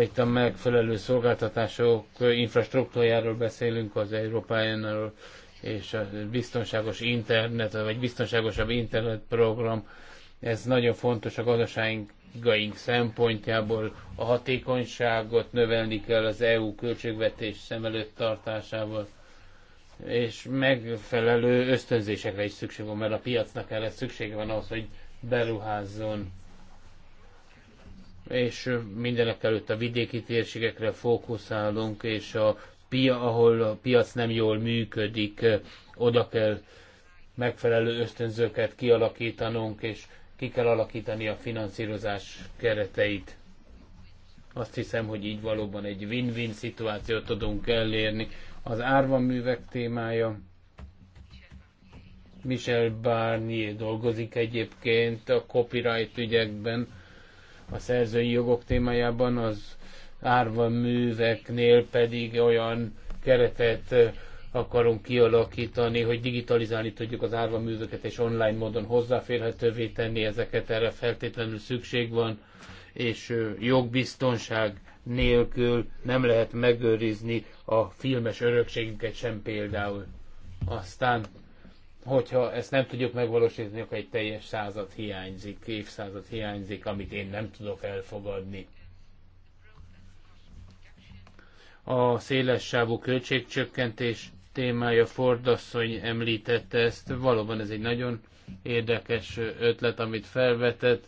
Itt a megfelelő szolgáltatások infrastruktúrájáról beszélünk az Európájánról, és a biztonságos internet, vagy biztonságosabb internetprogram, ez nagyon fontos a gazdaságunk gaink szempontjából a hatékonyságot növelni kell az EU költségvetés szem előtt tartásával, és megfelelő ösztönzésekre is szükség van, mert a piacnak erre szüksége van ahhoz, hogy beruházzon. És mindenek előtt a vidéki térségekre fókuszálunk, és a pia, ahol a piac nem jól működik, oda kell megfelelő ösztönzőket kialakítanunk, és ki kell alakítani a finanszírozás kereteit. Azt hiszem, hogy így valóban egy win-win szituációt tudunk elérni. Az árva művek témája. Michel Barnier dolgozik egyébként a copyright ügyekben, a szerzői jogok témájában, az árva műveknél pedig olyan keretet akarunk kialakítani, hogy digitalizálni tudjuk az árva műveket és online módon hozzáférhetővé tenni ezeket, erre feltétlenül szükség van, és jogbiztonság nélkül nem lehet megőrizni a filmes örökségünket sem például. Aztán, hogyha ezt nem tudjuk megvalósítani, akkor egy teljes század hiányzik, évszázad hiányzik, amit én nem tudok elfogadni. a széles sávú költségcsökkentés témája, Ford asszony említette ezt, valóban ez egy nagyon érdekes ötlet, amit felvetett.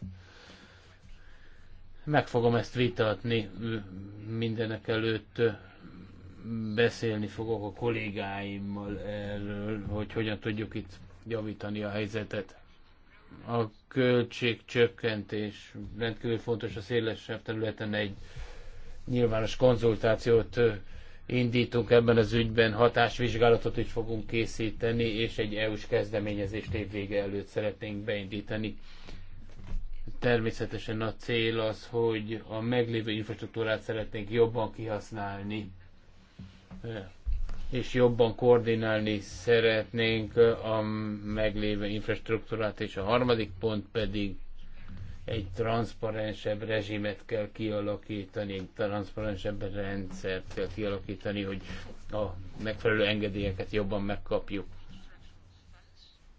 Meg fogom ezt vitatni, mindenek előtt beszélni fogok a kollégáimmal erről, hogy hogyan tudjuk itt javítani a helyzetet. A költségcsökkentés rendkívül fontos a szélesebb területen egy nyilvános konzultációt indítunk ebben az ügyben, hatásvizsgálatot is fogunk készíteni, és egy EU-s kezdeményezést évvége előtt szeretnénk beindítani. Természetesen a cél az, hogy a meglévő infrastruktúrát szeretnénk jobban kihasználni, és jobban koordinálni szeretnénk a meglévő infrastruktúrát, és a harmadik pont pedig egy transzparensebb rezsimet kell kialakítani, egy transzparensebb rendszert kell kialakítani, hogy a megfelelő engedélyeket jobban megkapjuk.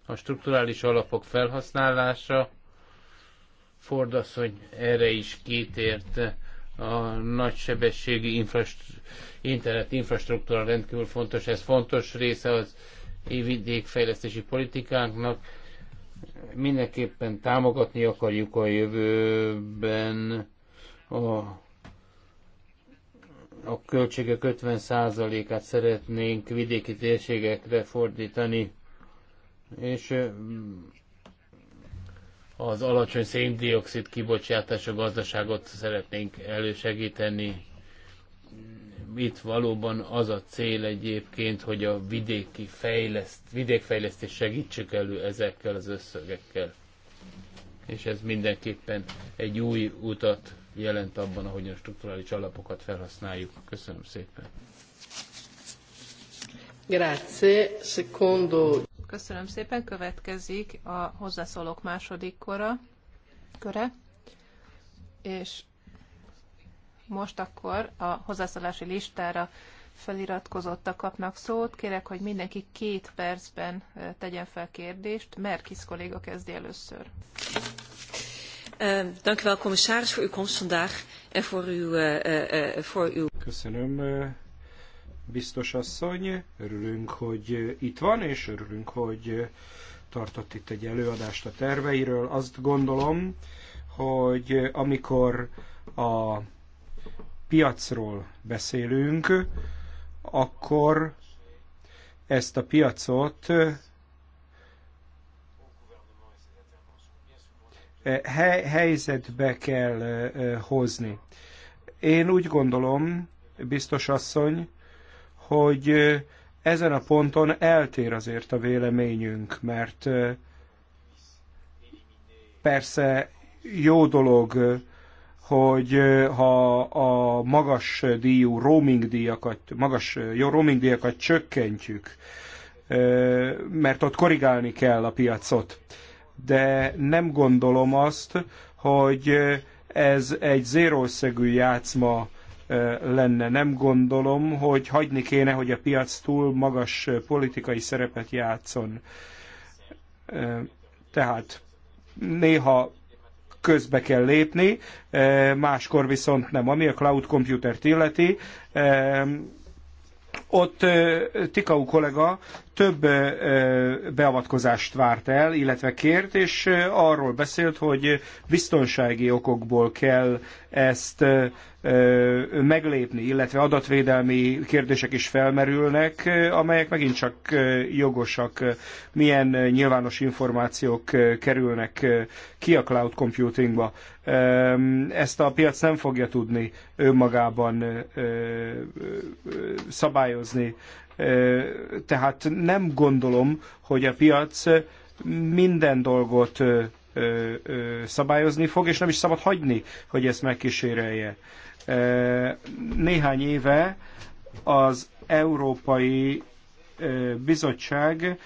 A strukturális alapok felhasználása, Fordasz, hogy erre is kitért, a nagysebességi infrastru- internet infrastruktúra rendkívül fontos, ez fontos része az vidékfejlesztési politikánknak, mindenképpen támogatni akarjuk a jövőben a, a költségek 50%-át szeretnénk vidéki térségekre fordítani, és mm, az alacsony széndiokszid a gazdaságot szeretnénk elősegíteni itt valóban az a cél egyébként, hogy a vidéki fejleszt, vidékfejlesztés segítsük elő ezekkel az összögekkel. És ez mindenképpen egy új utat jelent abban, ahogyan strukturális alapokat felhasználjuk. Köszönöm szépen. Secondo... Köszönöm szépen. Következik a hozzászólók második kora, köre. És most akkor a hozzászólási listára feliratkozottak kapnak szót. Kérek, hogy mindenki két percben tegyen fel kérdést. Merkis kolléga kezdi először. Dank u wel, commissaris, voor uw komst vandaag en voor uw, voor uw... Köszönöm, biztos asszony. Örülünk, hogy itt van, és örülünk, hogy tartott itt egy előadást a terveiről. Azt gondolom, hogy amikor a piacról beszélünk, akkor ezt a piacot eh, helyzetbe kell eh, hozni. Én úgy gondolom, biztos asszony, hogy eh, ezen a ponton eltér azért a véleményünk, mert persze jó dolog hogy ha a magas díjú roaming díjakat, magas jó roaming díjakat csökkentjük, mert ott korrigálni kell a piacot. De nem gondolom azt, hogy ez egy zérószegű játszma lenne. Nem gondolom, hogy hagyni kéne, hogy a piac túl magas politikai szerepet játszon. Tehát néha közbe kell lépni, e, máskor viszont nem. Ami a cloud computer illeti, e, ott e, Tikau kollega több beavatkozást várt el, illetve kért, és arról beszélt, hogy biztonsági okokból kell ezt meglépni, illetve adatvédelmi kérdések is felmerülnek, amelyek megint csak jogosak. Milyen nyilvános információk kerülnek ki a cloud computingba. Ezt a piac nem fogja tudni önmagában szabályozni. Tehát nem gondolom, hogy a piac minden dolgot szabályozni fog, és nem is szabad hagyni, hogy ezt megkísérelje néhány éve az Európai Bizottság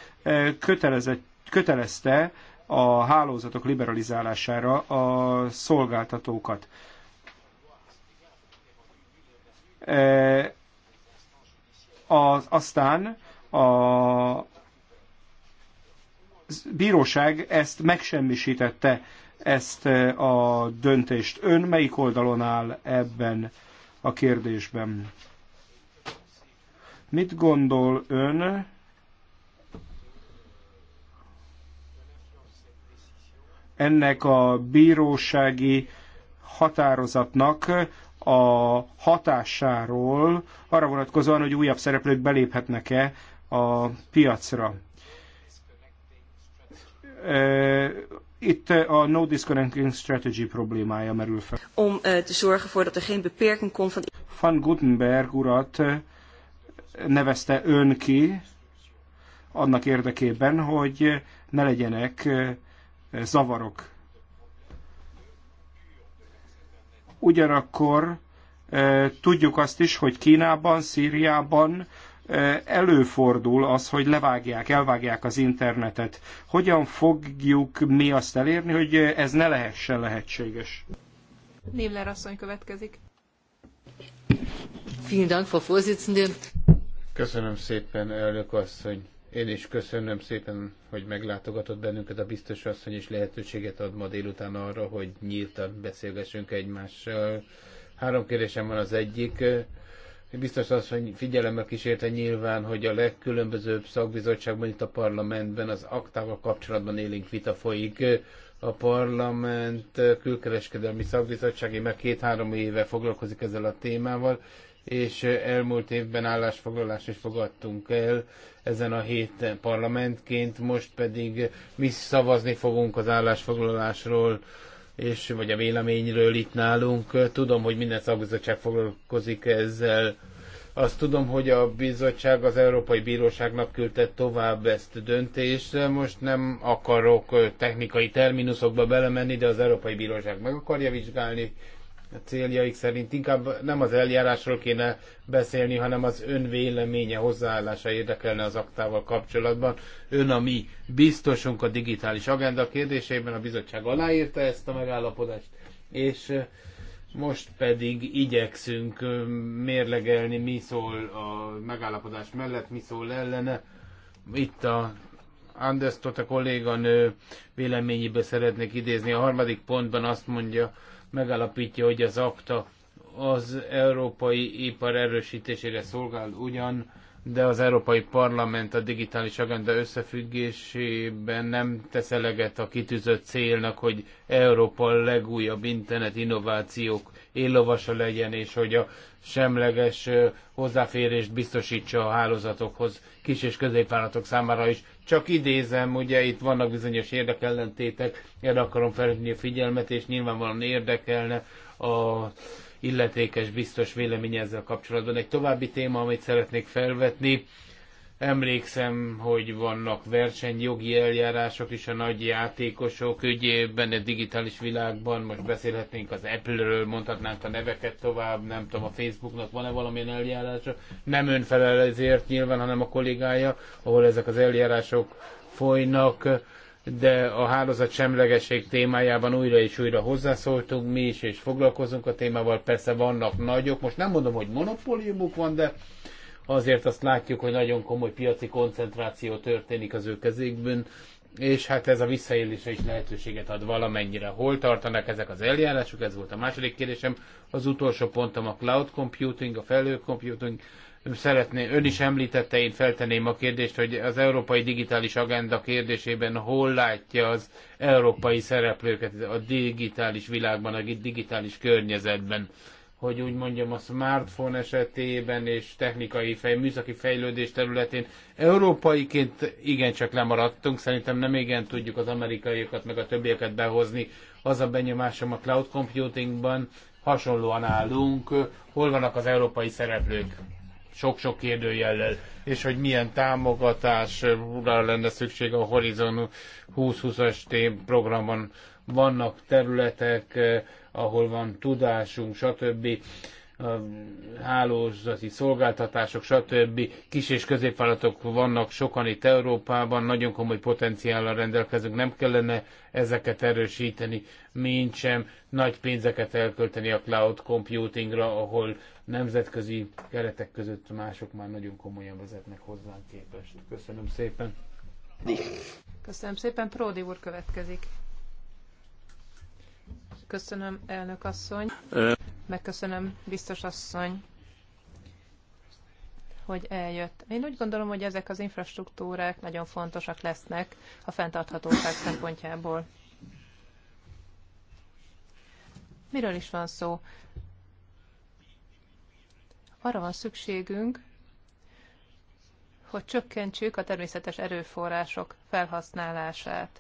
kötelezte a hálózatok liberalizálására a szolgáltatókat. Az, aztán a bíróság ezt megsemmisítette, ezt e, a döntést. Ön melyik oldalon áll ebben a kérdésben? Mit gondol ön ennek a bírósági határozatnak a hatásáról arra vonatkozóan, hogy újabb szereplők beléphetnek-e a piacra. Eh, itt eh, a no disconnecting strategy problémája merül fel. Om eh, te zorgen voor dat er geen beperking komt van... Van Gutenberg urat nevezte ön ki annak érdekében, hogy ne legyenek zavarok. Ugyanakkor tudjuk azt is, hogy Kínában, Szíriában előfordul az, hogy levágják, elvágják az internetet. Hogyan fogjuk mi azt elérni, hogy ez ne lehessen lehetséges? Némler asszony következik. Vielen Dank, Frau Vorsitzende. Köszönöm szépen, elnök asszony. Én is köszönöm szépen, hogy meglátogatott bennünket a biztos asszony, és lehetőséget ad ma délután arra, hogy nyíltan beszélgessünk egymással. Három kérdésem van az egyik biztos az, hogy figyelemmel kísérte nyilván, hogy a legkülönbözőbb szakbizottságban, itt a parlamentben az aktával kapcsolatban élénk vita folyik. A parlament külkereskedelmi szakbizottsági meg két-három éve foglalkozik ezzel a témával, és elmúlt évben állásfoglalást is fogadtunk el ezen a héten parlamentként, most pedig mi szavazni fogunk az állásfoglalásról és vagy a véleményről itt nálunk. Tudom, hogy minden szakbizottság foglalkozik ezzel. Azt tudom, hogy a bizottság az Európai Bíróságnak küldte tovább ezt a döntést. Most nem akarok technikai terminusokba belemenni, de az Európai Bíróság meg akarja vizsgálni, céljaik szerint. Inkább nem az eljárásról kéne beszélni, hanem az ön véleménye, hozzáállása érdekelne az aktával kapcsolatban. Ön a mi biztosunk a digitális agenda kérdésében, a bizottság aláírta ezt a megállapodást, és most pedig igyekszünk mérlegelni, mi szól a megállapodás mellett, mi szól ellene. Itt a Anders Tota kolléganő véleményéből szeretnék idézni. A harmadik pontban azt mondja, megállapítja, hogy az akta az európai ipar erősítésére szolgál ugyan, de az Európai Parlament a digitális agenda összefüggésében nem tesz eleget a kitűzött célnak, hogy Európa legújabb internet innovációk éllovasa legyen, és hogy a semleges hozzáférést biztosítsa a hálózatokhoz kis- és középvállalatok számára is. Csak idézem, ugye itt vannak bizonyos érdekellentétek, erre akarom felhívni a figyelmet, és nyilvánvalóan érdekelne a illetékes biztos véleménye ezzel kapcsolatban. Egy további téma, amit szeretnék felvetni, Emlékszem, hogy vannak versenyjogi eljárások is a nagy játékosok ügyében, a digitális világban, most beszélhetnénk az Apple-ről, mondhatnánk a neveket tovább, nem tudom, a Facebooknak van-e valamilyen eljárása, nem ön ezért nyilván, hanem a kollégája, ahol ezek az eljárások folynak, de a hálózat semlegesség témájában újra és újra hozzászóltunk mi is, és foglalkozunk a témával, persze vannak nagyok, most nem mondom, hogy monopóliumuk van, de azért azt látjuk, hogy nagyon komoly piaci koncentráció történik az ő kezékben, és hát ez a visszaélése is lehetőséget ad valamennyire. Hol tartanak ezek az eljárások? Ez volt a második kérdésem. Az utolsó pontom a cloud computing, a felhő computing. Szeretné, ön is említette, én feltenném a kérdést, hogy az európai digitális agenda kérdésében hol látja az európai szereplőket a digitális világban, a digitális környezetben hogy úgy mondjam a smartphone esetében és technikai fej, műszaki fejlődés területén európaiként igencsak lemaradtunk, szerintem nem igen tudjuk az amerikaiakat meg a többieket behozni. Az a benyomásom a cloud computingban, hasonlóan állunk, hol vannak az európai szereplők sok-sok kérdőjellel, és hogy milyen támogatásra lenne szükség a Horizon 2020-as programon. Vannak területek, ahol van tudásunk, stb. hálózati szolgáltatások, stb. Kis és középvállalatok vannak sokan itt Európában, nagyon komoly potenciállal rendelkezünk, nem kellene ezeket erősíteni, mint sem nagy pénzeket elkölteni a cloud computingra, ahol nemzetközi keretek között mások már nagyon komolyan vezetnek hozzánk képest. Köszönöm szépen! Köszönöm szépen, Pródi úr következik. Köszönöm, elnök asszony. Megköszönöm, biztos asszony, hogy eljött. Én úgy gondolom, hogy ezek az infrastruktúrák nagyon fontosak lesznek a fenntarthatóság szempontjából. Miről is van szó? Arra van szükségünk, hogy csökkentsük a természetes erőforrások felhasználását.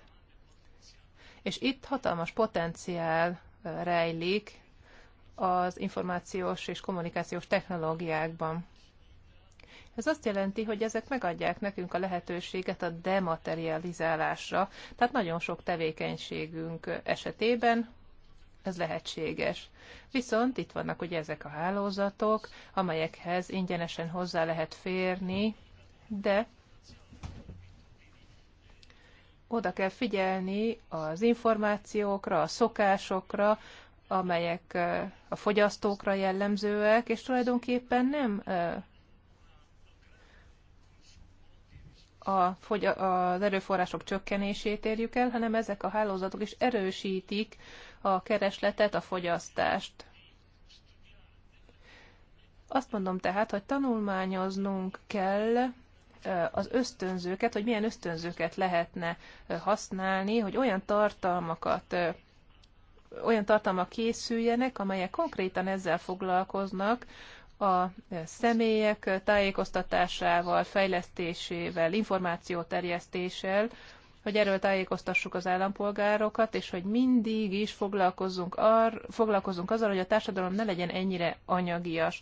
És itt hatalmas potenciál rejlik az információs és kommunikációs technológiákban. Ez azt jelenti, hogy ezek megadják nekünk a lehetőséget a dematerializálásra, tehát nagyon sok tevékenységünk esetében ez lehetséges. Viszont itt vannak ugye ezek a hálózatok, amelyekhez ingyenesen hozzá lehet férni, de oda kell figyelni az információkra, a szokásokra, amelyek a fogyasztókra jellemzőek, és tulajdonképpen nem a, az erőforrások csökkenését érjük el, hanem ezek a hálózatok is erősítik a keresletet, a fogyasztást. Azt mondom tehát, hogy tanulmányoznunk kell az ösztönzőket, hogy milyen ösztönzőket lehetne használni, hogy olyan tartalmakat olyan tartalmak készüljenek, amelyek konkrétan ezzel foglalkoznak, a személyek tájékoztatásával, fejlesztésével, információterjesztéssel, hogy erről tájékoztassuk az állampolgárokat, és hogy mindig is foglalkozzunk, ar, foglalkozzunk azzal, hogy a társadalom ne legyen ennyire anyagias.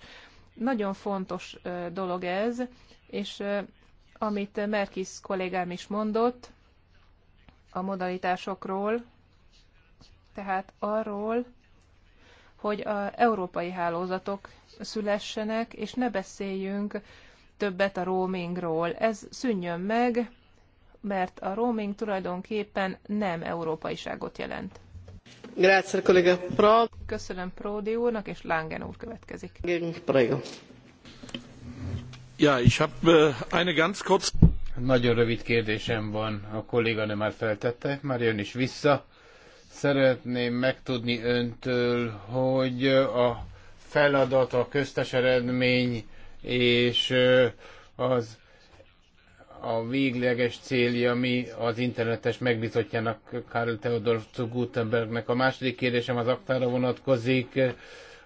Nagyon fontos dolog ez, és amit Merkis kollégám is mondott a modalitásokról, tehát arról, hogy a európai hálózatok szülessenek, és ne beszéljünk többet a roamingról. Ez szűnjön meg, mert a roaming tulajdonképpen nem európaiságot jelent. Grazie, kollega Prod. Köszönöm Pródi úrnak, és Langen úr következik. Prego. Äh, Nagyon rövid kérdésem van, a kolléganő már feltette, már jön is vissza. Szeretném megtudni öntől, hogy a feladat, a köztes eredmény és az a végleges célja mi az internetes megbizotjának Karl Theodor Gutenbergnek. A második kérdésem az aktára vonatkozik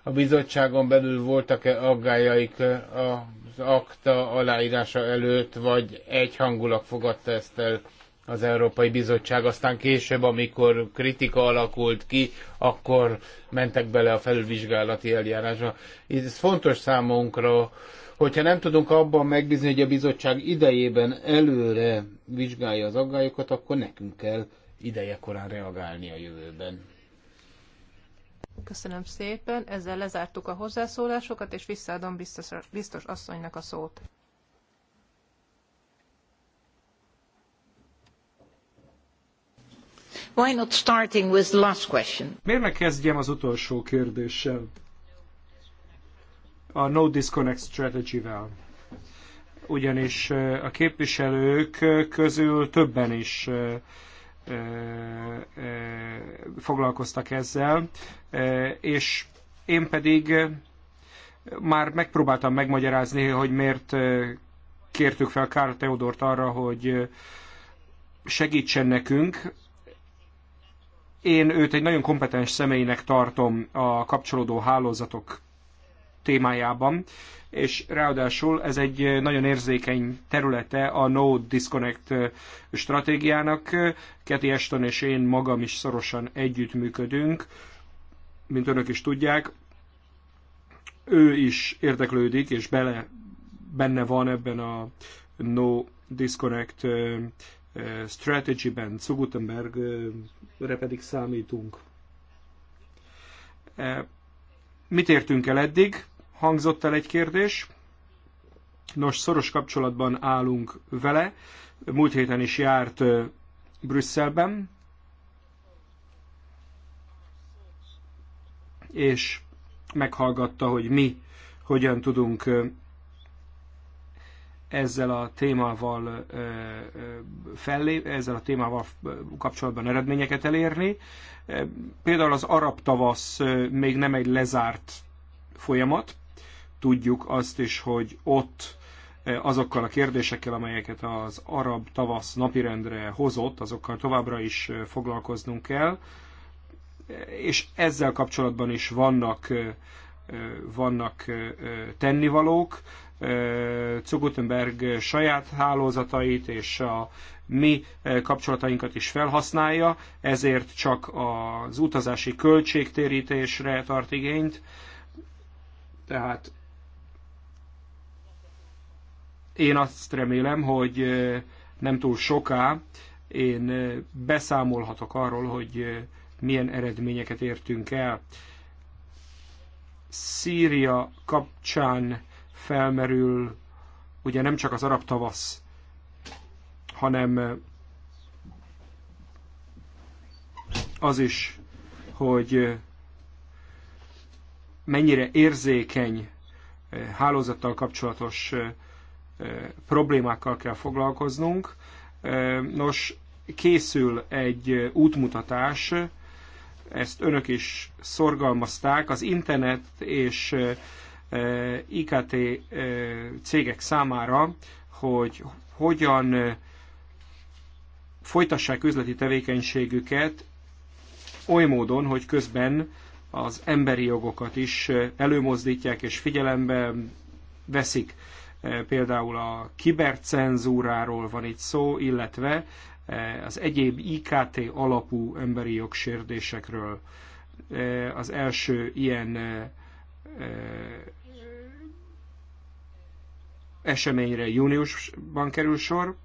a bizottságon belül voltak-e aggájaik az akta aláírása előtt, vagy egyhangulag fogadta ezt el az Európai Bizottság? Aztán később, amikor kritika alakult ki, akkor mentek bele a felülvizsgálati eljárásba. Ez fontos számunkra, hogyha nem tudunk abban megbízni, hogy a bizottság idejében előre vizsgálja az aggályokat, akkor nekünk kell idejekorán reagálni a jövőben. Köszönöm szépen, ezzel lezártuk a hozzászólásokat, és visszaadom biztos, biztos asszonynak a szót. Why not starting with the last question? Miért ne kezdjem az utolsó kérdéssel? A No Disconnect Strategy-vel. Ugyanis eh, a képviselők eh, közül többen is eh, foglalkoztak ezzel, és én pedig már megpróbáltam megmagyarázni, hogy miért kértük fel Kár Teodort arra, hogy segítsen nekünk. Én őt egy nagyon kompetens személynek tartom a kapcsolódó hálózatok témájában, és ráadásul ez egy eh, nagyon érzékeny területe a No Disconnect eh, stratégiának. Keti Eston és én magam is szorosan együttműködünk, mint önök is tudják. Ő is érdeklődik, és bele, benne van ebben a No Disconnect eh, strategy-ben, Zugutenbergre pedig számítunk. Mit értünk el eddig? hangzott el egy kérdés. Nos, szoros kapcsolatban állunk vele. Múlt héten is járt Brüsszelben, és meghallgatta, hogy mi hogyan tudunk ezzel a témával fellé, ezzel a témával kapcsolatban eredményeket elérni. Például az arab tavasz még nem egy lezárt folyamat, tudjuk azt is, hogy ott eh, azokkal a kérdésekkel, amelyeket az arab tavasz napirendre hozott, azokkal továbbra is eh, foglalkoznunk kell. Eh, és ezzel kapcsolatban is vannak, vannak tennivalók. Zugutenberg saját hálózatait és a mi kapcsolatainkat is felhasználja, ezért csak az utazási költségtérítésre tart igényt. Tehát én azt remélem, hogy nem túl soká én beszámolhatok arról, hogy milyen eredményeket értünk el. Szíria kapcsán felmerül ugye nem csak az arab tavasz, hanem az is, hogy mennyire érzékeny hálózattal kapcsolatos problémákkal kell foglalkoznunk. Nos, készül egy útmutatás, ezt önök is szorgalmazták, az internet és IKT cégek számára, hogy hogyan folytassák üzleti tevékenységüket oly módon, hogy közben az emberi jogokat is előmozdítják és figyelembe veszik például a kibercenzúráról van itt szó, illetve eh, az egyéb IKT alapú emberi jogsérdésekről. Eh, az első ilyen eh, eseményre júniusban kerül sor,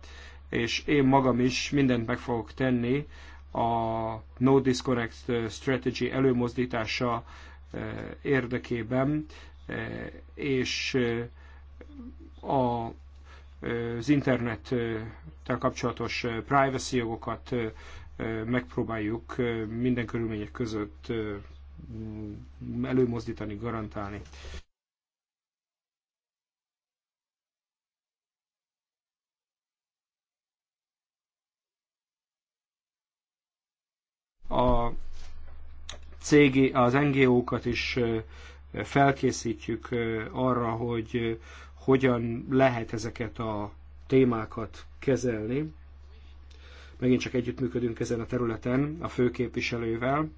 és én magam is mindent meg fogok tenni a No Disconnect Strategy előmozdítása érdekében, és a, az internettel kapcsolatos privacy jogokat megpróbáljuk minden körülmények között előmozdítani, garantálni. a cég, az NGO-kat is felkészítjük arra, hogy hogyan lehet ezeket a témákat kezelni. Megint csak együttműködünk ezen a területen a főképviselővel.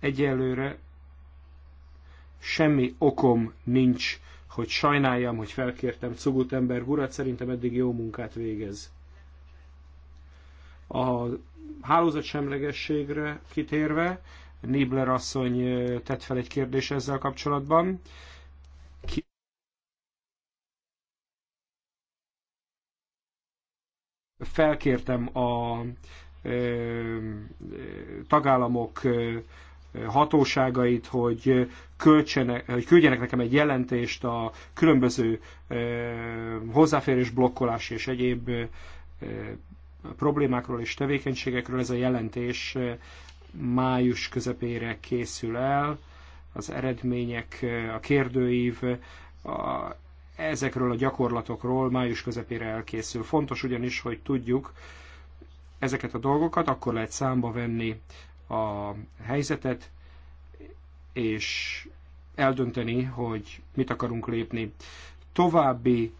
Egyelőre semmi okom nincs, hogy sajnáljam, hogy felkértem Cugutember urat, szerintem eddig jó munkát végez. A hálózatsemlegességre kitérve, Nibler asszony tett fel egy kérdés ezzel kapcsolatban. Felkértem a tagállamok hatóságait, hogy, költsenek, hogy küldjenek nekem egy jelentést a különböző hozzáférés, blokkolás és egyéb problémákról és tevékenységekről. Ez a jelentés május közepére készül el. Az eredmények, a kérdőív, a, ezekről a gyakorlatokról május közepére elkészül. Fontos ugyanis, hogy tudjuk ezeket a dolgokat, akkor lehet számba venni a helyzetet, és eldönteni, hogy mit akarunk lépni. További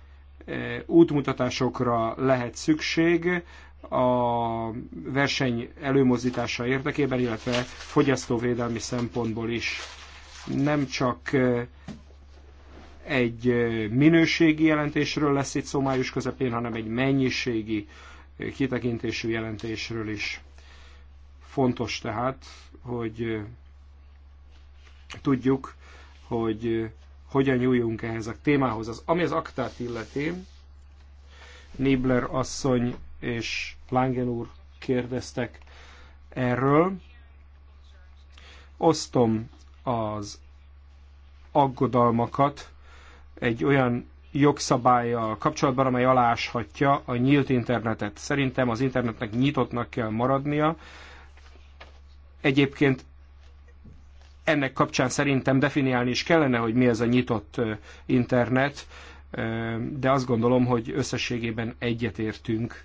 eh, útmutatásokra lehet szükség, a verseny előmozdítása érdekében, illetve fogyasztóvédelmi szempontból is nem csak egy minőségi jelentésről lesz itt szó május közepén, hanem egy mennyiségi kitekintésű jelentésről is. Fontos tehát, hogy tudjuk, hogy hogyan nyúljunk ehhez a témához. Az, ami az aktát illeti, Nibler asszony és Langen úr kérdeztek erről. Osztom az aggodalmakat egy olyan jogszabályjal kapcsolatban, amely aláshatja a nyílt internetet. Szerintem az internetnek nyitottnak kell maradnia. Egyébként ennek kapcsán szerintem definiálni is kellene, hogy mi ez a nyitott internet, de azt gondolom, hogy összességében egyetértünk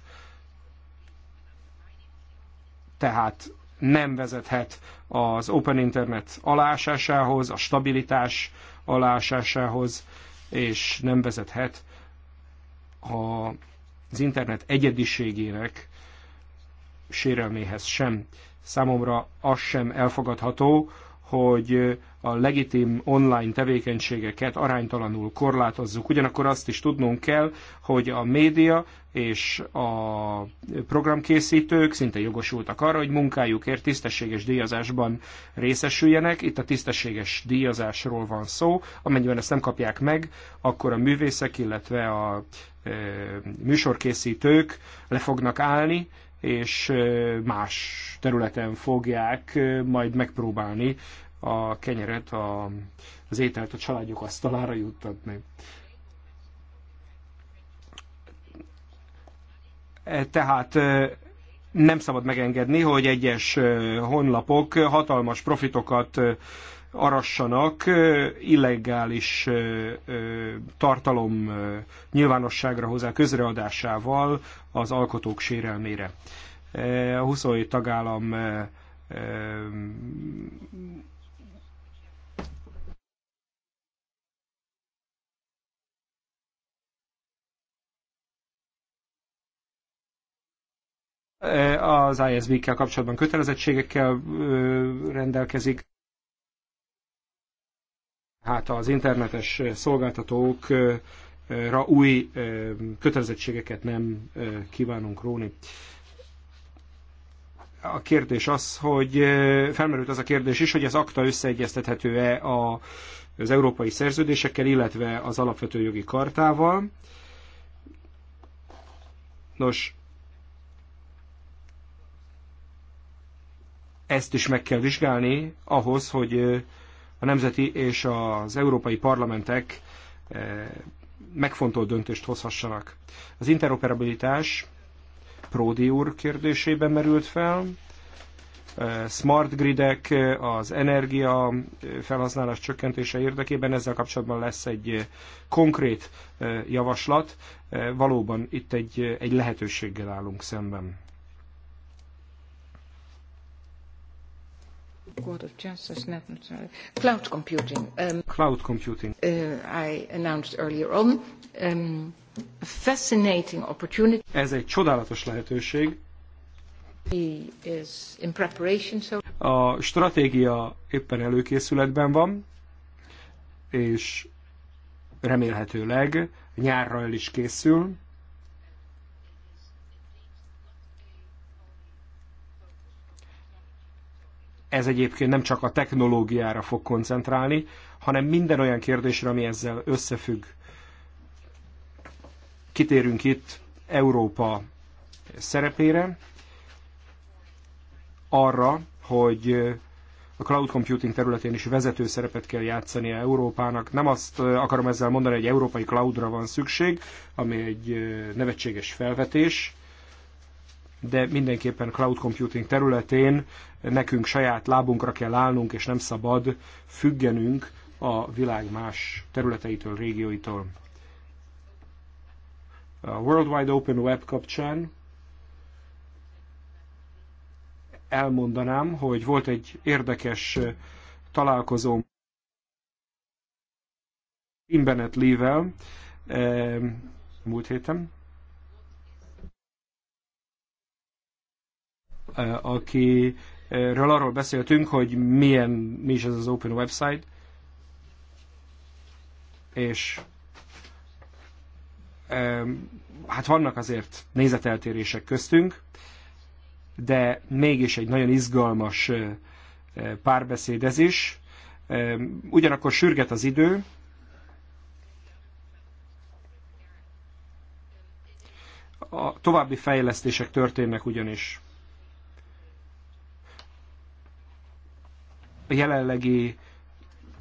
tehát nem vezethet az Open Internet alásásához, a stabilitás alásásához, és nem vezethet az internet egyediségének sérelméhez sem. Számomra az sem elfogadható, hogy a legitim online tevékenységeket aránytalanul korlátozzuk. Ugyanakkor azt is tudnunk kell, hogy a média és a programkészítők szinte jogosultak arra, hogy munkájukért tisztességes díjazásban részesüljenek. Itt a tisztességes díjazásról van szó. Amennyiben ezt nem kapják meg, akkor a művészek, illetve a e, műsorkészítők le fognak állni, és e, más területen fogják e, majd megpróbálni a kenyeret, a, az ételt a családjuk asztalára juttatni. E, tehát e, nem szabad megengedni, hogy egyes e, honlapok hatalmas profitokat arassanak illegális tartalom nyilvánosságra hozzá közreadásával az alkotók sérelmére. A 27 tagállam az ISB-kkel kapcsolatban kötelezettségekkel rendelkezik. Hát az internetes szolgáltatókra új kötelezettségeket nem kívánunk róni. A kérdés az, hogy felmerült az a kérdés is, hogy az akta összeegyeztethető-e a az európai szerződésekkel, illetve az alapvető jogi kartával. Nos, ezt is meg kell vizsgálni ahhoz, hogy a nemzeti és az európai parlamentek megfontolt döntést hozhassanak. Az interoperabilitás Pródi úr kérdésében merült fel, smart gridek, az energia felhasználás csökkentése érdekében. Ezzel kapcsolatban lesz egy konkrét javaslat. Valóban itt egy, egy lehetőséggel állunk szemben. Cloud computing. Um, Cloud computing. Uh, I announced earlier on. Um, a fascinating opportunity. Ez egy csodálatos lehetőség. He Is in preparation, so... A stratégia éppen előkészületben van, és remélhetőleg nyárra el is készül. ez egyébként nem csak a technológiára fog koncentrálni, hanem minden olyan kérdésre, ami ezzel összefügg. Kitérünk itt Európa szerepére, arra, hogy a cloud computing területén is vezető szerepet kell játszani Európának. Nem azt akarom ezzel mondani, hogy egy európai cloudra van szükség, ami egy nevetséges felvetés, de mindenképpen cloud computing területén nekünk saját lábunkra kell állnunk, és nem szabad függenünk a világ más területeitől, régióitól. A World Wide Open Web kapcsán elmondanám, hogy volt egy érdekes találkozó Tim Bennett Lee-vel múlt héten, Eh, akiről arról beszéltünk, hogy milyen, mi is ez az Open Website, és hát vannak azért nézeteltérések köztünk, de mégis egy nagyon izgalmas eh, párbeszéd ez is. Ugyanakkor sürget az idő, a további fejlesztések történnek ugyanis. a jelenlegi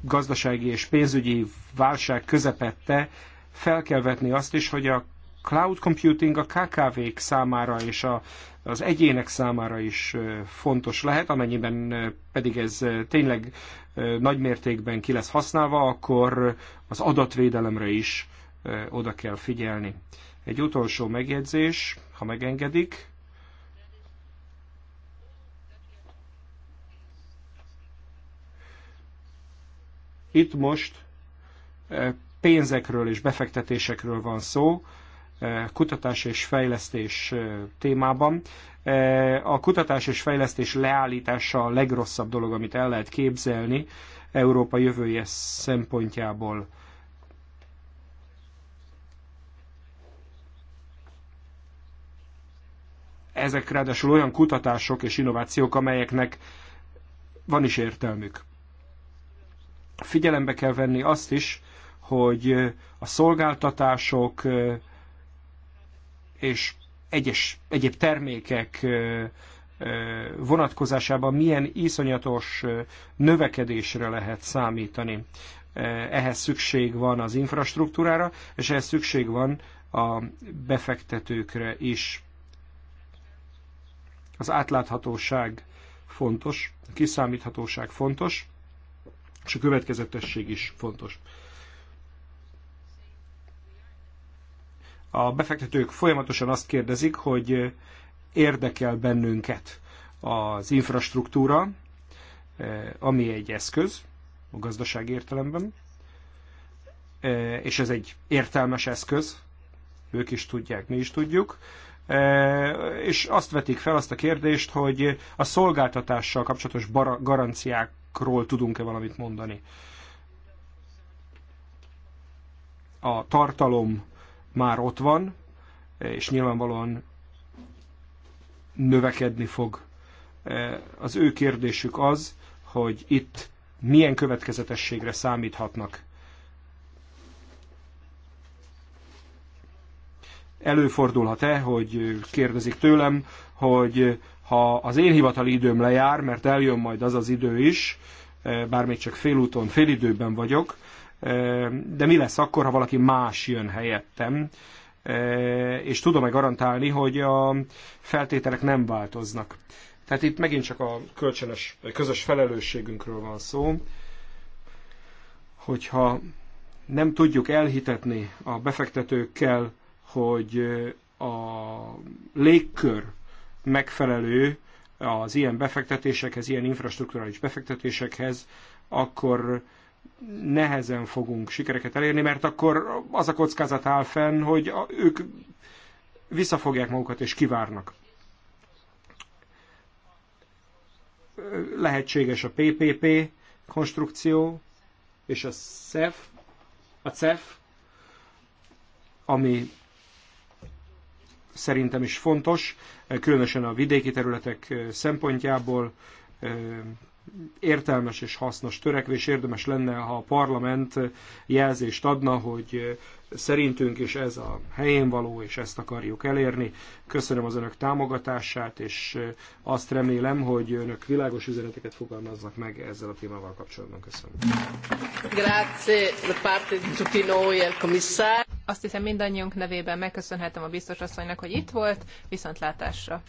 gazdasági és pénzügyi válság közepette fel kell vetni azt is, hogy a cloud computing a KKV-k számára és a, az egyének számára is fontos lehet, amennyiben pedig ez tényleg nagy mértékben ki lesz használva, akkor az adatvédelemre is oda kell figyelni. Egy utolsó megjegyzés, ha megengedik. Itt most eh, pénzekről és befektetésekről van szó, eh, kutatás és fejlesztés eh, témában. A kutatás és fejlesztés leállítása a legrosszabb dolog, amit el lehet képzelni Európa jövője szempontjából. Ezek ráadásul olyan kutatások és innovációk, amelyeknek van is értelmük. Figyelembe kell venni azt is, hogy a szolgáltatások és egyes, egyéb termékek vonatkozásában milyen iszonyatos növekedésre lehet számítani. Ehhez szükség van az infrastruktúrára, és ehhez szükség van a befektetőkre is. Az átláthatóság fontos, a kiszámíthatóság fontos, és a következetesség is fontos. A befektetők folyamatosan azt kérdezik, hogy érdekel bennünket az infrastruktúra, ami egy eszköz a gazdaság értelemben, és ez egy értelmes eszköz, ők is tudják, mi is tudjuk, és azt vetik fel azt a kérdést, hogy a szolgáltatással kapcsolatos garanciák tartalékokról tudunk-e valamit mondani. A tartalom már ott van, és nyilvánvalóan növekedni fog. E, az ő kérdésük az, hogy itt milyen következetességre számíthatnak. Előfordulhat-e, hogy kérdezik tőlem, hogy ha az én hivatali időm lejár, mert eljön majd az az idő is, e, bár még csak félúton, félidőben vagyok, e, de mi lesz akkor, ha valaki más jön helyettem, e, és tudom-e garantálni, hogy a feltételek nem változnak. Tehát itt megint csak a kölcsönös, közös felelősségünkről van szó, hogyha nem tudjuk elhitetni a befektetőkkel, hogy a légkör megfelelő az ilyen befektetésekhez, ilyen infrastruktúrális befektetésekhez, akkor nehezen fogunk sikereket elérni, mert akkor az a kockázat áll fenn, hogy ők visszafogják magukat és kivárnak. Lehetséges a PPP konstrukció és a CEF, a CEF, ami szerintem is fontos, különösen a vidéki területek szempontjából értelmes és hasznos törekvés érdemes lenne, ha a parlament jelzést adna, hogy szerintünk is ez a helyén való, és ezt akarjuk elérni. Köszönöm az önök támogatását, és azt remélem, hogy önök világos üzeneteket fogalmaznak meg ezzel a témával kapcsolatban. Köszönöm. Grazie, parte di tutti noi, al commissario. Azt hiszem mindannyiunk nevében megköszönhetem a biztos asszonynak, hogy itt volt, viszontlátásra!